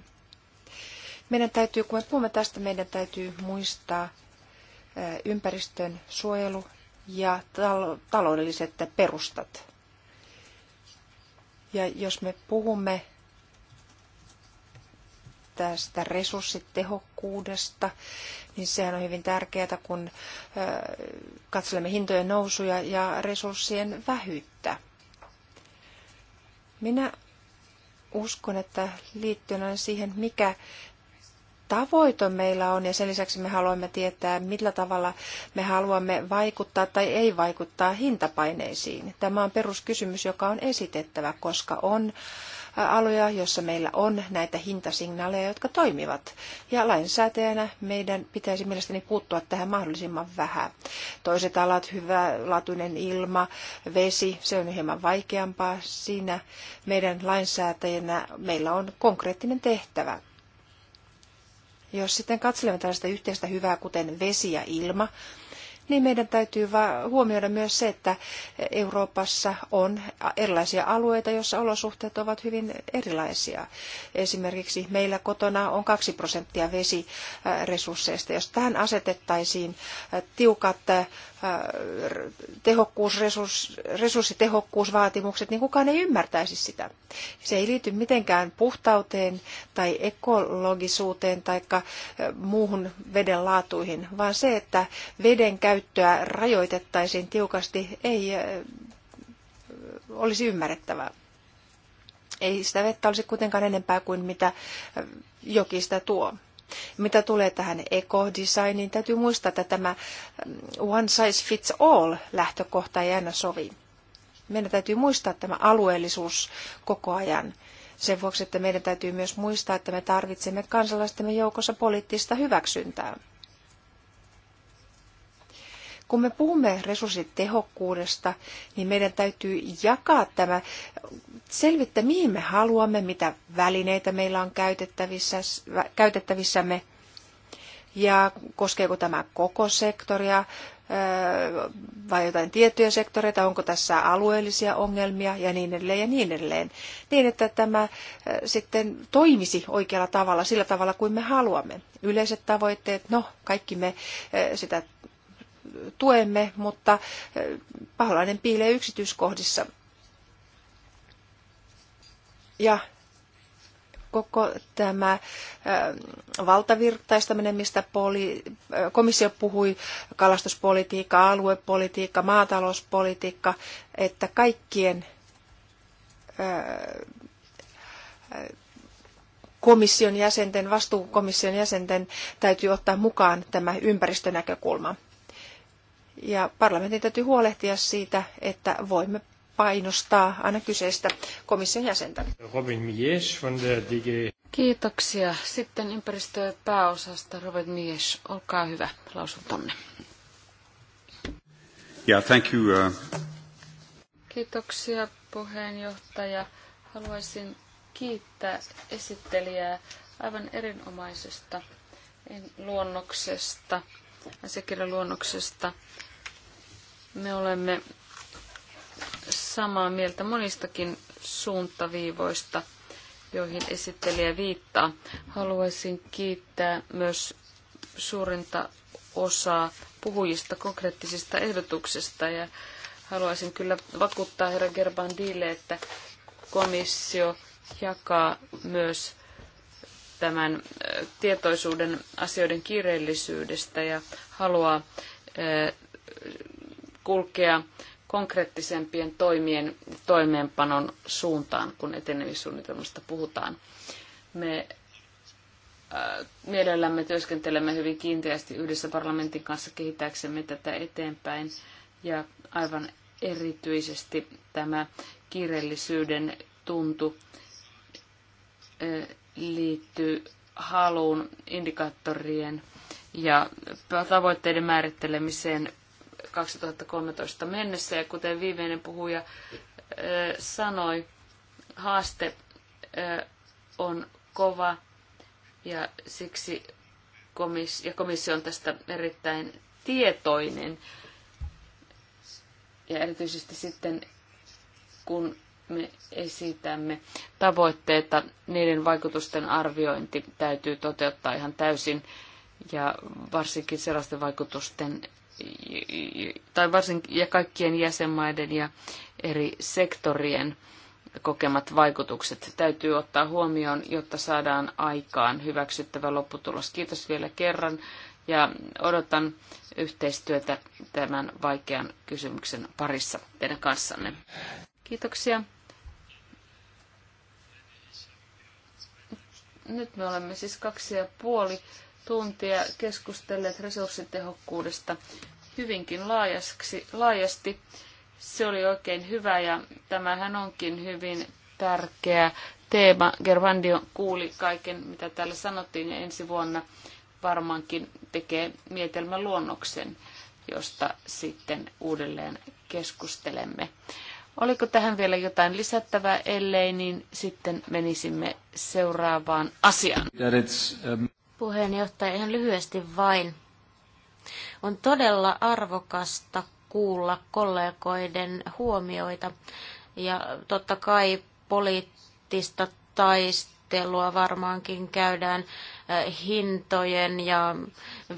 Meidän täytyy, kun me puhumme tästä, meidän täytyy muistaa eh, ympäristön suojelu ja taloudelliset perustat. Ja jos me puhumme tästä resurssitehokkuudesta, niin sehän on hyvin tärkeää, kun katselemme hintojen nousuja ja resurssien vähyyttä. Minä uskon, että liittyen siihen, mikä tavoite meillä on ja sen lisäksi me haluamme tietää, millä tavalla me haluamme vaikuttaa tai ei vaikuttaa hintapaineisiin. Tämä on peruskysymys, joka on esitettävä, koska on äh, aloja, joissa meillä on näitä hintasignaaleja, jotka toimivat. Ja lainsäätäjänä meidän pitäisi mielestäni puuttua tähän mahdollisimman vähän. Toiset alat, hyvä laatuinen ilma, vesi, se on hieman vaikeampaa. Siinä meidän lainsäätäjänä meillä on konkreettinen tehtävä. Jos sitten katselemme tällaista yhteistä hyvää, kuten vesi ja ilma, niin meidän täytyy huomioida myös se, että Euroopassa on erilaisia alueita, joissa olosuhteet ovat hyvin erilaisia. Esimerkiksi meillä kotona on 2 prosenttia vesiresursseista. Jos tähän asetettaisiin äh, tiukat äh, Äh, tehokkuus, resurs, resurssitehokkuusvaatimukset, niin kukaan ei ymmärtäisi sitä. Se ei liity mitenkään puhtauteen tai ekologisuuteen tai äh, muuhun veden laatuihin, vaan se, että veden käyttöä rajoitettaisiin tiukasti, ei äh, olisi ymmärrettävää. Ei sitä vettä olisi kuitenkaan enempää kuin mitä jokista tuo. Mitä tulee tähän ekodesigniin, täytyy muistaa, että tämä mm, one size fits all lähtökohta ei aina sovi. Meidän täytyy muistaa tämä alueellisuus koko ajan. Sen vuoksi, että meidän täytyy myös muistaa, että me tarvitsemme kansalaistemme joukossa poliittista hyväksyntää. Kun me puhumme resurssitehokkuudesta, niin meidän täytyy jakaa tämä, selvittää mihin me haluamme, mitä välineitä meillä on käytettävissä, käytettävissämme ja koskeeko tämä koko sektoria vai jotain tiettyjä sektoreita, onko tässä alueellisia ongelmia ja niin edelleen ja niin edelleen. Niin, että tämä sitten toimisi oikealla tavalla, sillä tavalla kuin me haluamme. Yleiset tavoitteet, no kaikki me sitä tuemme, mutta eh, paholainen piilee yksityiskohdissa. Ja koko tämä eh, valtavirtaistaminen, mistä eh, komissio puhui, kalastuspolitiikka, aluepolitiikka, maatalouspolitiikka, että kaikkien komission jäsenten, vastuukomission jäsenten täytyy ottaa mukaan tämä ympäristönäkökulma. Ja parlamentin täytyy huolehtia siitä, että voimme painostaa aina kyseistä komission jäsentä. Robin Mies von der DG. Kiitoksia. Sitten ympäristöpääosasta Robert Mies, olkaa hyvä lausuntonne. Yeah, thank you. Uh, Kiitoksia puheenjohtaja. Haluaisin kiittää esittelijää aivan erinomaisesta luonnoksesta, asiakirjaluonnoksesta. luonnoksesta me olemme samaa mieltä monistakin suuntaviivoista, joihin esittelijä viittaa. Haluaisin kiittää myös suurinta osaa puhujista konkreettisista ehdotuksista ja haluaisin kyllä vakuuttaa herra Gerbandille, että komissio jakaa myös tämän tietoisuuden asioiden kiireellisyydestä ja haluaa kulkea konkreettisempien toimien toimeenpanon suuntaan, kun etenemissuunnitelmasta puhutaan. Me äh, mielellämme työskentelemme hyvin kiinteästi yhdessä parlamentin kanssa kehittääksemme tätä eteenpäin. Ja aivan erityisesti tämä kiireellisyyden tuntu äh, liittyy haluun indikaattorien ja tavoitteiden määrittelemiseen 2013 mennessä. Ja kuten viimeinen puhuja sanoi, haaste on kova ja siksi komis- ja komissio on tästä erittäin tietoinen. Ja erityisesti sitten, kun me esitämme tavoitteita, niiden vaikutusten arviointi täytyy toteuttaa ihan täysin ja varsinkin sellaisten vaikutusten tai varsinkin ja kaikkien jäsenmaiden ja eri sektorien kokemat vaikutukset täytyy ottaa huomioon, jotta saadaan aikaan hyväksyttävä lopputulos. Kiitos vielä kerran ja odotan yhteistyötä tämän vaikean kysymyksen parissa teidän kanssanne. Kiitoksia. Nyt me olemme siis kaksi ja puoli tuntia keskustelleet resurssitehokkuudesta hyvinkin laajaksi, laajasti. Se oli oikein hyvä ja tämähän onkin hyvin tärkeä teema. Gervandio kuuli kaiken, mitä täällä sanottiin ja ensi vuonna varmaankin tekee mietelmän luonnoksen, josta sitten uudelleen keskustelemme. Oliko tähän vielä jotain lisättävää, ellei, niin sitten menisimme seuraavaan asiaan. Um puheenjohtaja, ihan lyhyesti vain. On todella arvokasta kuulla kollegoiden huomioita ja totta kai poliittista taistelua varmaankin käydään eh, hintojen ja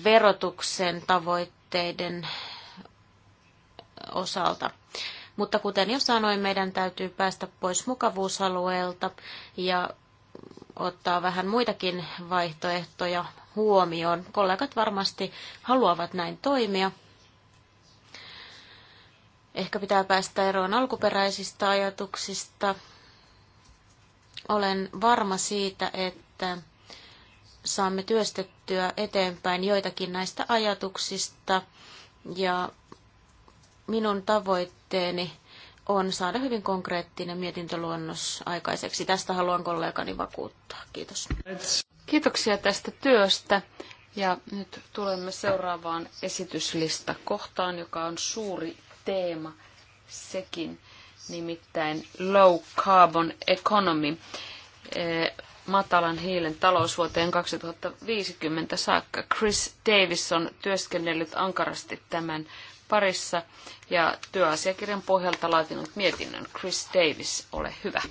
verotuksen tavoitteiden osalta. Mutta kuten jo sanoin, meidän täytyy päästä pois mukavuusalueelta ja ottaa vähän muitakin vaihtoehtoja huomioon. Kollegat varmasti haluavat näin toimia. Ehkä pitää päästä eroon alkuperäisistä ajatuksista. Olen varma siitä, että saamme työstettyä eteenpäin joitakin näistä ajatuksista. Ja minun tavoitteeni on saada hyvin konkreettinen mietintöluonnos aikaiseksi. Tästä haluan kollegani vakuuttaa. Kiitos. Kiitoksia tästä työstä. Ja nyt tulemme seuraavaan esityslista kohtaan, joka on suuri teema sekin, nimittäin low carbon economy, eh, matalan hiilen talous vuoteen 2050 saakka. Chris Davis on työskennellyt ankarasti tämän parissa ja työasiakirjan pohjalta laatinut mietinnön. Chris Davis, ole hyvä.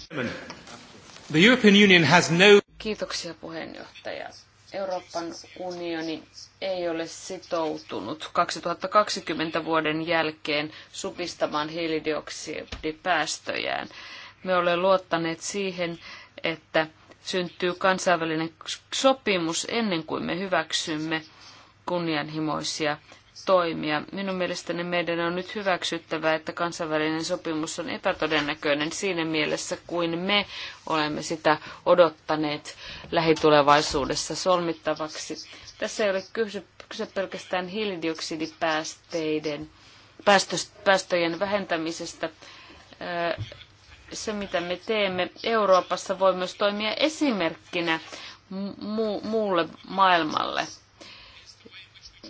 The European Union has no... Kiitoksia puheenjohtaja. Euroopan unioni ei ole sitoutunut 2020 vuoden jälkeen supistamaan hiilidioksidipäästöjään. Me olemme luottaneet siihen, että syntyy kansainvälinen sopimus ennen kuin me hyväksymme kunnianhimoisia toimia. Minun mielestäni meidän on nyt hyväksyttävä, että kansainvälinen sopimus on epätodennäköinen siinä mielessä, kuin me olemme sitä odottaneet lähitulevaisuudessa solmittavaksi. Tässä ei ole kyse, kyse pelkästään hiilidioksidipäästöjen päästöjen vähentämisestä. Se, mitä me teemme Euroopassa, voi myös toimia esimerkkinä mu- muulle maailmalle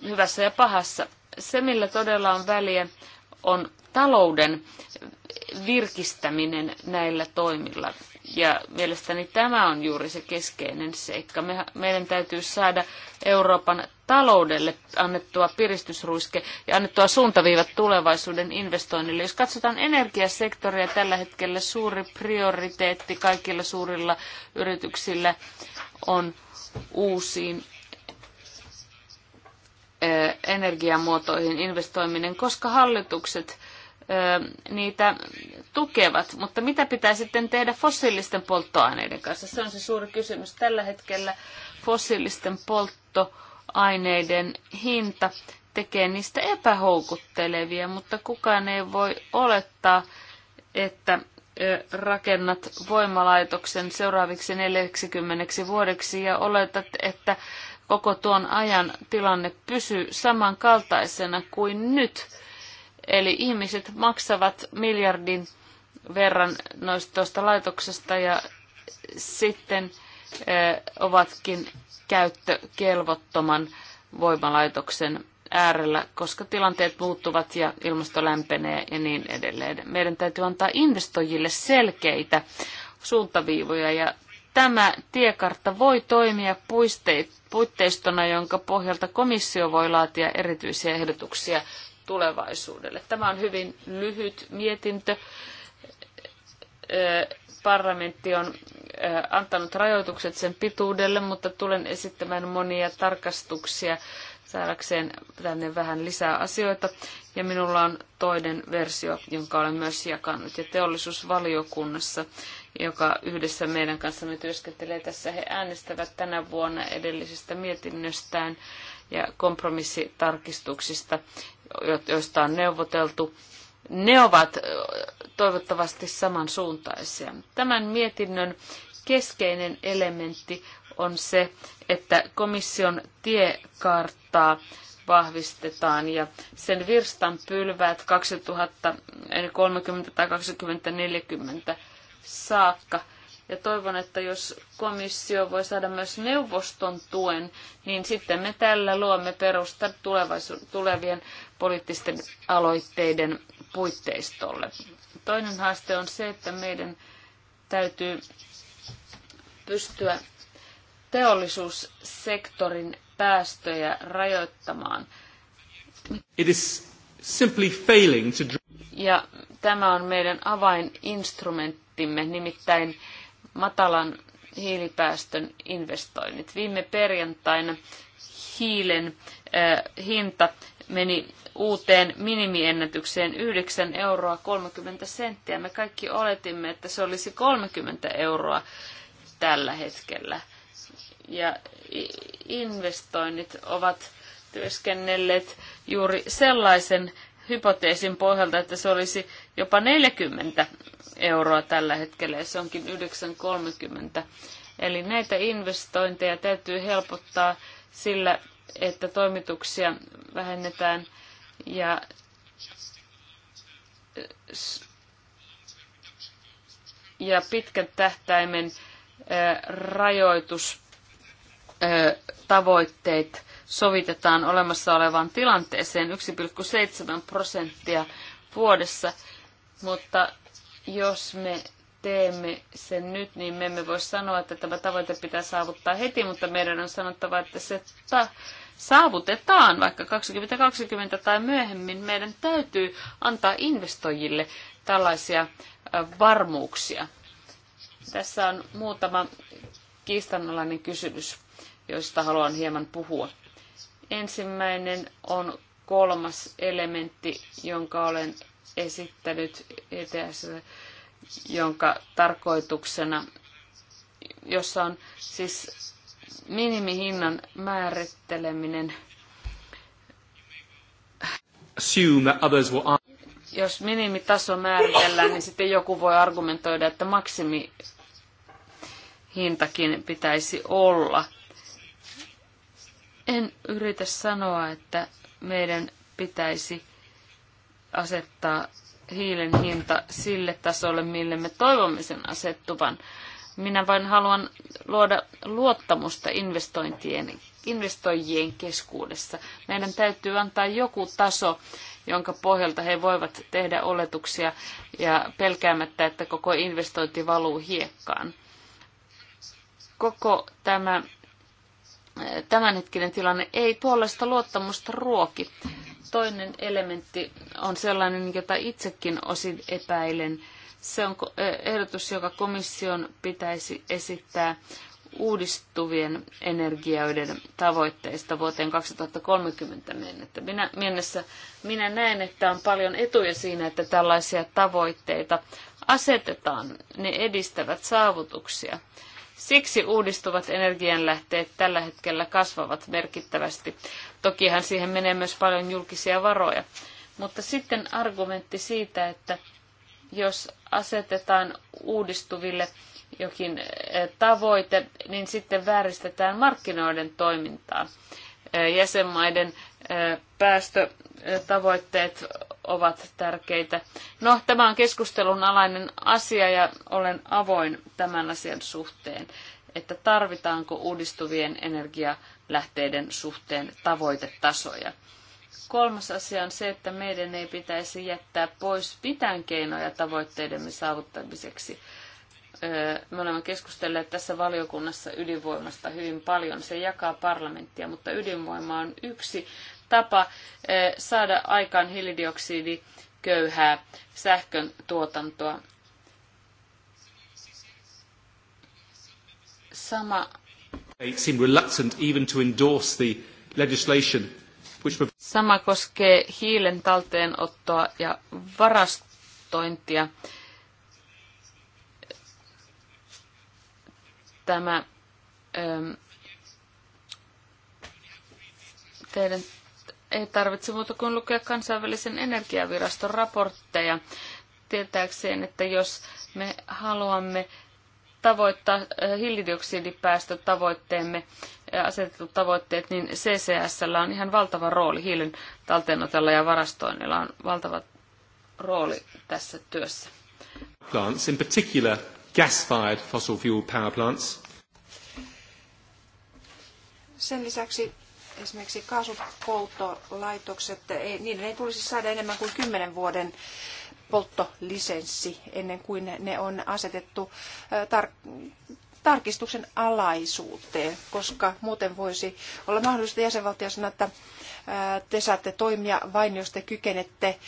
hyvässä ja pahassa. Se, millä todella on väliä, on talouden virkistäminen näillä toimilla. Ja mielestäni tämä on juuri se keskeinen seikka. Me, meidän täytyy saada Euroopan taloudelle annettua piristysruiske ja annettua suuntaviivat tulevaisuuden investoinnille. Jos katsotaan energiasektoria, tällä hetkellä suuri prioriteetti kaikilla suurilla yrityksillä on uusiin energiamuotoihin investoiminen, koska hallitukset niitä tukevat. Mutta mitä pitää sitten tehdä fossiilisten polttoaineiden kanssa? Se on se suuri kysymys. Tällä hetkellä fossiilisten polttoaineiden hinta tekee niistä epähoukuttelevia, mutta kukaan ei voi olettaa, että rakennat voimalaitoksen seuraaviksi 40 vuodeksi ja oletat, että koko tuon ajan tilanne pysyy samankaltaisena kuin nyt. Eli ihmiset maksavat miljardin verran noista tuosta laitoksesta ja sitten eh, ovatkin käyttökelvottoman voimalaitoksen äärellä, koska tilanteet muuttuvat ja ilmasto lämpenee ja niin edelleen. Meidän täytyy antaa investoijille selkeitä suuntaviivoja ja tämä tiekartta voi toimia puitteistona, jonka pohjalta komissio voi laatia erityisiä ehdotuksia tulevaisuudelle. Tämä on hyvin lyhyt mietintö. Parlamentti on antanut rajoitukset sen pituudelle, mutta tulen esittämään monia tarkastuksia saadakseen tänne vähän lisää asioita. Ja minulla on toinen versio, jonka olen myös jakanut ja teollisuusvaliokunnassa joka yhdessä meidän kanssamme työskentelee tässä. He äänestävät tänä vuonna edellisestä mietinnöstään ja kompromissitarkistuksista, joista on neuvoteltu. Ne ovat toivottavasti samansuuntaisia. Tämän mietinnön keskeinen elementti on se, että komission tiekarttaa vahvistetaan ja sen virstan pylväät 2030 tai 2040 saakka. Ja toivon, että jos komissio voi saada myös neuvoston tuen, niin sitten me tällä luomme perusta tulevien poliittisten aloitteiden puitteistolle. Toinen haaste on se, että meidän täytyy pystyä teollisuussektorin päästöjä rajoittamaan. It is simply failing to... Ja tämä on meidän avaininstrumentti raporttimme, nimittäin matalan hiilipäästön investoinnit. Viime perjantaina hiilen äh, hinta meni uuteen minimiennätykseen 9 euroa 30 senttiä. Me kaikki oletimme, että se olisi 30 euroa tällä hetkellä. Ja investoinnit ovat työskennelleet juuri sellaisen hypoteesin pohjalta, että se olisi jopa 40 euroa tällä hetkellä, ja se onkin 9,30. Eli näitä investointeja täytyy helpottaa sillä, että toimituksia vähennetään ja ja pitkän tähtäimen rajoitustavoitteet sovitetaan olemassa olevaan tilanteeseen 1,7 prosenttia vuodessa. Mutta jos me teemme sen nyt, niin me emme voi sanoa, että tämä tavoite pitää saavuttaa heti, mutta meidän on sanottava, että se ta- saavutetaan vaikka 2020 tai myöhemmin. Meidän täytyy antaa investoijille tällaisia varmuuksia. Tässä on muutama kiistanalainen kysymys, joista haluan hieman puhua. Ensimmäinen on kolmas elementti, jonka olen esittänyt ETS, jonka tarkoituksena, jossa on siis minimihinnan määritteleminen. Jos minimitaso määritellään, niin sitten joku voi argumentoida, että maksimihintakin pitäisi olla. En yritä sanoa, että meidän pitäisi asettaa hiilen hinta sille tasolle, mille me toivomme sen asettuvan. Minä vain haluan luoda luottamusta investointien, investoijien keskuudessa. Meidän täytyy antaa joku taso, jonka pohjalta he voivat tehdä oletuksia ja pelkäämättä, että koko investointi valuu hiekkaan. Koko tämä tämänhetkinen tilanne ei tuollaista luottamusta ruoki. Toinen elementti on sellainen, jota itsekin osin epäilen. Se on eh, ehdotus, joka komission pitäisi esittää uudistuvien energioiden tavoitteista vuoteen 2030 Minä, mennessä minä näen, että on paljon etuja siinä, että tällaisia tavoitteita asetetaan. Ne edistävät saavutuksia. Siksi uudistuvat energianlähteet tällä hetkellä kasvavat merkittävästi. Tokihan siihen menee myös paljon julkisia varoja. Mutta sitten argumentti siitä, että jos asetetaan uudistuville jokin eh, tavoite, niin sitten vääristetään markkinoiden toimintaa. Eh, jäsenmaiden eh, päästötavoitteet ovat tärkeitä. No, tämä on keskustelun alainen asia ja olen avoin tämän asian suhteen, että tarvitaanko uudistuvien energialähteiden suhteen tavoitetasoja. Kolmas asia on se, että meidän ei pitäisi jättää pois mitään keinoja tavoitteidemme saavuttamiseksi. Me olemme keskustelleet tässä valiokunnassa ydinvoimasta hyvin paljon. Se jakaa parlamenttia, mutta ydinvoima on yksi tapa eh, saada aikaan hiilidioksidiköyhää sähkön tuotantoa. Sama seem reluctant even to endorse the legislation which... Sama koskee hiilen talteenottoa ja varastointia. Tämä ähm, teidän ei tarvitse muuta kuin lukea kansainvälisen energiaviraston raportteja tietääkseen, että jos me haluamme tavoittaa eh, hiilidioksidipäästötavoitteemme eh, asetetut tavoitteet, niin CCS on ihan valtava rooli. Hiilin talteenotella ja varastoinnilla on valtava rooli tässä työssä. Plants, in particular gas-fired fossil fuel power plants. Sen lisäksi esimerkiksi kaasupolttolaitokset, ei, niiden ei tulisi saada enemmän kuin 10 vuoden polttolisenssi ennen kuin ne on asetettu tar- tarkistuksen alaisuuteen, koska muuten voisi olla mahdollista jäsenvaltiossa, että te saatte toimia vain, jos te kykenette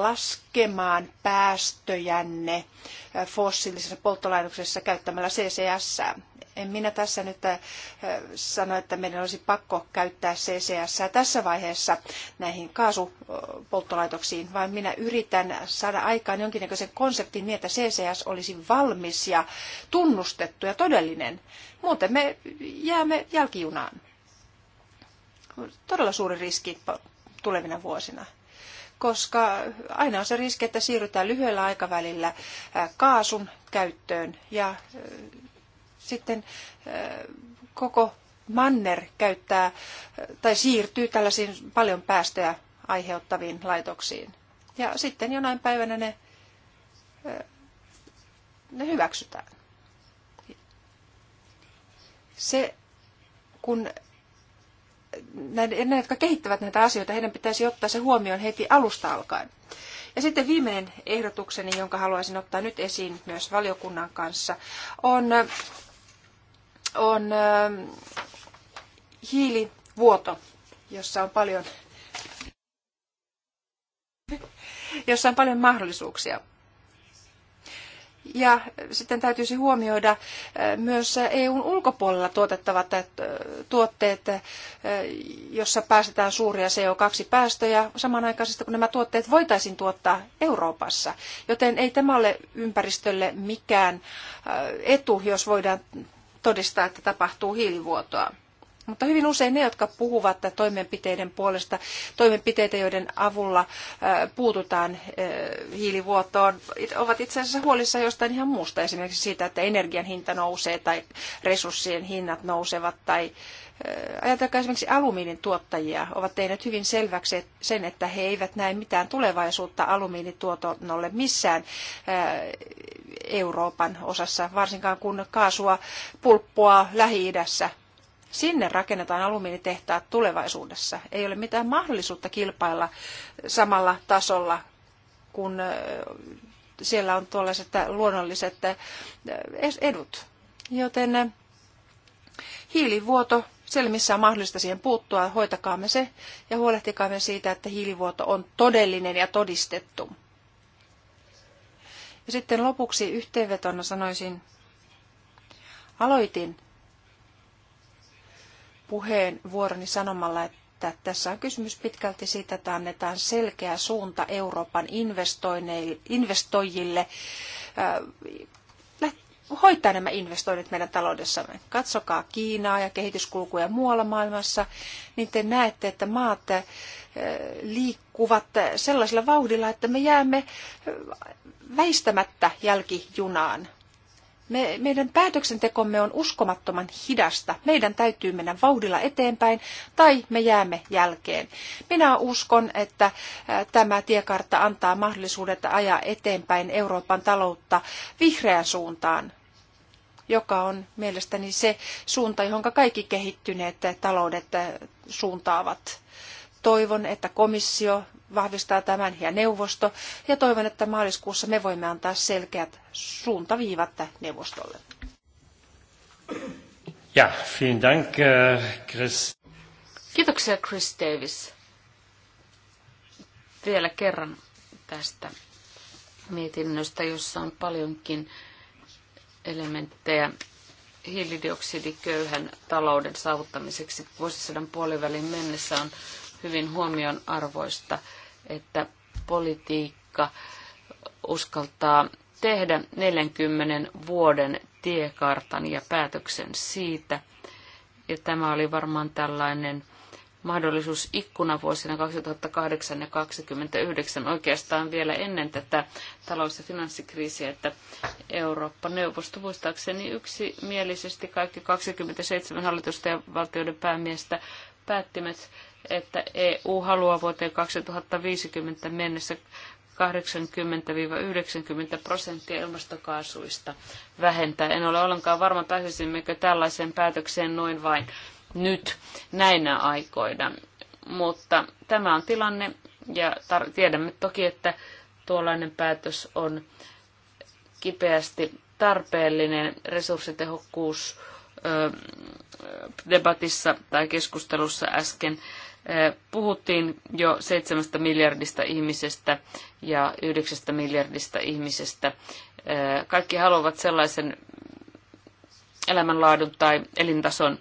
laskemaan päästöjänne fossiilisessa polttolaitoksessa käyttämällä CCS. En minä tässä nyt sano, että meidän olisi pakko käyttää CCS tässä vaiheessa näihin kaasupolttolaitoksiin, vaan minä yritän saada aikaan jonkinnäköisen konseptin niin, että CCS olisi valmis ja tunnustettu ja todellinen. Muuten me jäämme jälkijunaan todella suuri riski tulevina vuosina koska aina on se riski, että siirrytään lyhyellä aikavälillä kaasun käyttöön ja sitten koko manner käyttää tai siirtyy tällaisiin paljon päästöjä aiheuttaviin laitoksiin. Ja sitten jonain päivänä ne, ne hyväksytään. Se, kun näiden, ne, jotka kehittävät näitä asioita, heidän pitäisi ottaa se huomioon heti alusta alkaen. Ja sitten viimeinen ehdotukseni, jonka haluaisin ottaa nyt esiin myös valiokunnan kanssa, on, on ähm, hiilivuoto, jossa on paljon jossa on paljon mahdollisuuksia. Ja sitten täytyisi huomioida äh, myös EUn ulkopuolella tuotettavat äh, tuotteet, äh, jossa päästetään suuria CO2-päästöjä samanaikaisesti, kun nämä tuotteet voitaisiin tuottaa Euroopassa. Joten ei tämä ole ympäristölle mikään etu, jos voidaan todistaa, että tapahtuu hiilivuotoa. Mutta hyvin usein ne, jotka puhuvat toimenpiteiden puolesta, toimenpiteitä, joiden avulla puututaan hiilivuotoon, ovat itse asiassa huolissa jostain ihan muusta, esimerkiksi siitä, että energian hinta nousee tai resurssien hinnat nousevat tai Ajatelkaa esimerkiksi alumiinin tuottajia, ovat tehneet hyvin selväksi sen, että he eivät näe mitään tulevaisuutta alumiinituotannolle missään Euroopan osassa, varsinkaan kun kaasua pulppua Lähi-idässä Sinne rakennetaan alumiinitehtaat tulevaisuudessa. Ei ole mitään mahdollisuutta kilpailla samalla tasolla, kun siellä on tuollaiset luonnolliset edut. Joten hiilivuoto, siellä missä on mahdollista siihen puuttua, hoitakaamme se ja huolehtikaamme siitä, että hiilivuoto on todellinen ja todistettu. Ja sitten lopuksi yhteenvetona sanoisin, aloitin puheenvuoroni sanomalla, että tässä on kysymys pitkälti siitä, että annetaan selkeä suunta Euroopan investoijille äh, hoitaa nämä investoinnit meidän taloudessamme. Katsokaa Kiinaa ja kehityskulkuja muualla maailmassa, niin te näette, että maat äh, liikkuvat sellaisella vauhdilla, että me jäämme äh, väistämättä jälkijunaan. Me, meidän päätöksentekomme on uskomattoman hidasta. Meidän täytyy mennä vauhdilla eteenpäin tai me jäämme jälkeen. Minä uskon, että äh, tämä tiekartta antaa mahdollisuudet ajaa eteenpäin Euroopan taloutta vihreään suuntaan joka on mielestäni se suunta, johon kaikki kehittyneet taloudet äh, suuntaavat. Toivon, että komissio vahvistaa tämän ja neuvosto. Ja toivon, että maaliskuussa me voimme antaa selkeät suuntaviivat neuvostolle. Ja, vielen dank, äh, Chris. Kiitoksia Chris Davis vielä kerran tästä mietinnöstä, jossa on paljonkin elementtejä hiilidioksidiköyhän talouden saavuttamiseksi vuosisadan puolivälin mennessä on hyvin huomionarvoista, että politiikka uskaltaa tehdä 40 vuoden tiekartan ja päätöksen siitä. Ja tämä oli varmaan tällainen mahdollisuus ikkuna vuosina 2008 ja 2029 oikeastaan vielä ennen tätä talous- ja finanssikriisiä, että Eurooppa-neuvosto muistaakseni yksimielisesti kaikki 27 hallitusta ja valtioiden päämiestä päättivät että EU haluaa vuoteen 2050 mennessä 80-90 prosenttia ilmastokaasuista vähentää. En ole ollenkaan varma, pääsisimmekö tällaiseen päätökseen noin vain nyt näinä aikoina. Mutta tämä on tilanne ja tiedämme toki, että tuollainen päätös on kipeästi tarpeellinen resurssitehokkuus debatissa tai keskustelussa äsken Eh, puhuttiin jo seitsemästä miljardista ihmisestä ja yhdeksästä miljardista ihmisestä. Eh, kaikki haluavat sellaisen elämänlaadun tai elintason,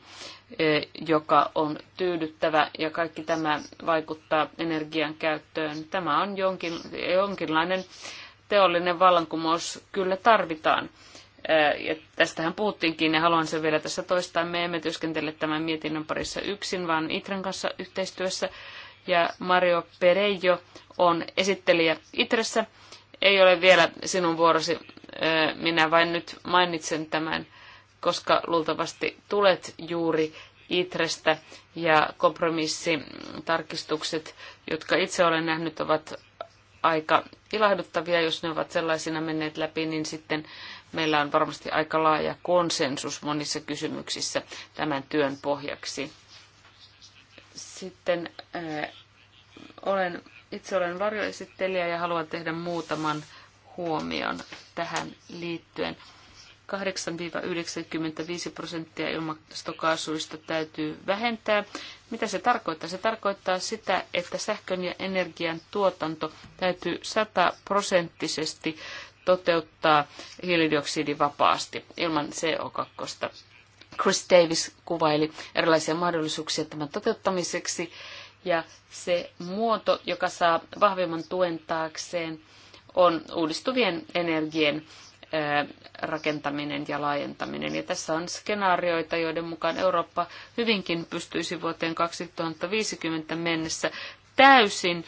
eh, joka on tyydyttävä ja kaikki tämä vaikuttaa energian käyttöön. Tämä on jonkin, jonkinlainen teollinen vallankumous, kyllä tarvitaan. Äh, ja tästähän puhuttiinkin ja haluan sen vielä tässä toistaa. Me emme työskentele tämän mietinnön parissa yksin, vaan Itren kanssa yhteistyössä. Ja Mario Perejo on esittelijä Itressä. Ei ole vielä sinun vuorosi. Äh, minä vain nyt mainitsen tämän, koska luultavasti tulet juuri Itrestä ja kompromissitarkistukset, jotka itse olen nähnyt, ovat aika ilahduttavia, jos ne ovat sellaisina menneet läpi, niin sitten meillä on varmasti aika laaja konsensus monissa kysymyksissä tämän työn pohjaksi. Sitten äh, olen, itse olen varjoesittelijä ja haluan tehdä muutaman huomion tähän liittyen. 8-95 prosenttia ilmastokaasuista täytyy vähentää. Mitä se tarkoittaa? Se tarkoittaa sitä, että sähkön ja energian tuotanto täytyy 100 prosenttisesti toteuttaa hiilidioksidi vapaasti ilman CO2. Chris Davis kuvaili erilaisia mahdollisuuksia tämän toteuttamiseksi ja se muoto, joka saa vahvemman tuen taakseen, on uudistuvien energien rakentaminen ja laajentaminen. Ja tässä on skenaarioita, joiden mukaan Eurooppa hyvinkin pystyisi vuoteen 2050 mennessä täysin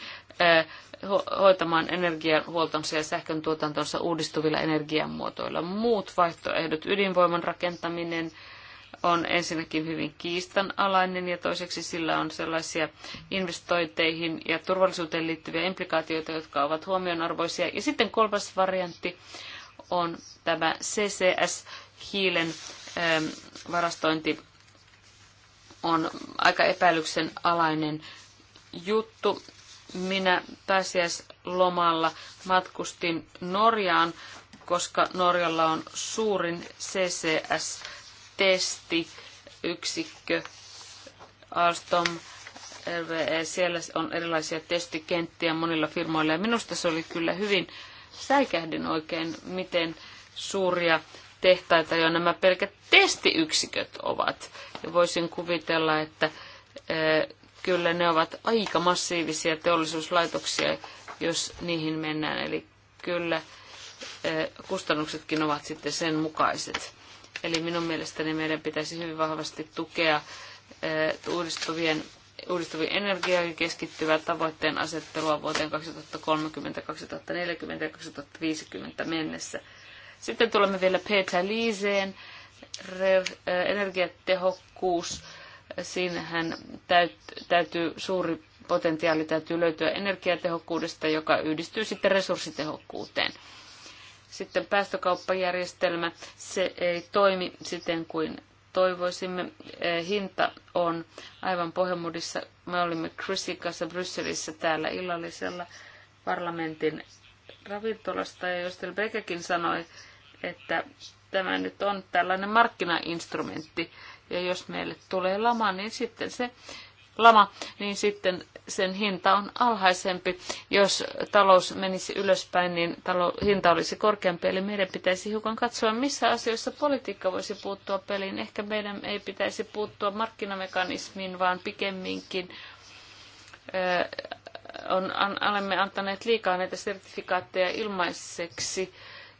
hoitamaan energiahuoltonsa ja sähkön tuotantonsa uudistuvilla energiamuotoilla. Muut vaihtoehdot, ydinvoiman rakentaminen, on ensinnäkin hyvin kiistanalainen ja toiseksi sillä on sellaisia investointeihin ja turvallisuuteen liittyviä implikaatioita, jotka ovat huomionarvoisia. Ja sitten kolmas variantti on tämä CCS-hiilen ähm, varastointi on aika epäilyksen alainen juttu. Minä pääsiäislomalla matkustin Norjaan, koska Norjalla on suurin CCS-testiyksikkö Alstom LVE. Siellä on erilaisia testikenttiä monilla firmoilla ja minusta se oli kyllä hyvin, säikähdin oikein, miten suuria tehtaita jo nämä pelkät testiyksiköt ovat. Ja voisin kuvitella, että eh, kyllä ne ovat aika massiivisia teollisuuslaitoksia, jos niihin mennään. Eli kyllä eh, kustannuksetkin ovat sitten sen mukaiset. Eli minun mielestäni meidän pitäisi hyvin vahvasti tukea eh, uudistuvien uudistuvien energioihin keskittyvää tavoitteen asettelua vuoteen 2030, 2040 ja 2050 mennessä. Sitten tulemme vielä Peter Liiseen, eh, energiatehokkuus Siinähän täytyy suuri potentiaali täytyy löytyä energiatehokkuudesta, joka yhdistyy sitten resurssitehokkuuteen. Sitten päästökauppajärjestelmä, se ei toimi siten kuin toivoisimme. Eh, hinta on aivan pohjamudissa. Me olimme kanssa Brysselissä täällä illallisella parlamentin ravintolasta ja Jostel Bekekin sanoi, että tämä nyt on tällainen markkinainstrumentti, ja jos meille tulee lama, niin sitten se lama, niin sitten sen hinta on alhaisempi. Jos talous menisi ylöspäin, niin talo, hinta olisi korkeampi. Eli meidän pitäisi hiukan katsoa, missä asioissa politiikka voisi puuttua peliin. Ehkä meidän ei pitäisi puuttua markkinamekanismiin, vaan pikemminkin ö, on, an, olemme antaneet liikaa näitä sertifikaatteja ilmaiseksi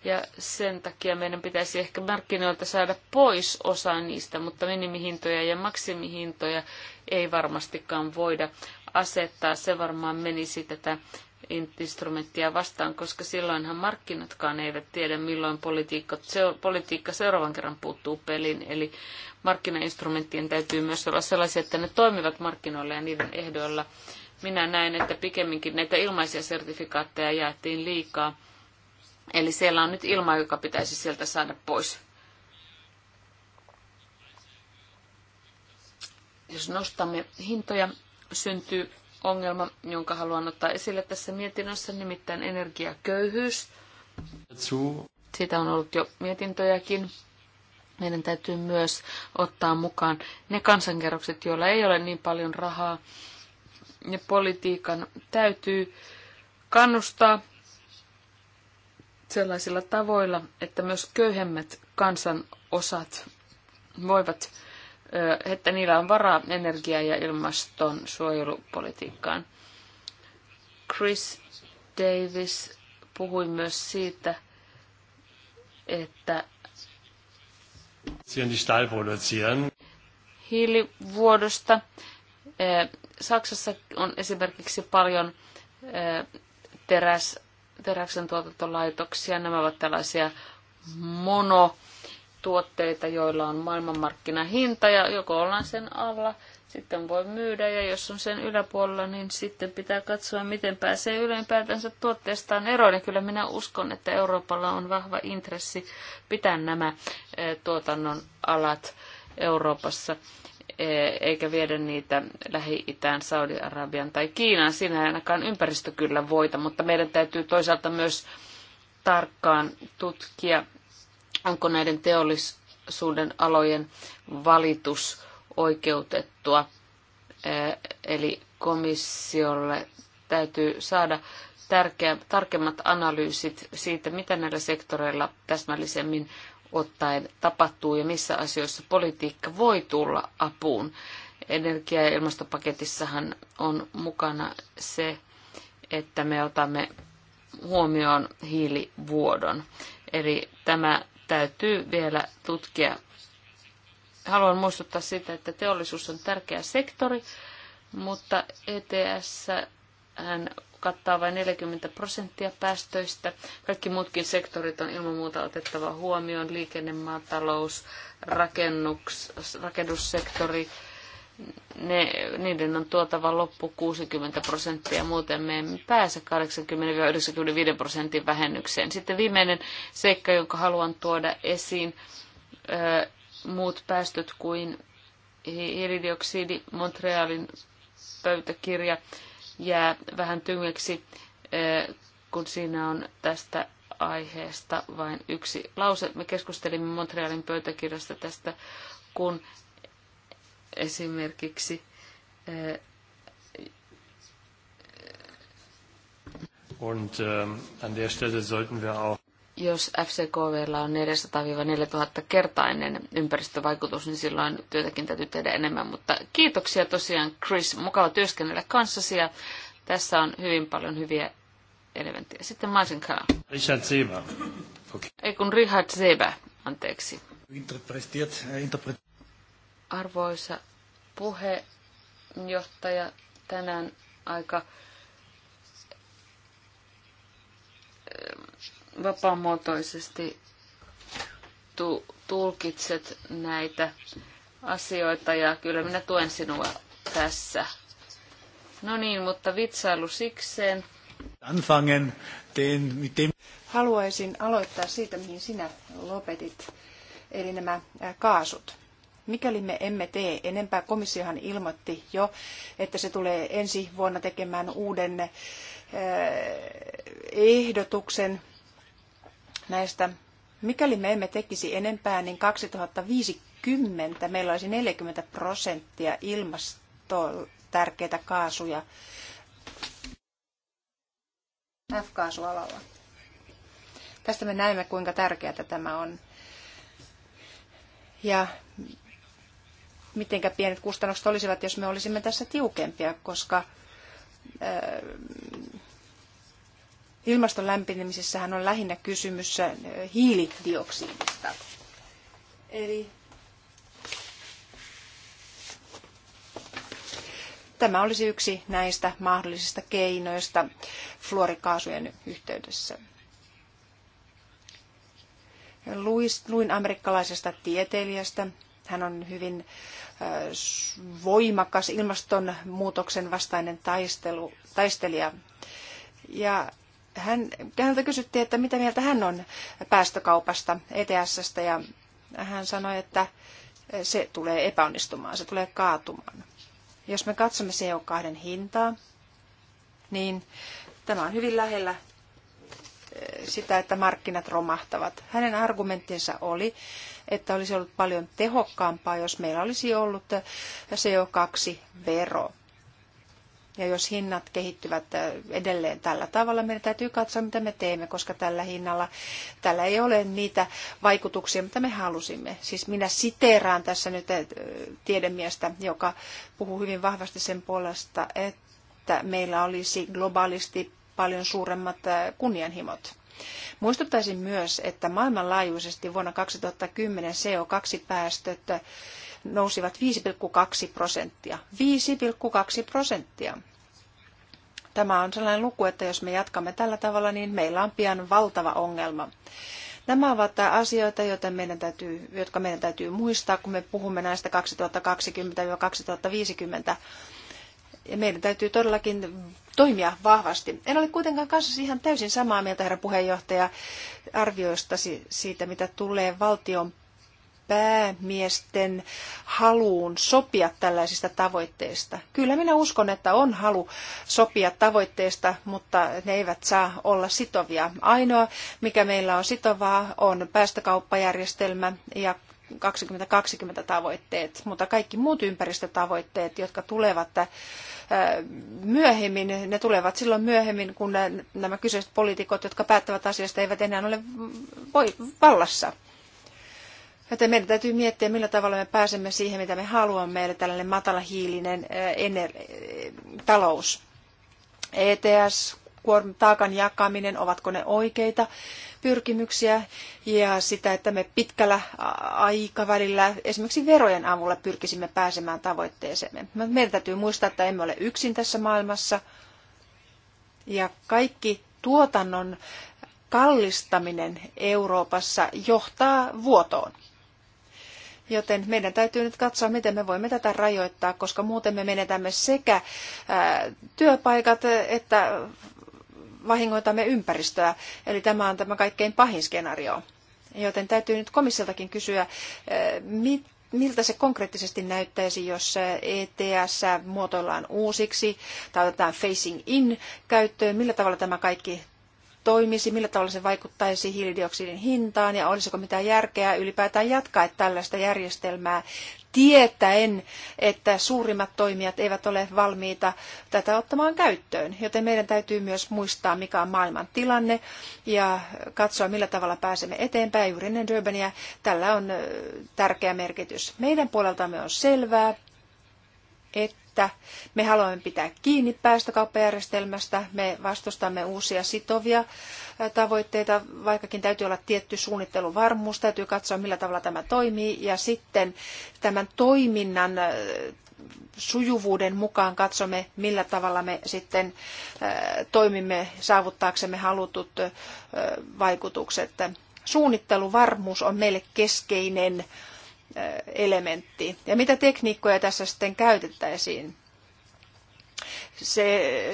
ja sen takia meidän pitäisi ehkä markkinoilta saada pois osa niistä, mutta minimihintoja ja maksimihintoja ei varmastikaan voida asettaa. Se varmaan menisi tätä instrumenttia vastaan, koska silloinhan markkinatkaan eivät tiedä, milloin politiikka, seuraavan kerran puuttuu peliin. Eli markkinainstrumenttien täytyy myös olla sellaisia, että ne toimivat markkinoilla ja niiden ehdoilla. Minä näen, että pikemminkin näitä ilmaisia sertifikaatteja jaettiin liikaa Eli siellä on nyt ilma, joka pitäisi sieltä saada pois. Jos nostamme hintoja, syntyy ongelma, jonka haluan ottaa esille tässä mietinnössä, nimittäin energiaköyhyys. Siitä on ollut jo mietintöjäkin. Meidän täytyy myös ottaa mukaan ne kansankerrokset, joilla ei ole niin paljon rahaa. Ja politiikan täytyy kannustaa sellaisilla tavoilla, että myös köyhemmät kansanosat voivat, että niillä on varaa energia- ja ilmaston suojelupolitiikkaan. Chris Davis puhui myös siitä, että hiilivuodosta. Saksassa on esimerkiksi paljon teräs teräksen tuotantolaitoksia. Nämä ovat tällaisia monotuotteita, joilla on maailmanmarkkinahinta ja joko ollaan sen alla, sitten voi myydä ja jos on sen yläpuolella, niin sitten pitää katsoa, miten pääsee ylipäätänsä tuotteestaan eroon. Ja kyllä minä uskon, että Euroopalla on vahva intressi pitää nämä eh, tuotannon alat Euroopassa E- eikä viedä niitä Lähi-Itään, Saudi-Arabian tai Kiinaan. Siinä ei ainakaan ympäristö kyllä voita, mutta meidän täytyy toisaalta myös tarkkaan tutkia, onko näiden teollisuuden alojen valitus oikeutettua. E- eli komissiolle täytyy saada tärkeä, tarkemmat analyysit siitä, mitä näillä sektoreilla täsmällisemmin ottaen tapahtuu ja missä asioissa politiikka voi tulla apuun. Energia- ja ilmastopaketissahan on mukana se, että me otamme huomioon hiilivuodon. Eli tämä täytyy vielä tutkia. Haluan muistuttaa sitä, että teollisuus on tärkeä sektori, mutta ETS kattaa vain 40 prosenttia päästöistä. Kaikki muutkin sektorit on ilman muuta otettava huomioon, liikenne, maatalous, rakennus, rakennussektori, ne, niiden on tuotava loppu 60 prosenttia, muuten me emme pääse 80-95 prosentin vähennykseen. Sitten viimeinen seikka, jonka haluan tuoda esiin, ö, muut päästöt kuin hiilidioksidi, Montrealin pöytäkirja jää vähän tyngäksi, eh, kun siinä on tästä aiheesta vain yksi lause. Me keskustelimme Montrealin pöytäkirjasta tästä, kun esimerkiksi eh, Und ähm, an der Stelle sollten wir auch jos FCKVlla on 400-4000 kertainen ympäristövaikutus, niin silloin työtäkin täytyy tehdä enemmän. Mutta kiitoksia tosiaan Chris, mukava työskennellä kanssasi ja tässä on hyvin paljon hyviä elementtejä. Sitten Kala. Richard Zeba. Okay. Ei kun Richard Zeba anteeksi. Arvoisa puheenjohtaja, tänään aika vapaamuotoisesti tu- tulkitset näitä asioita ja kyllä minä tuen sinua tässä. No niin, mutta vitsailu sikseen. Anfangen, den, miten... Haluaisin aloittaa siitä, mihin sinä lopetit, eli nämä kaasut. Mikäli me emme tee enempää, komissiohan ilmoitti jo, että se tulee ensi vuonna tekemään uuden ehdotuksen näistä. Mikäli me emme tekisi enempää, niin 2050 meillä olisi 40 prosenttia ilmastoon tärkeitä kaasuja F-kaasualalla. Tästä me näemme, kuinka tärkeää tämä on. Ja mitenkä pienet kustannukset olisivat, jos me olisimme tässä tiukempia, koska ilmaston lämpenemisessähän on lähinnä kysymys äh, hiilidioksidista. Eli tämä olisi yksi näistä mahdollisista keinoista fluorikaasujen yhteydessä. Luin amerikkalaisesta tieteilijästä. Hän on hyvin äh, voimakas ilmastonmuutoksen vastainen taistelu, taistelija. Ja hän, häneltä kysyttiin, että mitä mieltä hän on päästökaupasta, ETSstä, ja hän sanoi, että se tulee epäonnistumaan, se tulee kaatumaan. Jos me katsomme CO2 hintaa, niin tämä on hyvin lähellä eh, sitä, että markkinat romahtavat. Hänen argumenttinsa oli, että olisi ollut paljon tehokkaampaa, jos meillä olisi ollut CO2-vero. Ja jos hinnat kehittyvät äh, edelleen tällä tavalla, meidän täytyy katsoa, mitä me teemme, koska tällä hinnalla tällä ei ole niitä vaikutuksia, mitä me halusimme. Siis minä siteeraan tässä nyt äh, tiedemiestä, joka puhuu hyvin vahvasti sen puolesta, että meillä olisi globaalisti paljon suuremmat äh, kunnianhimot. Muistuttaisin myös, että maailmanlaajuisesti vuonna 2010 CO2-päästöt nousivat 5,2 prosenttia. 5,2 prosenttia. Tämä on sellainen luku, että jos me jatkamme tällä tavalla, niin meillä on pian valtava ongelma. Nämä ovat asioita, joita meidän täytyy, jotka meidän täytyy muistaa, kun me puhumme näistä 2020-2050. Ja meidän täytyy todellakin toimia vahvasti. En ole kuitenkaan kanssa ihan täysin samaa mieltä, herra puheenjohtaja, arvioistasi siitä, mitä tulee valtion päämiesten haluun sopia tällaisista tavoitteista. Kyllä minä uskon, että on halu sopia tavoitteista, mutta ne eivät saa olla sitovia. Ainoa, mikä meillä on sitovaa, on päästökauppajärjestelmä ja 2020 tavoitteet, mutta kaikki muut ympäristötavoitteet, jotka tulevat äh, myöhemmin, ne tulevat silloin myöhemmin, kun nämä kyseiset poliitikot, jotka päättävät asiasta, eivät enää ole vallassa. Joten meidän täytyy miettiä, millä tavalla me pääsemme siihen, mitä me haluamme, eli tällainen matalahiilinen ener- talous. ETS, taakan jakaminen, ovatko ne oikeita pyrkimyksiä ja sitä, että me pitkällä aikavälillä esimerkiksi verojen avulla pyrkisimme pääsemään tavoitteeseemme. Meidän täytyy muistaa, että emme ole yksin tässä maailmassa ja kaikki tuotannon kallistaminen Euroopassa johtaa vuotoon. Joten meidän täytyy nyt katsoa, miten me voimme tätä rajoittaa, koska muuten me menetämme sekä työpaikat että vahingoitamme ympäristöä. Eli tämä on tämä kaikkein pahin skenaario. Joten täytyy nyt komissioltakin kysyä, mit, miltä se konkreettisesti näyttäisi, jos ETS muotoillaan uusiksi tai otetaan facing in käyttöön, millä tavalla tämä kaikki toimisi, millä tavalla se vaikuttaisi hiilidioksidin hintaan ja olisiko mitään järkeä ylipäätään jatkaa tällaista järjestelmää tietäen, että suurimmat toimijat eivät ole valmiita tätä ottamaan käyttöön. Joten meidän täytyy myös muistaa, mikä on maailman tilanne ja katsoa, millä tavalla pääsemme eteenpäin. Juuri ennen Durbania tällä on tärkeä merkitys. Meidän puoleltamme on selvää, että että me haluamme pitää kiinni päästökauppajärjestelmästä, me vastustamme uusia sitovia tavoitteita, vaikkakin täytyy olla tietty suunnitteluvarmuus, täytyy katsoa millä tavalla tämä toimii ja sitten tämän toiminnan sujuvuuden mukaan katsomme, millä tavalla me sitten toimimme saavuttaaksemme halutut vaikutukset. Suunnitteluvarmuus on meille keskeinen elementti. Ja mitä tekniikkoja tässä sitten käytettäisiin?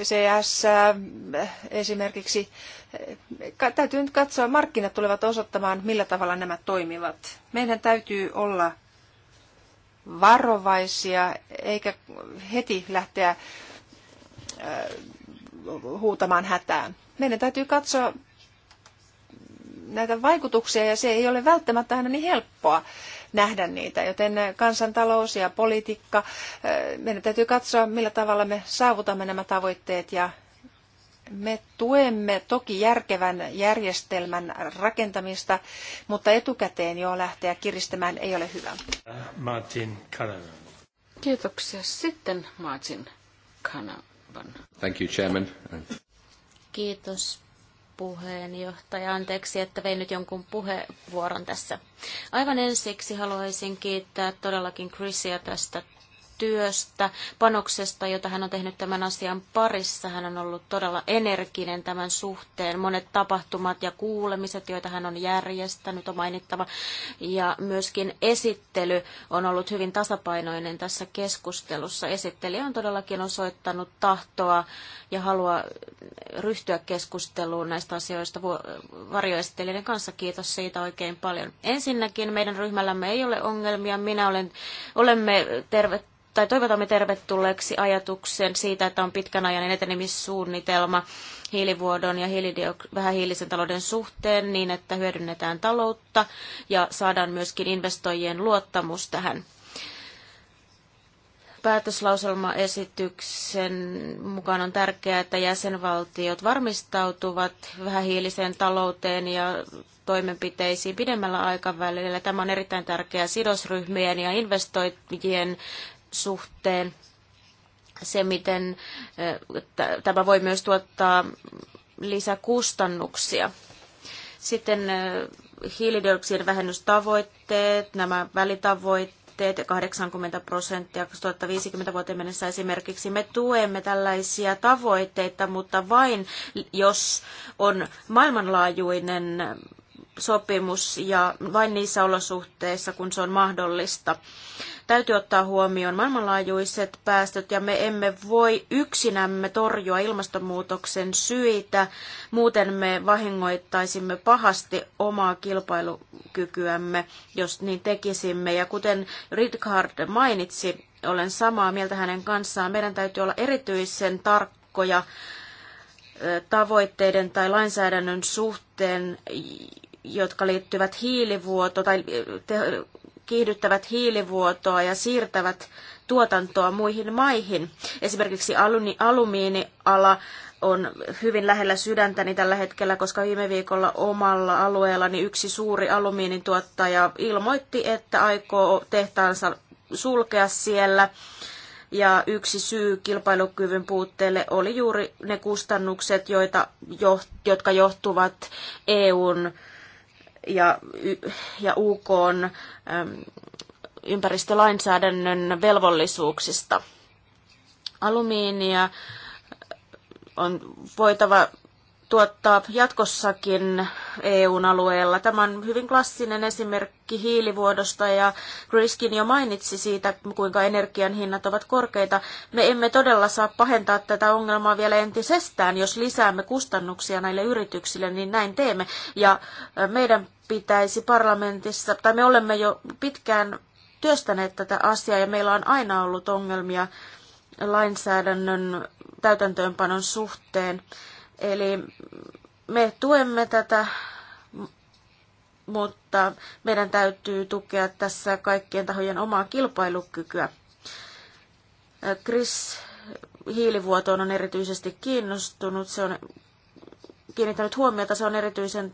CS esimerkiksi, täytyy nyt katsoa, markkinat tulevat osoittamaan, millä tavalla nämä toimivat. Meidän täytyy olla varovaisia, eikä heti lähteä huutamaan hätää. Meidän täytyy katsoa, näitä vaikutuksia ja se ei ole välttämättä aina niin helppoa nähdä niitä. Joten kansantalous ja politiikka, eh, meidän täytyy katsoa, millä tavalla me saavutamme nämä tavoitteet ja me tuemme toki järkevän järjestelmän rakentamista, mutta etukäteen jo lähteä kiristämään ei ole hyvä. Martin Kanavan. Kiitoksia. Sitten Martin Kanavan. Thank you, Chairman. Kiitos puheenjohtaja. Anteeksi, että vein nyt jonkun puheenvuoron tässä. Aivan ensiksi haluaisin kiittää todellakin Chrisia tästä työstä, panoksesta, jota hän on tehnyt tämän asian parissa. Hän on ollut todella energinen tämän suhteen. Monet tapahtumat ja kuulemiset, joita hän on järjestänyt, on mainittava. Ja myöskin esittely on ollut hyvin tasapainoinen tässä keskustelussa. Esittelijä on todellakin osoittanut tahtoa ja halua ryhtyä keskusteluun näistä asioista varjoesittelijän kanssa. Kiitos siitä oikein paljon. Ensinnäkin meidän ryhmällämme ei ole ongelmia. Minä olen, olemme tervetulleet tai toivotamme tervetulleeksi ajatuksen siitä, että on pitkän ajan etenemissuunnitelma hiilivuodon ja hiilidiok- vähähiilisen talouden suhteen niin, että hyödynnetään taloutta ja saadaan myöskin investoijien luottamus tähän päätöslauselmaesityksen mukaan on tärkeää, että jäsenvaltiot varmistautuvat vähähiiliseen talouteen ja toimenpiteisiin pidemmällä aikavälillä. Tämä on erittäin tärkeää sidosryhmien ja investoijien suhteen. Se, miten tämä voi myös tuottaa lisäkustannuksia. Sitten hiilidioksidin vähennystavoitteet, nämä välitavoitteet ja 80 prosenttia 2050 vuoteen mennessä esimerkiksi. Me tuemme tällaisia tavoitteita, mutta vain jos on maailmanlaajuinen sopimus ja vain niissä olosuhteissa, kun se on mahdollista. Täytyy ottaa huomioon maailmanlaajuiset päästöt ja me emme voi yksinämme torjua ilmastonmuutoksen syitä, muuten me vahingoittaisimme pahasti omaa kilpailukykyämme, jos niin tekisimme. Ja kuten Ridgard mainitsi, olen samaa mieltä hänen kanssaan. Meidän täytyy olla erityisen tarkkoja tavoitteiden tai lainsäädännön suhteen, jotka liittyvät hiilivuoto tai te, kiihdyttävät hiilivuotoa ja siirtävät tuotantoa muihin maihin. Esimerkiksi alumiiniala on hyvin lähellä sydäntäni tällä hetkellä, koska viime viikolla omalla alueellani yksi suuri alumiinituottaja ilmoitti, että aikoo tehtaansa sulkea siellä. Ja yksi syy kilpailukyvyn puutteelle oli juuri ne kustannukset, joita, jotka johtuvat EUn ja, ja UK on ympäristölainsäädännön velvollisuuksista. Alumiinia on voitava tuottaa jatkossakin EUn alueella. Tämä on hyvin klassinen esimerkki hiilivuodosta ja Griskin jo mainitsi siitä, kuinka energian hinnat ovat korkeita. Me emme todella saa pahentaa tätä ongelmaa vielä entisestään, jos lisäämme kustannuksia näille yrityksille, niin näin teemme. Ja meidän pitäisi parlamentissa, tai me olemme jo pitkään työstäneet tätä asiaa ja meillä on aina ollut ongelmia lainsäädännön täytäntöönpanon suhteen. Eli me tuemme tätä, mutta meidän täytyy tukea tässä kaikkien tahojen omaa kilpailukykyä. Chris hiilivuotoon on erityisesti kiinnostunut. Se on kiinnittänyt huomiota, se on erityisen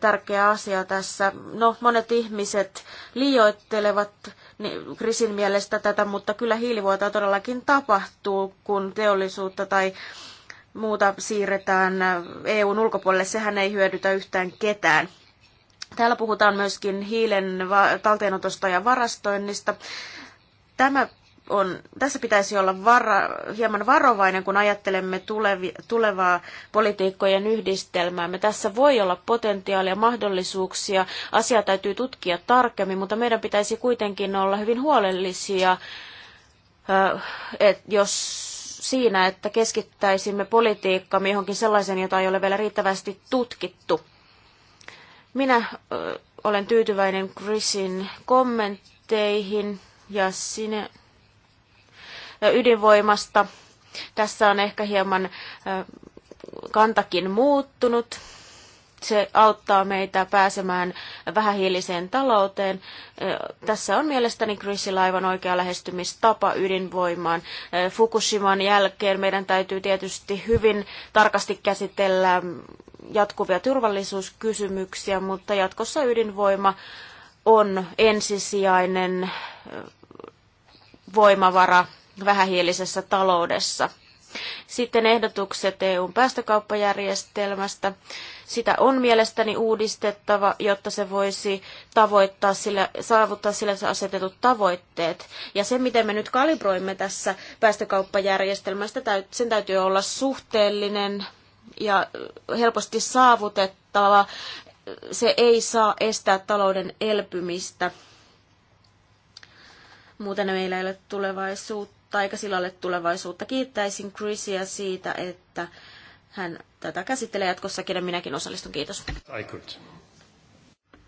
tärkeä asia tässä. No, monet ihmiset liioittelevat Krisin mielestä tätä, mutta kyllä hiilivuotoa todellakin tapahtuu, kun teollisuutta tai muuta siirretään EUn ulkopuolelle, sehän ei hyödytä yhtään ketään. Täällä puhutaan myöskin hiilen talteenotosta ja varastoinnista. Tämä on, tässä pitäisi olla vara, hieman varovainen, kun ajattelemme tulevi, tulevaa politiikkojen yhdistelmää. Me tässä voi olla potentiaalia, mahdollisuuksia, asiaa täytyy tutkia tarkemmin, mutta meidän pitäisi kuitenkin olla hyvin huolellisia, et jos siinä, että keskittäisimme politiikkamme johonkin sellaiseen, jota ei ole vielä riittävästi tutkittu. Minä ö, olen tyytyväinen Chrisin kommentteihin ja sinne ydinvoimasta. Tässä on ehkä hieman ö, kantakin muuttunut se auttaa meitä pääsemään vähähiiliseen talouteen. Tässä on mielestäni Chrisillä aivan oikea lähestymistapa ydinvoimaan. Fukushiman jälkeen meidän täytyy tietysti hyvin tarkasti käsitellä jatkuvia turvallisuuskysymyksiä, mutta jatkossa ydinvoima on ensisijainen voimavara vähähiilisessä taloudessa. Sitten ehdotukset EUn päästökauppajärjestelmästä. Sitä on mielestäni uudistettava, jotta se voisi tavoittaa saavuttaa sille asetetut tavoitteet. Ja se, miten me nyt kalibroimme tässä päästökauppajärjestelmästä, sen täytyy olla suhteellinen ja helposti saavutettava. Se ei saa estää talouden elpymistä. Muuten meillä ei ole tulevaisuutta taikasilalle tulevaisuutta. Kiittäisin Chrisia siitä, että hän tätä käsittelee jatkossakin ja minäkin osallistun. Kiitos.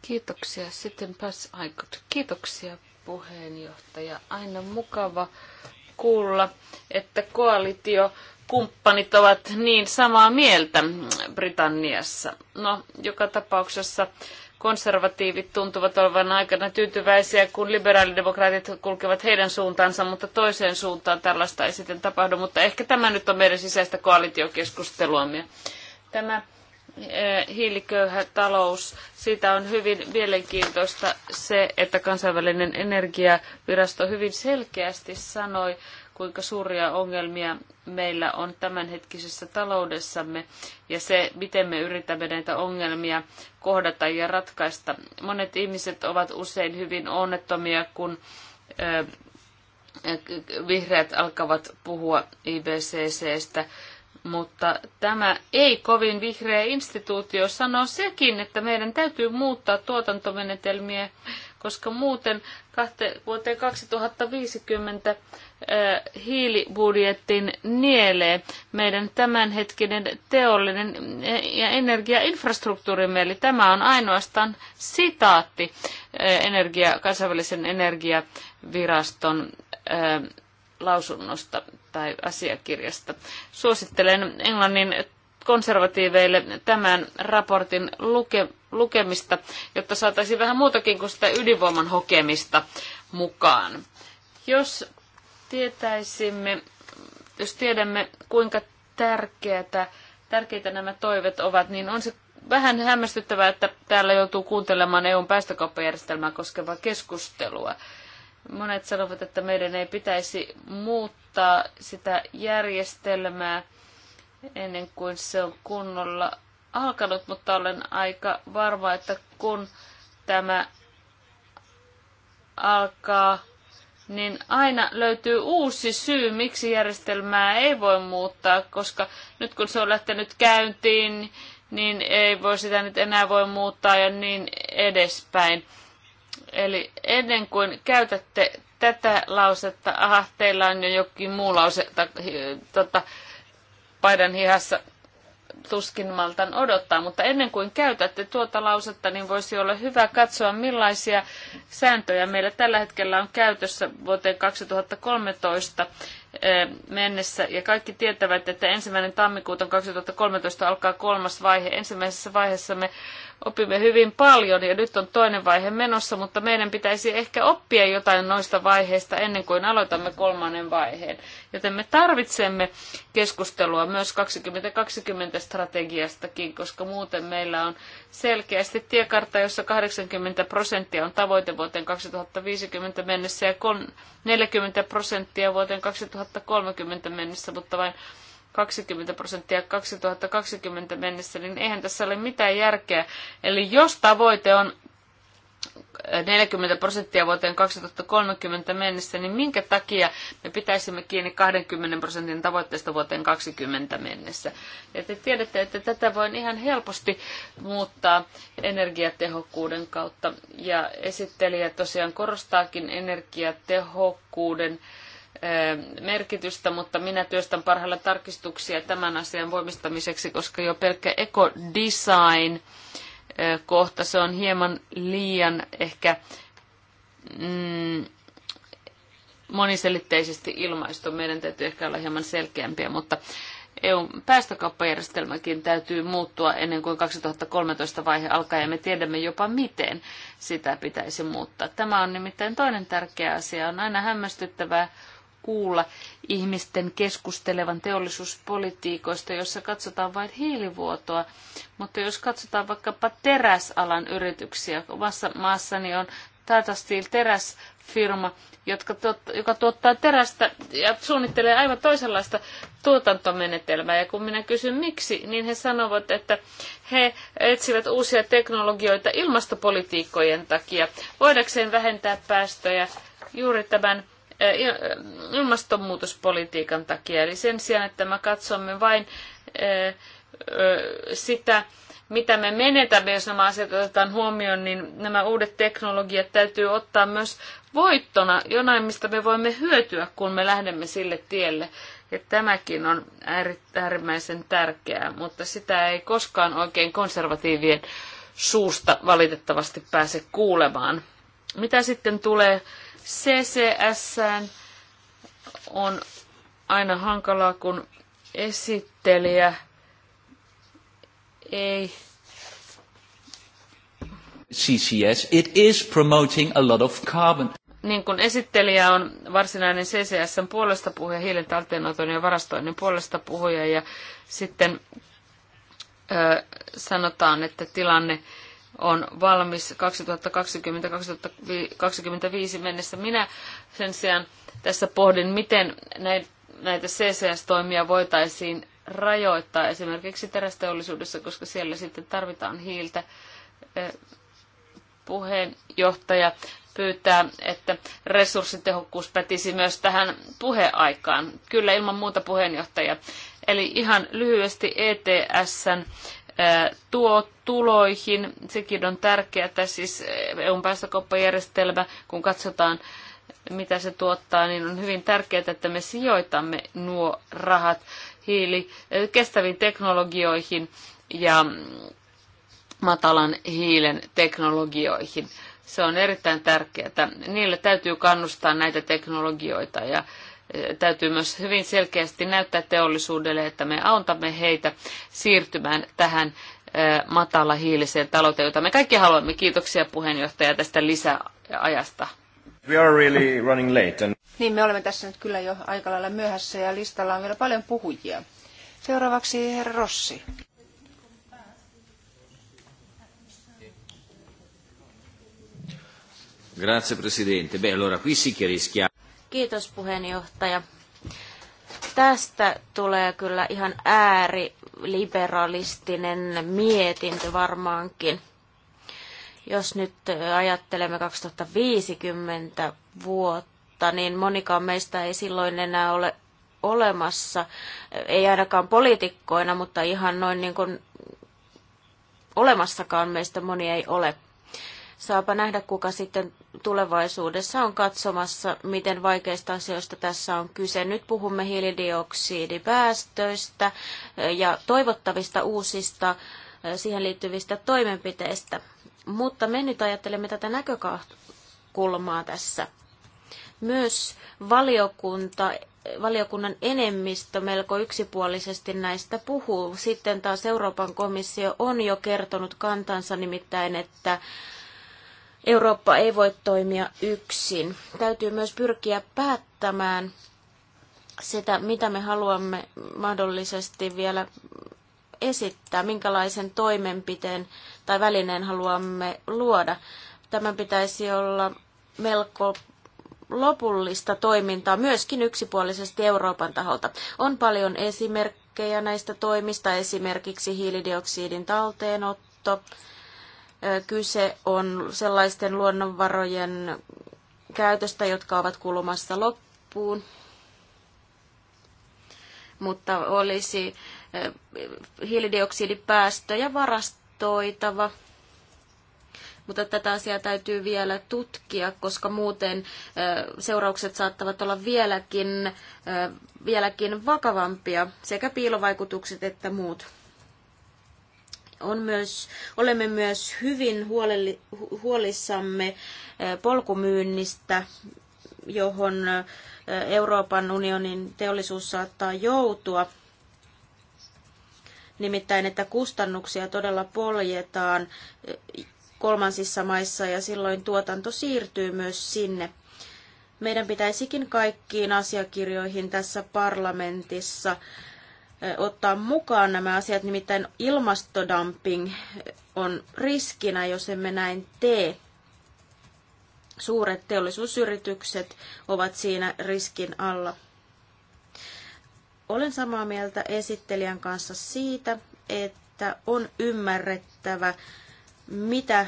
Kiitoksia. Sitten Pass Aikut. Kiitoksia puheenjohtaja. Aina mukava kuulla, että koalitio kumppanit ovat niin samaa mieltä Britanniassa. No, joka tapauksessa konservatiivit tuntuvat olevan aikana tyytyväisiä, kun liberaalidemokraatit kulkevat heidän suuntaansa, mutta toiseen suuntaan tällaista ei sitten tapahdu. Mutta ehkä tämä nyt on meidän sisäistä koalitiokeskusteluamme. Tämä e, hiiliköyhä talous. Siitä on hyvin mielenkiintoista se, että kansainvälinen energiavirasto hyvin selkeästi sanoi, kuinka suuria ongelmia meillä on tämänhetkisessä taloudessamme ja se, miten me yritämme näitä ongelmia kohdata ja ratkaista. Monet ihmiset ovat usein hyvin onnettomia, kun vihreät alkavat puhua IBCCstä, mutta tämä ei kovin vihreä instituutio sanoo sekin, että meidän täytyy muuttaa tuotantomenetelmiä, koska muuten kahte, vuoteen 2050 hiilibudjetin nielee meidän tämänhetkinen teollinen e, ja energiainfrastruktuurimme. Eli tämä on ainoastaan sitaatti energia, kansainvälisen energiaviraston lausunnosta tai asiakirjasta. Suosittelen Englannin konservatiiveille tämän raportin luke, lukemista, jotta saataisiin vähän muutakin kuin sitä ydinvoiman hokemista mukaan. Jos tietäisimme, jos tiedämme kuinka tärkeätä, tärkeitä nämä toivet ovat, niin on se vähän hämmästyttävää, että täällä joutuu kuuntelemaan EUn päästökauppajärjestelmää koskevaa keskustelua. Monet sanovat, että meidän ei pitäisi muuttaa sitä järjestelmää ennen kuin se on kunnolla alkanut, mutta olen aika varma, että kun tämä alkaa niin aina löytyy uusi syy, miksi järjestelmää ei voi muuttaa, koska nyt kun se on lähtenyt käyntiin, niin ei voi sitä nyt enää voi muuttaa ja niin edespäin. Eli ennen kuin käytätte tätä lausetta, aha, teillä on jo jokin muu lause ta, hi, tota, paidan hihassa, tuskin maltan odottaa, mutta ennen kuin käytätte tuota lausetta, niin voisi olla hyvä katsoa, millaisia sääntöjä meillä tällä hetkellä on käytössä vuoteen 2013 eh, mennessä. Ja kaikki tietävät, että ensimmäinen tammikuuta 2013 alkaa kolmas vaihe. Ensimmäisessä vaiheessa me opimme hyvin paljon ja nyt on toinen vaihe menossa, mutta meidän pitäisi ehkä oppia jotain noista vaiheista ennen kuin aloitamme kolmannen vaiheen. Joten me tarvitsemme keskustelua myös 2020-strategiastakin, koska muuten meillä on selkeästi tiekartta, jossa 80 prosenttia on tavoite vuoteen 2050 mennessä ja 40 prosenttia vuoteen 2030 mennessä, mutta vain 20 prosenttia 2020 mennessä, niin eihän tässä ole mitään järkeä. Eli jos tavoite on 40 prosenttia vuoteen 2030 mennessä, niin minkä takia me pitäisimme kiinni 20 prosentin tavoitteesta vuoteen 2020 mennessä? Ja te tiedätte, että tätä voi ihan helposti muuttaa energiatehokkuuden kautta. Ja esittelijä tosiaan korostaakin energiatehokkuuden merkitystä, mutta minä työstän parhailla tarkistuksia tämän asian voimistamiseksi, koska jo pelkkä ekodesign kohta se on hieman liian ehkä mm, moniselitteisesti ilmaistu. Meidän täytyy ehkä olla hieman selkeämpiä, mutta EUn päästökauppajärjestelmäkin täytyy muuttua ennen kuin 2013 vaihe alkaa ja me tiedämme jopa miten sitä pitäisi muuttaa. Tämä on nimittäin toinen tärkeä asia. On aina hämmästyttävää kuulla ihmisten keskustelevan teollisuuspolitiikoista, jossa katsotaan vain hiilivuotoa. Mutta jos katsotaan vaikkapa teräsalan yrityksiä, omassa maassani on Tata Steel teräsfirma, jotka tuot, joka tuottaa terästä ja suunnittelee aivan toisenlaista tuotantomenetelmää. Ja kun minä kysyn miksi, niin he sanovat, että he etsivät uusia teknologioita ilmastopolitiikkojen takia, voidakseen vähentää päästöjä juuri tämän Eh, eh, ilmastonmuutospolitiikan takia. Eli sen sijaan, että me katsomme vain eh, sitä, mitä me menetämme, jos nämä asiat otetaan huomioon, niin nämä uudet teknologiat täytyy ottaa myös voittona, jonain mistä me voimme hyötyä, kun me lähdemme sille tielle. Ja tämäkin on äärimmäisen tärkeää, mutta sitä ei koskaan oikein konservatiivien suusta valitettavasti pääse kuulemaan. Mitä sitten tulee CCS on aina hankalaa, kun esittelijä ei CCS, it is promoting a lot of carbon. Niin kuin esittelijä on varsinainen CCSn puolesta puhuja, hiilen talteenoton ja varastoinnin puolesta puhuja, ja sitten ö, sanotaan, että tilanne on valmis 2020-2025 mennessä. Minä sen sijaan tässä pohdin, miten näitä CCS-toimia voitaisiin rajoittaa esimerkiksi terästeollisuudessa, koska siellä sitten tarvitaan hiiltä. Puheenjohtaja pyytää, että resurssitehokkuus pätisi myös tähän puheaikaan. Kyllä ilman muuta puheenjohtaja. Eli ihan lyhyesti ETSn tuo tuloihin. Sekin on tärkeää, siis EUn päästökauppajärjestelmä, kun katsotaan mitä se tuottaa, niin on hyvin tärkeää, että me sijoitamme nuo rahat hiili, kestäviin teknologioihin ja matalan hiilen teknologioihin. Se on erittäin tärkeää. Niille täytyy kannustaa näitä teknologioita ja täytyy myös hyvin selkeästi näyttää teollisuudelle, että me autamme heitä siirtymään tähän matala hiiliseen talouteen, jota me kaikki haluamme. Kiitoksia puheenjohtaja tästä lisäajasta. We are really running late and... Niin, me olemme tässä nyt kyllä jo aika lailla myöhässä ja listalla on vielä paljon puhujia. Seuraavaksi herra Rossi. Grazie Presidente. Beh, allora qui si che rischia... Kiitos puheenjohtaja. Tästä tulee kyllä ihan ääriliberalistinen mietintö varmaankin. Jos nyt ajattelemme 2050 vuotta, niin monikaan meistä ei silloin enää ole olemassa, ei ainakaan poliitikkoina, mutta ihan noin niin kuin olemassakaan meistä moni ei ole. Saapa nähdä, kuka sitten tulevaisuudessa on katsomassa, miten vaikeista asioista tässä on kyse. Nyt puhumme hiilidioksidipäästöistä ja toivottavista uusista eh, siihen liittyvistä toimenpiteistä. Mutta me nyt ajattelemme tätä näkökulmaa tässä. Myös valiokunta eh, valiokunnan enemmistö melko yksipuolisesti näistä puhuu. Sitten taas Euroopan komissio on jo kertonut kantansa nimittäin, että Eurooppa ei voi toimia yksin. Täytyy myös pyrkiä päättämään sitä, mitä me haluamme mahdollisesti vielä esittää, minkälaisen toimenpiteen tai välineen haluamme luoda. Tämän pitäisi olla melko lopullista toimintaa myöskin yksipuolisesti Euroopan taholta. On paljon esimerkkejä näistä toimista, esimerkiksi hiilidioksidin talteenotto, Kyse on sellaisten luonnonvarojen käytöstä, jotka ovat kulumassa loppuun, mutta olisi hiilidioksidipäästöjä varastoitava. Mutta tätä asiaa täytyy vielä tutkia, koska muuten seuraukset saattavat olla vieläkin, vieläkin vakavampia, sekä piilovaikutukset että muut on myös, olemme myös hyvin huolelli, huolissamme äh, polkumyynnistä, johon äh, Euroopan unionin teollisuus saattaa joutua. Nimittäin, että kustannuksia todella poljetaan äh, kolmansissa maissa ja silloin tuotanto siirtyy myös sinne. Meidän pitäisikin kaikkiin asiakirjoihin tässä parlamentissa ottaa mukaan nämä asiat, nimittäin ilmastodumping on riskinä, jos emme näin tee. Suuret teollisuusyritykset ovat siinä riskin alla. Olen samaa mieltä esittelijän kanssa siitä, että on ymmärrettävä, mitä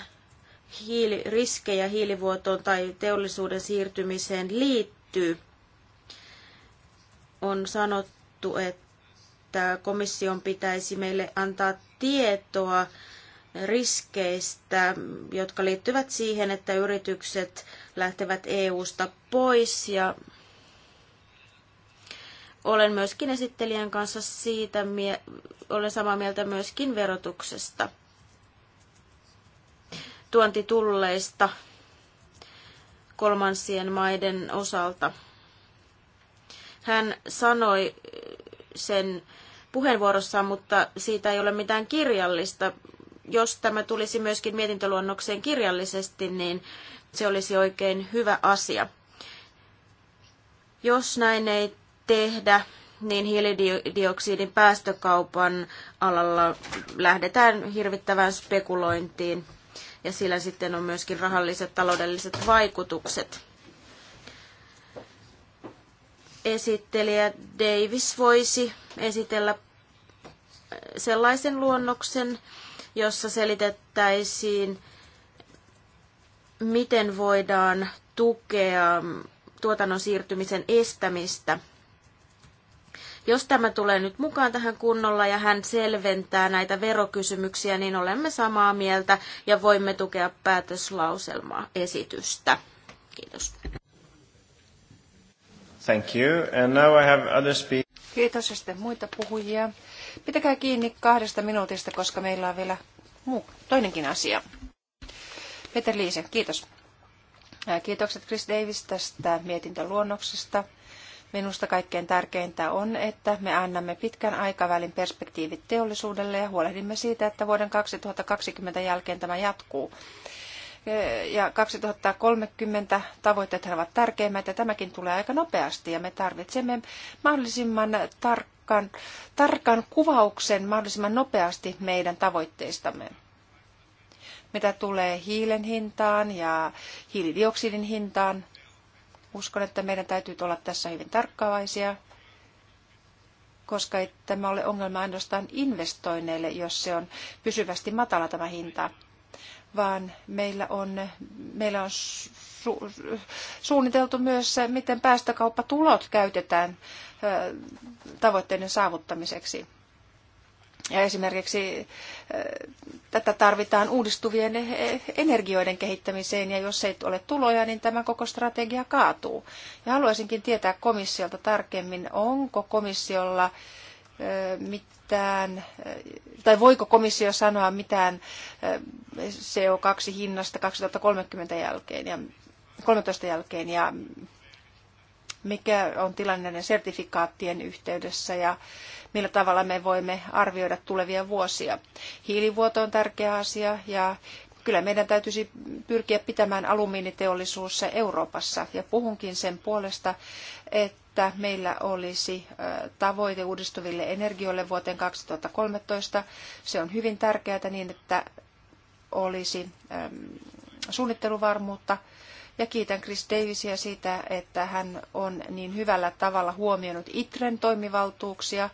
hiili, riskejä hiilivuotoon tai teollisuuden siirtymiseen liittyy. On sanottu, että että komission pitäisi meille antaa tietoa riskeistä, jotka liittyvät siihen, että yritykset lähtevät EU-sta pois ja olen myöskin esittelijän kanssa siitä, olen samaa mieltä myöskin verotuksesta, tuontitulleista kolmansien maiden osalta. Hän sanoi sen puheenvuorossaan, mutta siitä ei ole mitään kirjallista. Jos tämä tulisi myöskin mietintöluonnokseen kirjallisesti, niin se olisi oikein hyvä asia. Jos näin ei tehdä, niin hiilidioksidin päästökaupan alalla lähdetään hirvittävään spekulointiin ja sillä sitten on myöskin rahalliset taloudelliset vaikutukset esittelijä Davis voisi esitellä sellaisen luonnoksen, jossa selitettäisiin, miten voidaan tukea tuotannon siirtymisen estämistä. Jos tämä tulee nyt mukaan tähän kunnolla ja hän selventää näitä verokysymyksiä, niin olemme samaa mieltä ja voimme tukea päätöslauselmaa esitystä. Kiitos. Thank you. And now I have other speak- Kiitos ja sitten muita puhujia. Pitäkää kiinni kahdesta minuutista, koska meillä on vielä muu, toinenkin asia. Peter Liise, kiitos. Kiitokset Chris Davis tästä mietintöluonnoksesta. Minusta kaikkein tärkeintä on, että me annamme pitkän aikavälin perspektiivit teollisuudelle ja huolehdimme siitä, että vuoden 2020 jälkeen tämä jatkuu ja 2030 tavoitteet ovat tärkeimmät ja tämäkin tulee aika nopeasti ja me tarvitsemme mahdollisimman tarkan, tarkan kuvauksen mahdollisimman nopeasti meidän tavoitteistamme. Mitä tulee hiilen hintaan ja hiilidioksidin hintaan, uskon, että meidän täytyy olla tässä hyvin tarkkaavaisia koska ei tämä ole ongelma ainoastaan investoinneille, jos se on pysyvästi matala tämä hinta vaan meillä on, meillä on su, suunniteltu myös se, miten päästökauppatulot käytetään tavoitteiden saavuttamiseksi. Ja esimerkiksi tätä tarvitaan uudistuvien e, energioiden kehittämiseen, ja jos ei ole tuloja, niin tämä koko strategia kaatuu. Ja haluaisinkin tietää komissiolta tarkemmin, onko komissiolla mitään, eh, tai voiko komissio sanoa mitään eh, CO2-hinnasta 2030 jälkeen ja 13 jälkeen ja mikä on tilanne näiden sertifikaattien yhteydessä ja millä tavalla me voimme arvioida tulevia vuosia. Hiilivuoto on tärkeä asia ja kyllä meidän täytyisi pyrkiä pitämään alumiiniteollisuus Euroopassa. Ja puhunkin sen puolesta, että meillä olisi tavoite uudistuville energioille vuoteen 2013. Se on hyvin tärkeää niin, että olisi suunnitteluvarmuutta. Ja kiitän Chris Davisia siitä, että hän on niin hyvällä tavalla huomioinut ITREn toimivaltuuksia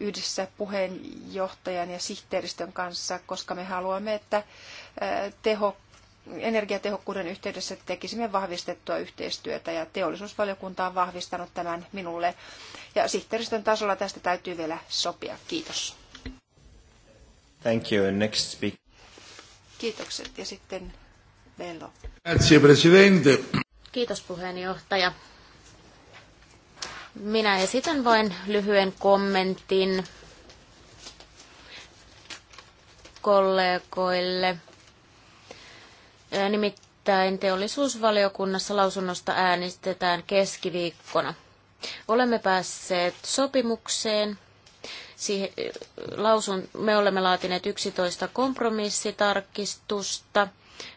yhdessä puheenjohtajan ja sihteeristön kanssa, koska me haluamme, että teho, energiatehokkuuden yhteydessä tekisimme vahvistettua yhteistyötä ja teollisuusvaliokunta on vahvistanut tämän minulle. Ja sihteeristön tasolla tästä täytyy vielä sopia. Kiitos. Thank you. Next speaker. Kiitokset ja sitten Bello. Grazie, Presidente. Kiitos puheenjohtaja. Minä esitän vain lyhyen kommentin kollegoille Nimittäin teollisuusvaliokunnassa lausunnosta äänestetään keskiviikkona. Olemme päässeet sopimukseen. Siihen, lausun, me olemme laatineet 11 kompromissitarkistusta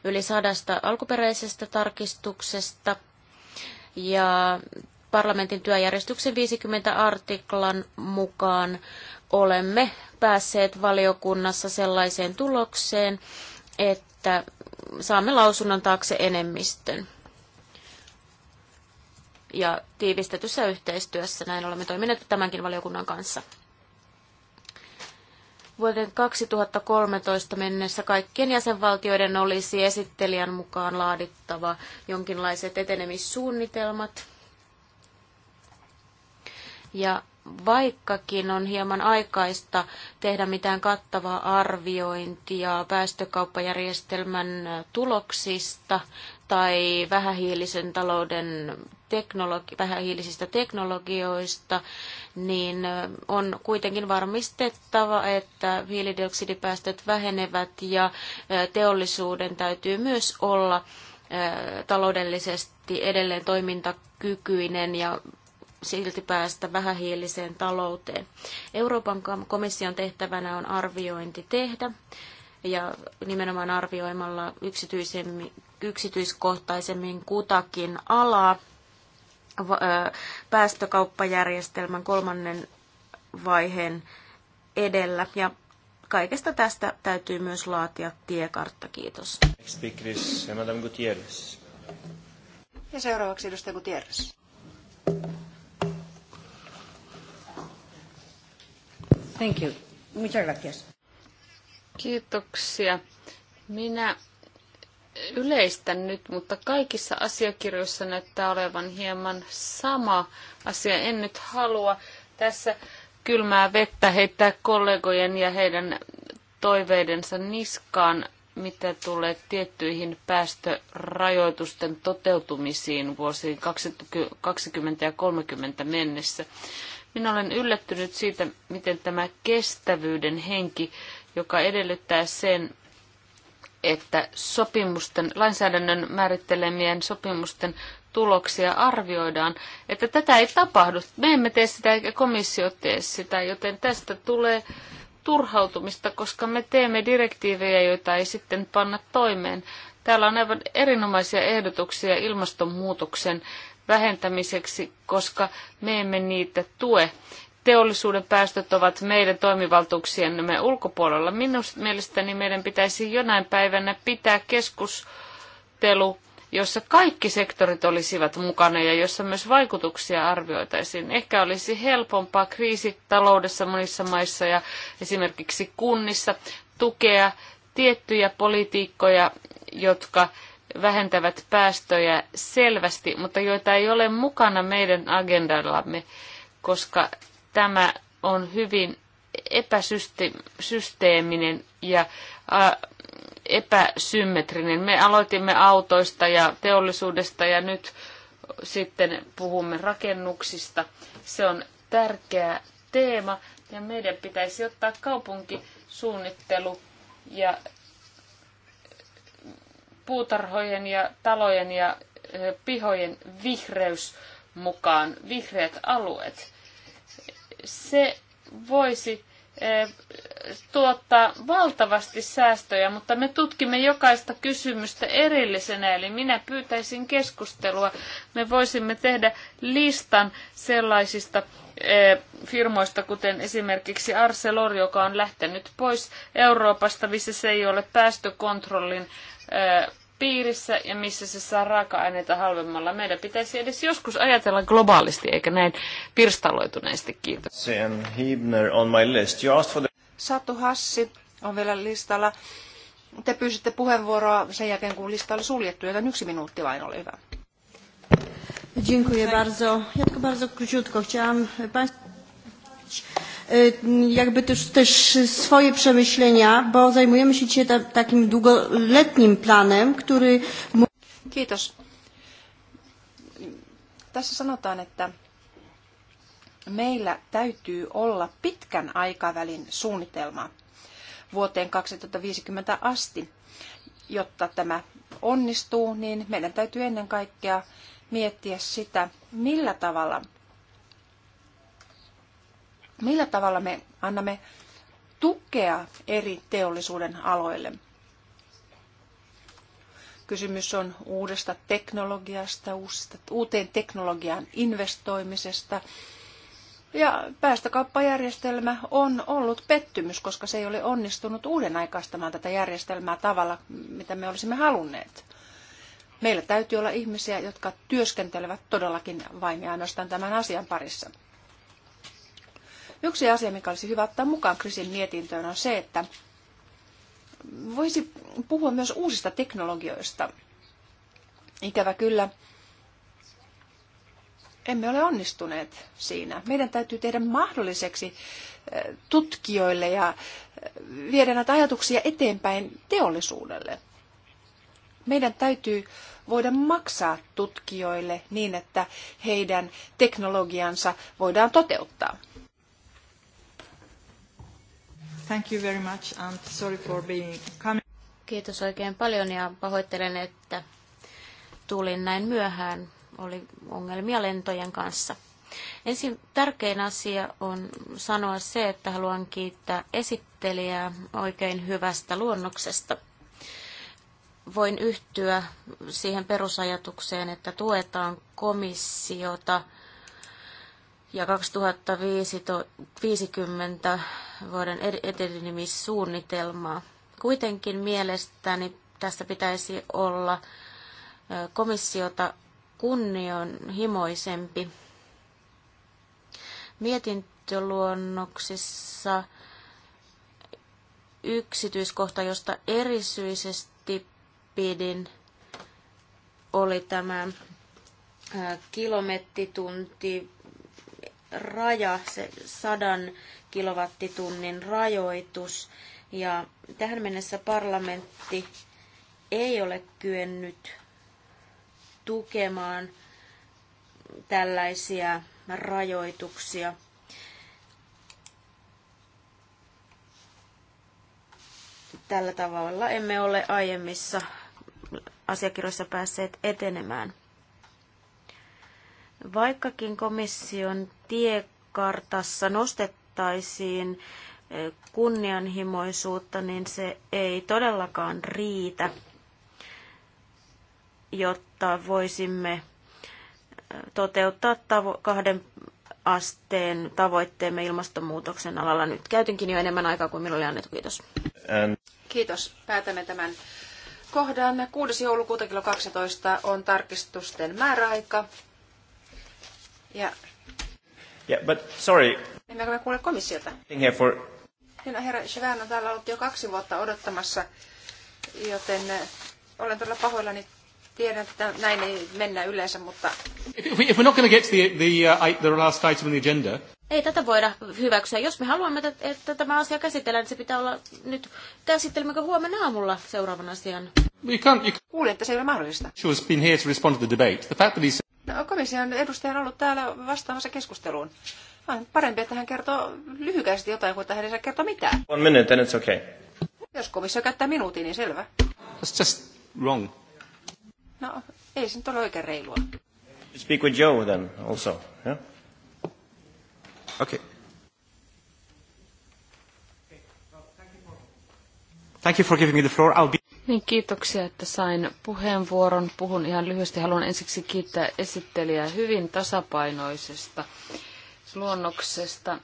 yli sadasta alkuperäisestä tarkistuksesta ja parlamentin työjärjestyksen 50 artiklan mukaan olemme päässeet valiokunnassa sellaiseen tulokseen, että saamme lausunnon taakse enemmistön. Ja tiivistetyssä yhteistyössä näin olemme toimineet tämänkin valiokunnan kanssa. Vuoden 2013 mennessä kaikkien jäsenvaltioiden olisi esittelijän mukaan laadittava jonkinlaiset etenemissuunnitelmat. Ja vaikkakin on hieman aikaista tehdä mitään kattavaa arviointia päästökauppajärjestelmän tuloksista tai vähähiilisen talouden teknologi- vähähiilisistä teknologioista, niin on kuitenkin varmistettava, että hiilidioksidipäästöt vähenevät ja teollisuuden täytyy myös olla taloudellisesti edelleen toimintakykyinen ja silti päästä vähähiiliseen talouteen. Euroopan komission tehtävänä on arviointi tehdä ja nimenomaan arvioimalla yksityiskohtaisemmin kutakin alaa päästökauppajärjestelmän kolmannen vaiheen edellä. Ja kaikesta tästä täytyy myös laatia tiekartta. Kiitos. Ja seuraavaksi edustaja Gutierrez. Thank you. Muchas gracias. Kiitoksia. Minä yleistän nyt, mutta kaikissa asiakirjoissa näyttää olevan hieman sama asia. En nyt halua tässä kylmää vettä heittää kollegojen ja heidän toiveidensa niskaan, mitä tulee tiettyihin päästörajoitusten toteutumisiin vuosiin 20 ja 30 mennessä. Minä olen yllättynyt siitä, miten tämä kestävyyden henki, joka edellyttää sen, että sopimusten, lainsäädännön määrittelemien sopimusten tuloksia arvioidaan, että tätä ei tapahdu. Me emme tee sitä eikä komissio tee sitä, joten tästä tulee turhautumista, koska me teemme direktiivejä, joita ei sitten panna toimeen. Täällä on aivan erinomaisia ehdotuksia ilmastonmuutoksen vähentämiseksi, koska me emme niitä tue. Teollisuuden päästöt ovat meidän toimivaltuuksiemme ulkopuolella. Minun mielestäni meidän pitäisi jonain päivänä pitää keskustelu, jossa kaikki sektorit olisivat mukana ja jossa myös vaikutuksia arvioitaisiin. Ehkä olisi helpompaa kriisitaloudessa monissa maissa ja esimerkiksi kunnissa tukea tiettyjä politiikkoja, jotka vähentävät päästöjä selvästi, mutta joita ei ole mukana meidän agendallamme, koska tämä on hyvin epäsysteeminen ja epäsymmetrinen. Me aloitimme autoista ja teollisuudesta ja nyt sitten puhumme rakennuksista. Se on tärkeä teema ja meidän pitäisi ottaa kaupunkisuunnittelu ja puutarhojen ja talojen ja eh, pihojen vihreys mukaan, vihreät alueet. Se voisi eh, tuottaa valtavasti säästöjä, mutta me tutkimme jokaista kysymystä erillisenä, eli minä pyytäisin keskustelua. Me voisimme tehdä listan sellaisista eh, firmoista, kuten esimerkiksi Arcelor, joka on lähtenyt pois Euroopasta, missä se ei ole päästökontrollin piirissä ja missä se saa raaka-aineita halvemmalla. Meidän pitäisi edes joskus ajatella globaalisti, eikä näin pirstaloituneesti. Kiitos. Sen Hibner on my list. You asked for the... Satu Hassi on vielä listalla. Te pyysitte puheenvuoroa sen jälkeen, kun lista oli suljettu, joten yksi minuutti vain, oli hyvä. Dziękuję bardzo. Ja bardzo króciutko chciałam Państwu jakby też, też swoje przemyślenia, bo zajmujemy się dzisiaj ta, takim długoletnim planem, który... Kiitos. Tässä sanotaan, että meillä täytyy olla pitkän aikavälin suunnitelma vuoteen 2050 asti. Jotta tämä onnistuu, niin meidän täytyy ennen kaikkea miettiä sitä, millä tavalla Millä tavalla me annamme tukea eri teollisuuden aloille? Kysymys on uudesta teknologiasta, uusista, uuteen teknologiaan investoimisesta. Ja päästökauppajärjestelmä on ollut pettymys, koska se ei ole onnistunut uuden aikaistamaan tätä järjestelmää tavalla, mitä me olisimme halunneet. Meillä täytyy olla ihmisiä, jotka työskentelevät todellakin vain ja ainoastaan tämän asian parissa. Yksi asia, mikä olisi hyvä ottaa mukaan Krisin mietintöön, on se, että voisi puhua myös uusista teknologioista. Ikävä kyllä, emme ole onnistuneet siinä. Meidän täytyy tehdä mahdolliseksi eh, tutkijoille ja eh, viedä näitä ajatuksia eteenpäin teollisuudelle. Meidän täytyy voida maksaa tutkijoille niin, että heidän teknologiansa voidaan toteuttaa. Thank you very much and sorry for being coming. Kiitos oikein paljon ja pahoittelen, että tulin näin myöhään. Oli ongelmia lentojen kanssa. Ensin tärkein asia on sanoa se, että haluan kiittää esittelijää oikein hyvästä luonnoksesta. Voin yhtyä siihen perusajatukseen, että tuetaan komissiota – ja 2050 vuoden etenemissuunnitelmaa. Kuitenkin mielestäni tässä pitäisi olla komissiota kunnionhimoisempi. Mietintöluonnoksissa yksityiskohta, josta erityisesti pidin, oli tämä kilometritunti raja, se sadan kilowattitunnin rajoitus. Ja tähän mennessä parlamentti ei ole kyennyt tukemaan tällaisia rajoituksia. Tällä tavalla emme ole aiemmissa asiakirjoissa päässeet etenemään. Vaikkakin komission tiekartassa nostettaisiin eh, kunnianhimoisuutta, niin se ei todellakaan riitä, jotta voisimme eh, toteuttaa tavo- kahden asteen tavoitteemme ilmastonmuutoksen alalla. Nyt käytinkin jo enemmän aikaa kuin minulle annettu. Kiitos. Kiitos. Päätämme tämän kohdan. 6. joulukuuta kello 12 on tarkistusten määräaika. Ja... Yeah, but sorry. Emmekö me kuule komissiota? Here for... Minä herra Chevin on täällä ollut jo kaksi vuotta odottamassa, joten eh, olen todella pahoillani. Tiedän, että näin ei mennä yleensä, mutta... If we're not going to get to the, the, uh, the last item on the agenda... Ei tätä voida hyväksyä. Jos me haluamme, että, että tämä asia käsitellään, niin se pitää olla nyt... Käsittelemmekö huomenna aamulla seuraavan asian? You can't, you... Kuulin, että se ei ole mahdollista. She has been here to respond to the debate. The fact that he's... No, komission edustaja on ollut täällä vastaamassa keskusteluun. On parempi, että hän kertoo lyhykäisesti jotain, kuin että hän ei saa kertoa mitään. One minute, then it's okay. Jos komissio käyttää minuutin, niin selvä. That's just wrong. No, ei se nyt ole oikein reilua. You speak with Joe then also, yeah? Okay. Thank you for giving me the floor. I'll be... Niin, kiitoksia, että sain puheenvuoron. Puhun ihan lyhyesti. Haluan ensiksi kiittää esittelijää hyvin tasapainoisesta luonnoksesta,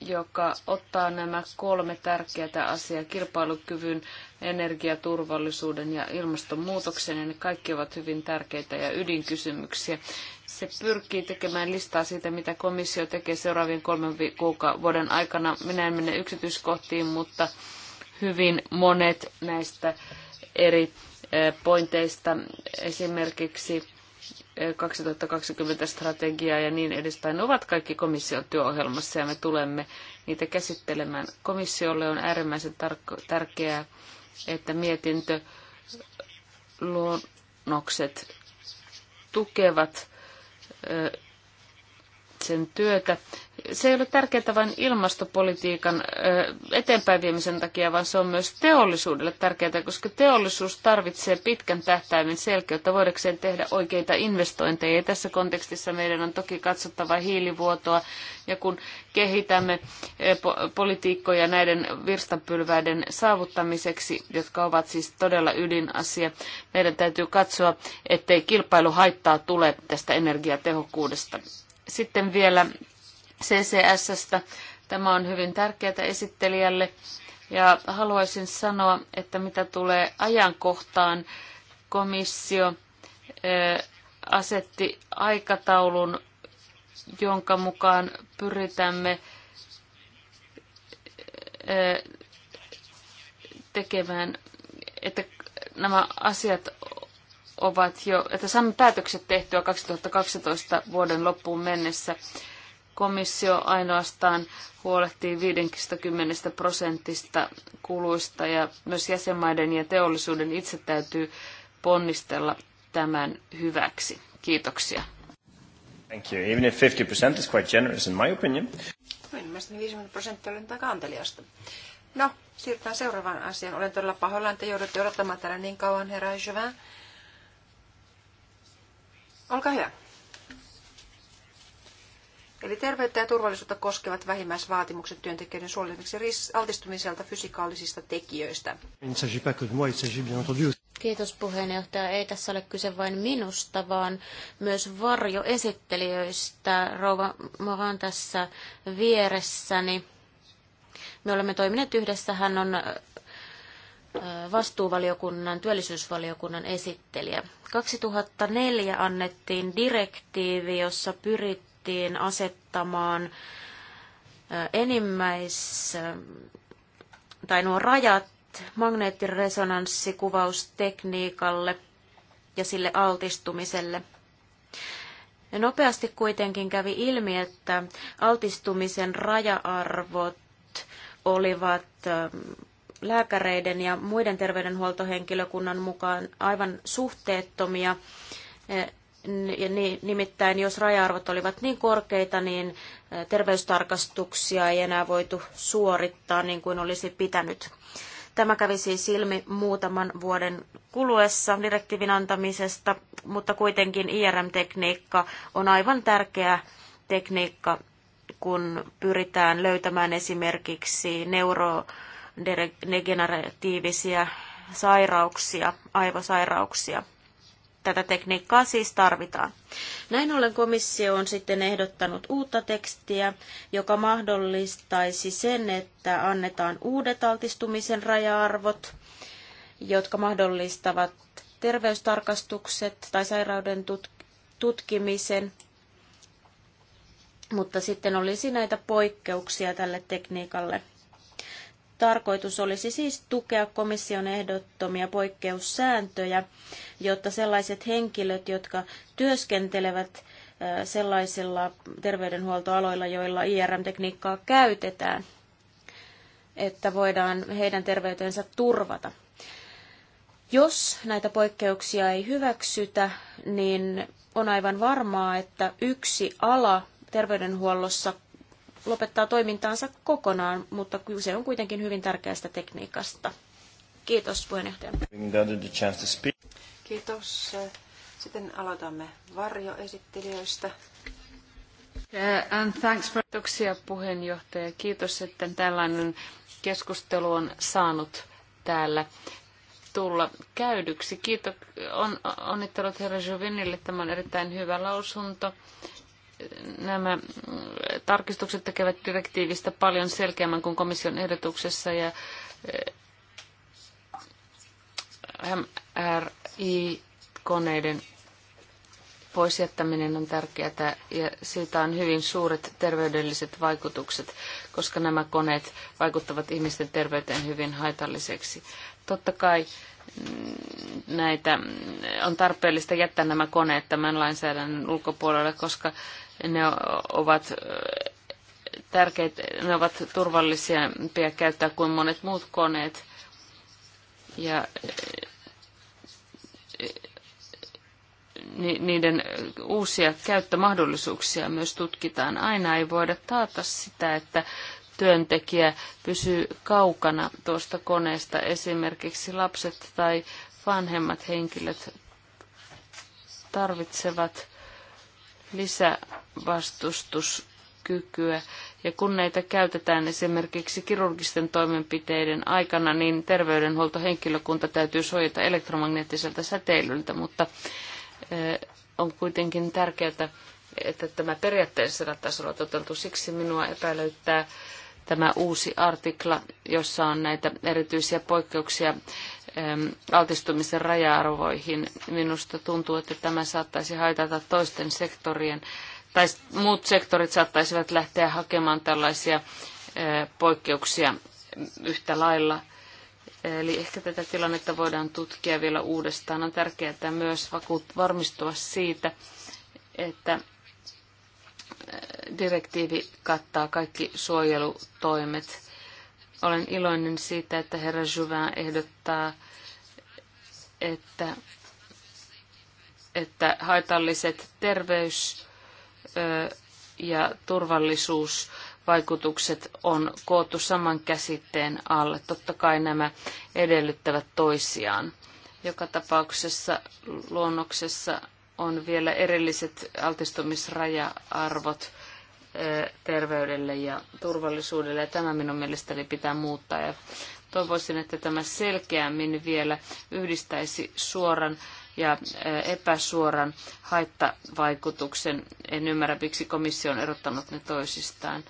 joka ottaa nämä kolme tärkeää asiaa, kilpailukyvyn, energiaturvallisuuden ja ilmastonmuutoksen, ja ne kaikki ovat hyvin tärkeitä ja ydinkysymyksiä. Se pyrkii tekemään listaa siitä, mitä komissio tekee seuraavien kolmen kuukauden vuoden aikana. Minä en mene yksityiskohtiin, mutta hyvin monet näistä eri eh, pointeista, esimerkiksi 2020 eh, strategiaa ja niin edespäin, ne ovat kaikki komission työohjelmassa ja me tulemme niitä käsittelemään. Komissiolle on äärimmäisen tärkeää, että mietintö luonnokset tukevat eh, sen työtä. Se ei ole tärkeää vain ilmastopolitiikan eteenpäin viemisen takia, vaan se on myös teollisuudelle tärkeää, koska teollisuus tarvitsee pitkän tähtäimen selkeyttä voidakseen tehdä oikeita investointeja. Ja tässä kontekstissa meidän on toki katsottava hiilivuotoa, ja kun kehitämme politiikkoja näiden virstanpylväiden saavuttamiseksi, jotka ovat siis todella ydinasia, meidän täytyy katsoa, ettei kilpailu haittaa tule tästä energiatehokkuudesta. Sitten vielä CCSstä. Tämä on hyvin tärkeää esittelijälle. Ja haluaisin sanoa, että mitä tulee ajankohtaan, komissio asetti aikataulun, jonka mukaan pyritämme tekemään, että nämä asiat ovat jo, että saamme päätökset tehtyä 2012 vuoden loppuun mennessä. Komissio ainoastaan huolehtii 50 prosentista kuluista ja myös jäsenmaiden ja teollisuuden itse täytyy ponnistella tämän hyväksi. Kiitoksia. Thank you. Even if 50% is quite generous in my opinion. Mielestäni 50 prosenttia oli aika No, siirrytään seuraavaan asiaan. Olen todella pahoillani, että joudutte odottamaan täällä niin kauan, herra Jovan. Olkaa hyvä. Eli terveyttä ja turvallisuutta koskevat vähimmäisvaatimukset työntekijöiden suojelemiseksi altistumiselta fysikaalisista tekijöistä. Kiitos puheenjohtaja. Ei tässä ole kyse vain minusta, vaan myös varjoesittelijöistä. Rouva Moran tässä vieressäni. Me olemme toimineet yhdessä. Hän on vastuuvaliokunnan, työllisyysvaliokunnan esittelijä. 2004 annettiin direktiivi, jossa pyrittiin asettamaan enimmäis, tai nuo rajat magneettiresonanssikuvaustekniikalle ja sille altistumiselle. Ja nopeasti kuitenkin kävi ilmi, että altistumisen raja-arvot olivat lääkäreiden ja muiden terveydenhuoltohenkilökunnan mukaan aivan suhteettomia. E, nimittäin jos raja-arvot olivat niin korkeita, niin e, terveystarkastuksia ei enää voitu suorittaa niin kuin olisi pitänyt. Tämä kävi siis ilmi muutaman vuoden kuluessa direktiivin antamisesta, mutta kuitenkin IRM-tekniikka on aivan tärkeä tekniikka, kun pyritään löytämään esimerkiksi neuro- degeneratiivisia sairauksia, aivosairauksia. Tätä tekniikkaa siis tarvitaan. Näin ollen komissio on sitten ehdottanut uutta tekstiä, joka mahdollistaisi sen, että annetaan uudet altistumisen raja-arvot, jotka mahdollistavat terveystarkastukset tai sairauden tutkimisen, mutta sitten olisi näitä poikkeuksia tälle tekniikalle – Tarkoitus olisi siis tukea komission ehdottomia poikkeussääntöjä, jotta sellaiset henkilöt, jotka työskentelevät äh, sellaisilla terveydenhuoltoaloilla, joilla IRM-tekniikkaa käytetään, että voidaan heidän terveytensä turvata. Jos näitä poikkeuksia ei hyväksytä, niin on aivan varmaa, että yksi ala terveydenhuollossa lopettaa toimintaansa kokonaan, mutta kyse on kuitenkin hyvin tärkeästä tekniikasta. Kiitos puheenjohtaja. Kiitos. Sitten aloitamme varjoesittelijöistä. And thanks for... Kiitoksia puheenjohtaja. Kiitos, että tällainen keskustelu on saanut täällä tulla käydyksi. Kiitos. On, onnittelut herra Jovinille. Tämä on erittäin hyvä lausunto nämä tarkistukset tekevät direktiivistä paljon selkeämmän kuin komission ehdotuksessa ja eh, MRI-koneiden poisjättäminen on tärkeää ja siitä on hyvin suuret terveydelliset vaikutukset, koska nämä koneet vaikuttavat ihmisten terveyteen hyvin haitalliseksi. Totta kai mm, näitä mm, on tarpeellista jättää nämä koneet tämän lainsäädännön ulkopuolelle, koska ne ovat tärkeitä, ne ovat turvallisia käyttää kuin monet muut koneet. Ja niiden uusia käyttömahdollisuuksia myös tutkitaan. Aina ei voida taata sitä, että työntekijä pysyy kaukana tuosta koneesta. Esimerkiksi lapset tai vanhemmat henkilöt tarvitsevat lisävastustuskykyä. Ja kun näitä käytetään esimerkiksi kirurgisten toimenpiteiden aikana, niin terveydenhuoltohenkilökunta täytyy suojata elektromagneettiselta säteilyltä, mutta eh, on kuitenkin tärkeää, että tämä periaatteellisella tasolla toteutuu. Siksi minua epäilyttää tämä uusi artikla, jossa on näitä erityisiä poikkeuksia altistumisen raja-arvoihin. Minusta tuntuu, että tämä saattaisi haitata toisten sektorien, tai muut sektorit saattaisivat lähteä hakemaan tällaisia e, poikkeuksia yhtä lailla. Eli ehkä tätä tilannetta voidaan tutkia vielä uudestaan. On tärkeää myös varmistua siitä, että direktiivi kattaa kaikki suojelutoimet. Olen iloinen siitä, että herra Juvin ehdottaa, että, että haitalliset terveys- ja turvallisuusvaikutukset on koottu saman käsitteen alle. Totta kai nämä edellyttävät toisiaan. Joka tapauksessa luonnoksessa on vielä erilliset altistumisraja-arvot terveydelle ja turvallisuudelle. Ja tämä minun mielestäni pitää muuttaa. Ja toivoisin, että tämä selkeämmin vielä yhdistäisi suoran ja epäsuoran haittavaikutuksen. En ymmärrä, miksi komissio on erottanut ne toisistaan.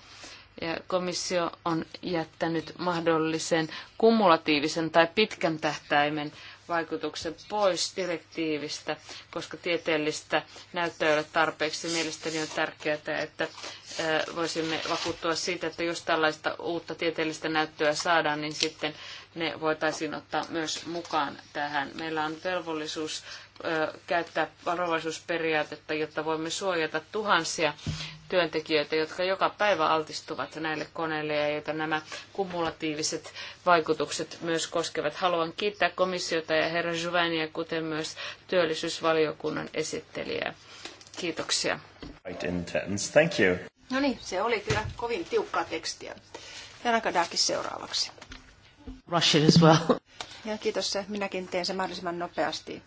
Ja komissio on jättänyt mahdollisen kumulatiivisen tai pitkän tähtäimen vaikutuksen pois direktiivistä, koska tieteellistä näyttöä ei ole tarpeeksi. Mielestäni on tärkeää, että voisimme vakuuttua siitä, että jos tällaista uutta tieteellistä näyttöä saadaan, niin sitten ne voitaisiin ottaa myös mukaan tähän. Meillä on velvollisuus käyttää varovaisuusperiaatetta, jotta voimme suojata tuhansia työntekijöitä, jotka joka päivä altistuvat näille koneille ja joita nämä kumulatiiviset vaikutukset myös koskevat. Haluan kiittää komissiota ja herra Juvania, kuten myös työllisyysvaliokunnan esittelijää. Kiitoksia. Thank you. No niin, se oli kyllä kovin tiukkaa tekstiä. Janakadakis seuraavaksi. Rush as well. Ja kiitos, minäkin teen se mahdollisimman nopeasti.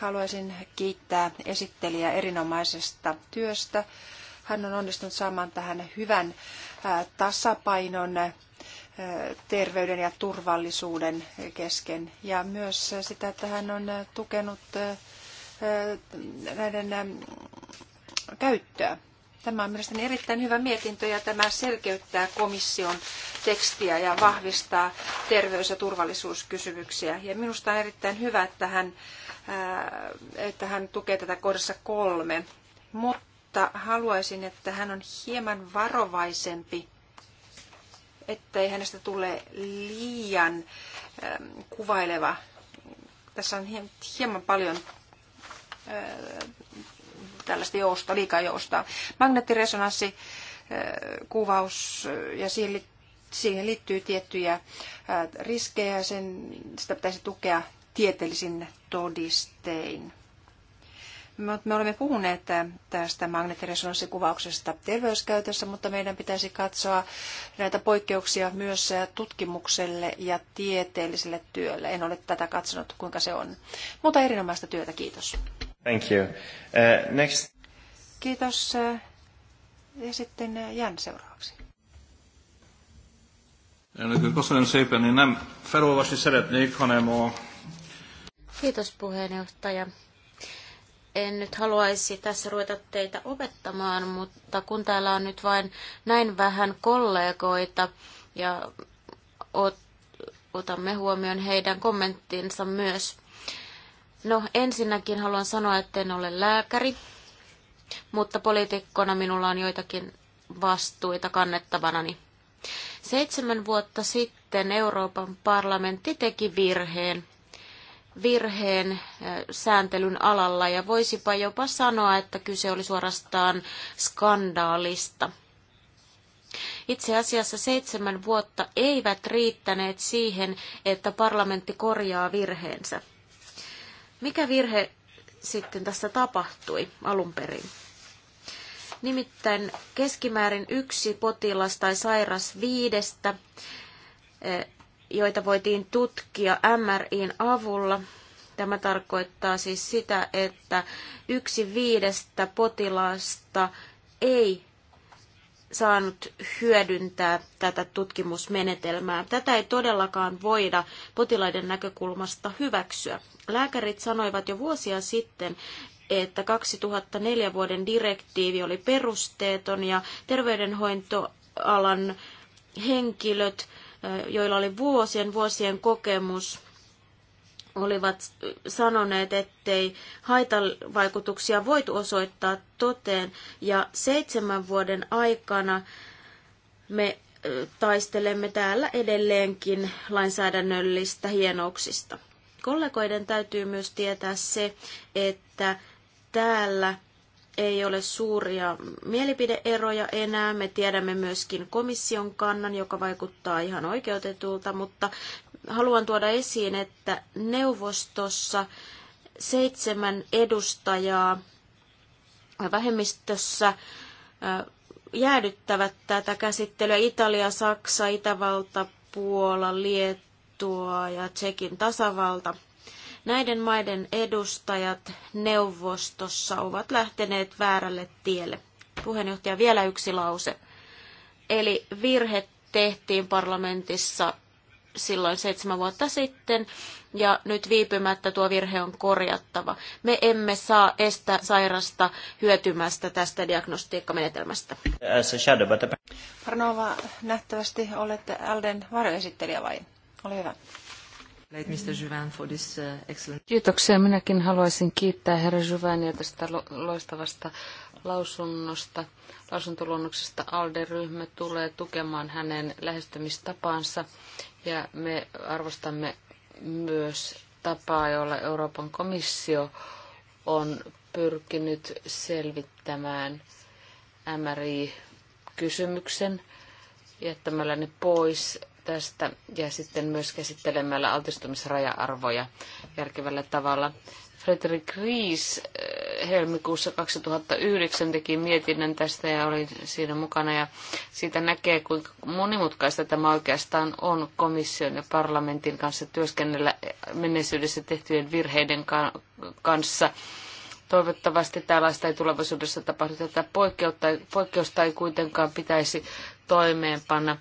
Haluaisin kiittää esittelijä erinomaisesta työstä. Hän on onnistunut saamaan tähän hyvän tasapainon terveyden ja turvallisuuden kesken. Ja myös sitä, että hän on tukenut näiden käyttöä. Tämä on mielestäni erittäin hyvä mietintö ja tämä selkeyttää komission tekstiä ja vahvistaa terveys- ja turvallisuuskysymyksiä. Ja minusta on erittäin hyvä, että hän Äh, että hän tukee tätä kohdassa kolme. Mutta haluaisin, että hän on hieman varovaisempi, ettei hänestä tule liian ähm, kuvaileva. Tässä on hieman paljon äh, tällaista jousta, liikaa joustaa. Magneettiresonanssi, äh, kuvaus ja siihen liittyy tiettyjä riskejä ja sen, sitä pitäisi tukea tieteellisin todistein. Me olemme puhuneet tästä magneettiresonanssikuvauksesta terveyskäytössä, mutta meidän pitäisi katsoa näitä poikkeuksia myös tutkimukselle ja tieteelliselle työlle. En ole tätä katsonut, kuinka se on. Mutta erinomaista työtä, kiitos. Thank you. Uh, next. Kiitos. Ja sitten Jan seuraavaksi. Ja nyt, kun nem felolvasni szeretnék, hanem Kiitos puheenjohtaja. En nyt haluaisi tässä ruveta teitä opettamaan, mutta kun täällä on nyt vain näin vähän kollegoita ja otamme huomioon heidän kommenttinsa myös. No ensinnäkin haluan sanoa, että en ole lääkäri, mutta poliitikkona minulla on joitakin vastuita kannettavanani. Seitsemän vuotta sitten Euroopan parlamentti teki virheen virheen sääntelyn alalla ja voisipa jopa sanoa, että kyse oli suorastaan skandaalista. Itse asiassa seitsemän vuotta eivät riittäneet siihen, että parlamentti korjaa virheensä. Mikä virhe sitten tässä tapahtui alun perin? Nimittäin keskimäärin yksi potilas tai sairas viidestä joita voitiin tutkia MRIn avulla. Tämä tarkoittaa siis sitä, että yksi viidestä potilaasta ei saanut hyödyntää tätä tutkimusmenetelmää. Tätä ei todellakaan voida potilaiden näkökulmasta hyväksyä. Lääkärit sanoivat jo vuosia sitten, että 2004 vuoden direktiivi oli perusteeton ja terveydenhoitoalan henkilöt joilla oli vuosien vuosien kokemus, olivat sanoneet, ettei haitavaikutuksia voitu osoittaa toteen. Ja seitsemän vuoden aikana me taistelemme täällä edelleenkin lainsäädännöllistä hienouksista. Kollegoiden täytyy myös tietää se, että täällä ei ole suuria mielipideeroja enää. Me tiedämme myöskin komission kannan, joka vaikuttaa ihan oikeutetulta, mutta haluan tuoda esiin, että neuvostossa seitsemän edustajaa vähemmistössä jäädyttävät tätä käsittelyä. Italia, Saksa, Itävalta, Puola, Liettua ja Tsekin tasavalta – Näiden maiden edustajat neuvostossa ovat lähteneet väärälle tielle. Puheenjohtaja, vielä yksi lause. Eli virhe tehtiin parlamentissa silloin seitsemän vuotta sitten, ja nyt viipymättä tuo virhe on korjattava. Me emme saa estää sairasta hyötymästä tästä diagnostiikkamenetelmästä. Parnova, nähtävästi olette Alden varjoesittelijä vai? Ole hyvä. Uh, Kiitoksia. Minäkin haluaisin kiittää herra Juvania tästä loistavasta lausunnosta. Lausuntoluonnoksesta ALDE-ryhmä tulee tukemaan hänen lähestymistapaansa ja me arvostamme myös tapaa, jolla Euroopan komissio on pyrkinyt selvittämään MRI-kysymyksen jättämällä ne pois tästä ja sitten myös käsittelemällä altistumisraja-arvoja järkevällä tavalla. Frederick Ries eh, helmikuussa 2009 teki mietinnön tästä ja oli siinä mukana ja siitä näkee, kuinka monimutkaista tämä oikeastaan on komission ja parlamentin kanssa työskennellä menneisyydessä tehtyjen virheiden kanssa. Toivottavasti tällaista ei tulevaisuudessa tapahdu. Tätä poikkeusta ei kuitenkaan pitäisi toimeenpanna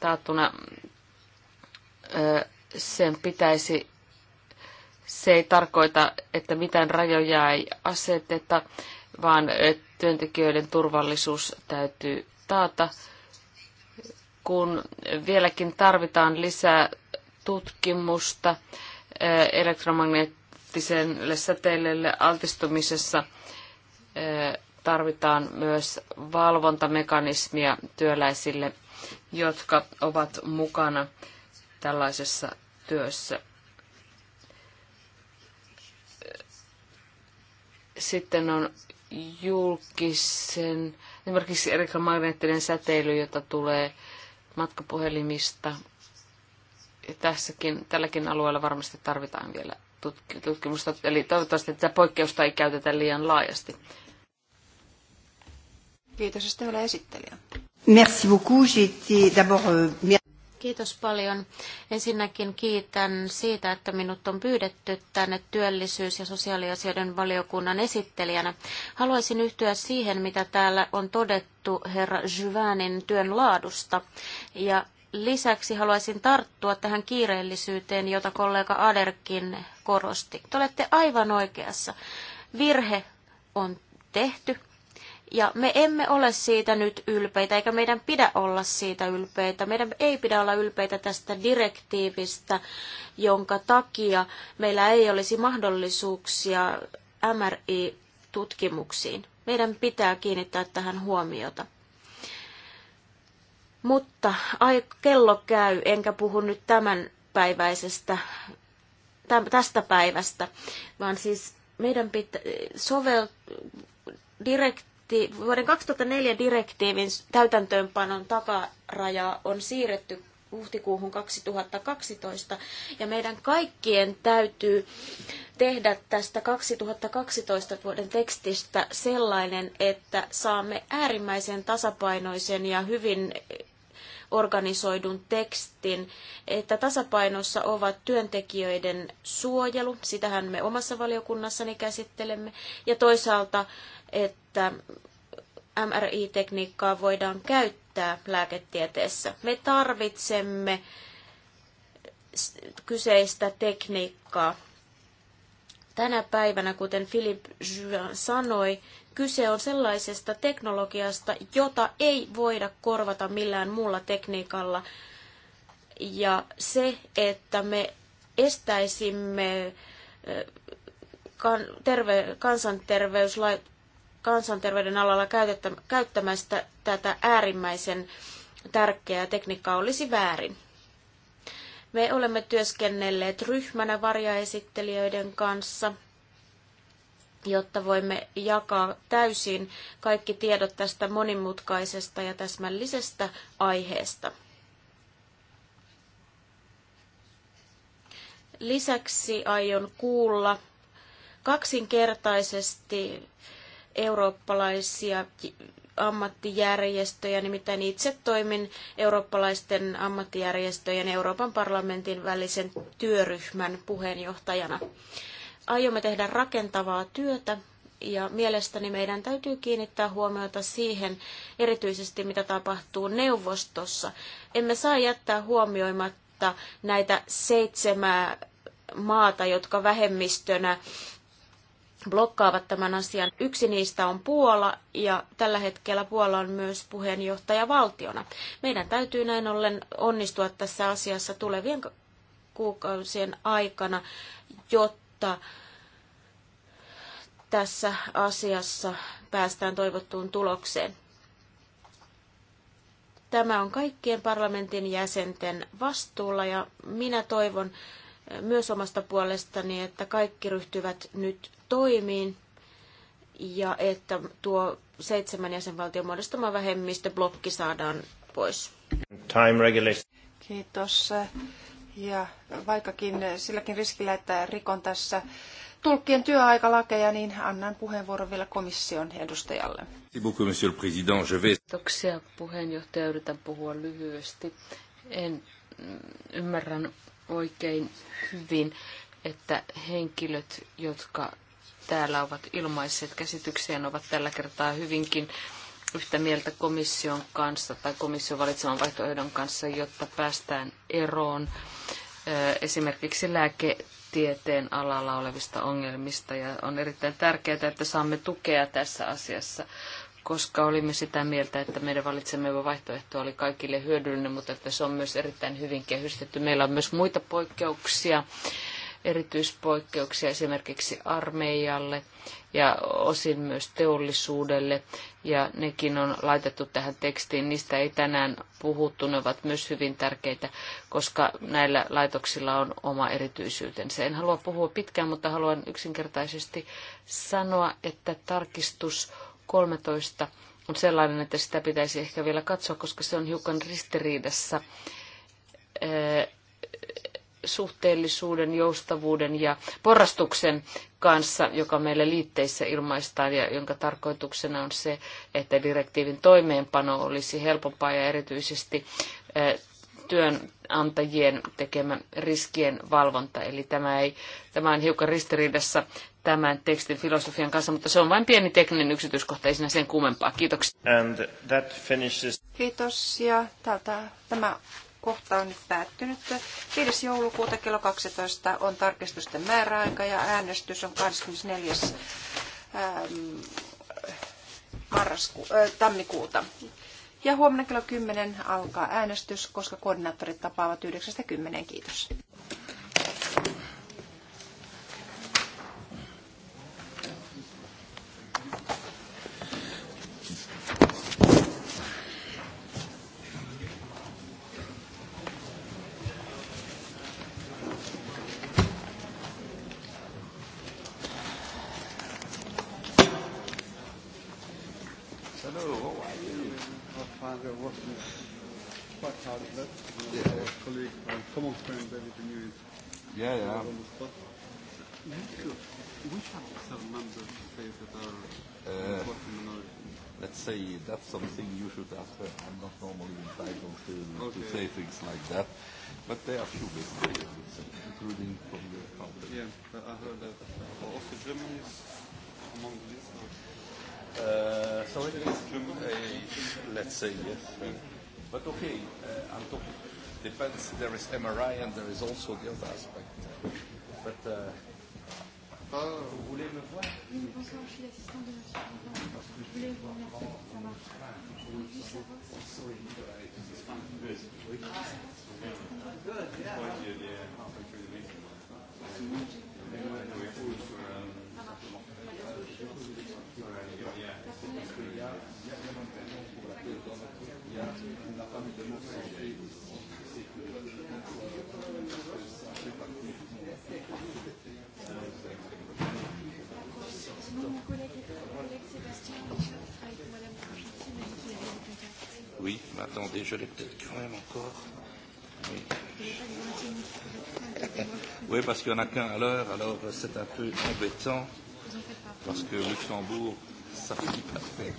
taattuna sen pitäisi, se ei tarkoita, että mitään rajoja ei aseteta, vaan työntekijöiden turvallisuus täytyy taata. Kun vieläkin tarvitaan lisää tutkimusta elektromagneettiselle säteilylle altistumisessa, tarvitaan myös valvontamekanismia työläisille jotka ovat mukana tällaisessa työssä. Sitten on julkisen, esimerkiksi elektromagneettinen säteily, jota tulee matkapuhelimista. Ja tässäkin, tälläkin alueella varmasti tarvitaan vielä tutkimusta, eli toivottavasti tätä poikkeusta ei käytetä liian laajasti. Kiitos, jos esittelijä. Merci beaucoup. d'abord... Euh, Kiitos paljon. Ensinnäkin kiitän siitä, että minut on pyydetty tänne työllisyys- ja sosiaaliasioiden valiokunnan esittelijänä. Haluaisin yhtyä siihen, mitä täällä on todettu herra Jyvänin työn laadusta. Ja lisäksi haluaisin tarttua tähän kiireellisyyteen, jota kollega Aderkin korosti. Te olette aivan oikeassa. Virhe on tehty ja me emme ole siitä nyt ylpeitä, eikä meidän pidä olla siitä ylpeitä. Meidän ei pidä olla ylpeitä tästä direktiivistä, jonka takia meillä ei olisi mahdollisuuksia MRI-tutkimuksiin. Meidän pitää kiinnittää tähän huomiota. Mutta ai, kello käy, enkä puhu nyt tämän päiväisestä, tästä päivästä, vaan siis meidän pitää sovel, direkt, direkti- vuoden 2004 direktiivin täytäntöönpanon takaraja on siirretty huhtikuuhun 2012, ja meidän kaikkien täytyy tehdä tästä 2012 vuoden tekstistä sellainen, että saamme äärimmäisen tasapainoisen ja hyvin organisoidun tekstin, että tasapainossa ovat työntekijöiden suojelu, sitähän me omassa valiokunnassani käsittelemme, ja toisaalta, että että MRI-tekniikkaa voidaan käyttää lääketieteessä. Me tarvitsemme kyseistä tekniikkaa. Tänä päivänä, kuten Philip Juin sanoi, kyse on sellaisesta teknologiasta, jota ei voida korvata millään muulla tekniikalla. Ja se, että me estäisimme kan, terve, kansanterveyden alalla käyttämästä tätä äärimmäisen tärkeää tekniikkaa olisi väärin. Me olemme työskennelleet ryhmänä varjaesittelijöiden kanssa, jotta voimme jakaa täysin kaikki tiedot tästä monimutkaisesta ja täsmällisestä aiheesta. Lisäksi aion kuulla kaksinkertaisesti eurooppalaisia ammattijärjestöjä, nimittäin itse toimin eurooppalaisten ammattijärjestöjen Euroopan parlamentin välisen työryhmän puheenjohtajana. Aiomme tehdä rakentavaa työtä ja mielestäni meidän täytyy kiinnittää huomiota siihen erityisesti, mitä tapahtuu neuvostossa. Emme saa jättää huomioimatta näitä seitsemää maata, jotka vähemmistönä blokkaavat tämän asian. Yksi niistä on Puola ja tällä hetkellä Puola on myös puheenjohtajavaltiona. Meidän täytyy näin ollen onnistua tässä asiassa tulevien kuukausien aikana, jotta tässä asiassa päästään toivottuun tulokseen. Tämä on kaikkien parlamentin jäsenten vastuulla ja minä toivon myös omasta puolestani, että kaikki ryhtyvät nyt toimiin ja että tuo seitsemän jäsenvaltion muodostama vähemmistöblokki saadaan pois. Time Kiitos. Ja vaikkakin silläkin riskillä, että rikon tässä tulkkien työaikalakeja, niin annan puheenvuoron vielä komission edustajalle. Kiitoksia puheenjohtaja. Yritän puhua lyhyesti. En mm, ymmärrän oikein hyvin, että henkilöt, jotka täällä ovat ilmaisseet käsitykseen, ovat tällä kertaa hyvinkin yhtä mieltä komission kanssa tai komission valitseman vaihtoehdon kanssa, jotta päästään eroon eh, esimerkiksi lääketieteen alalla olevista ongelmista. Ja on erittäin tärkeää, että saamme tukea tässä asiassa, koska olimme sitä mieltä, että meidän valitsemme vaihtoehto oli kaikille hyödyllinen, mutta että se on myös erittäin hyvin kehystetty. Meillä on myös muita poikkeuksia erityispoikkeuksia esimerkiksi armeijalle ja osin myös teollisuudelle. Ja nekin on laitettu tähän tekstiin. Niistä ei tänään puhuttu. Ne ovat myös hyvin tärkeitä, koska näillä laitoksilla on oma erityisyytensä. En halua puhua pitkään, mutta haluan yksinkertaisesti sanoa, että tarkistus 13 on sellainen, että sitä pitäisi ehkä vielä katsoa, koska se on hiukan ristiriidassa suhteellisuuden, joustavuuden ja porrastuksen kanssa, joka meillä liitteissä ilmaistaan ja jonka tarkoituksena on se, että direktiivin toimeenpano olisi helpompaa ja erityisesti työnantajien tekemä riskien valvonta. Eli tämä, ei, tämä on hiukan ristiriidassa tämän tekstin filosofian kanssa, mutta se on vain pieni tekninen yksityiskohta, ei siinä sen kummempaa. Kiitoksia. Kiitos ja tältä, tämä kohta on nyt päättynyt. 5. joulukuuta kello 12 on tarkistusten määräaika ja äänestys on 24. Ähm, marrasku, äh, tammikuuta. Ja huomenna kello 10 alkaa äänestys, koska koordinaattorit tapaavat 9.10. Kiitos. say yes. But okay, uh, I'm talking. Depends. There is MRI and there is also the other aspect. But. Uh, Oh, vous voulez me voir Good, yeah. attendez, je l'ai peut-être quand même encore. Oui, oui parce qu'il n'y en a qu'un à l'heure, alors c'est un peu embêtant. Parce que Luxembourg, ça finit pas fait.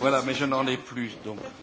Voilà, mais je n'en ai plus, donc.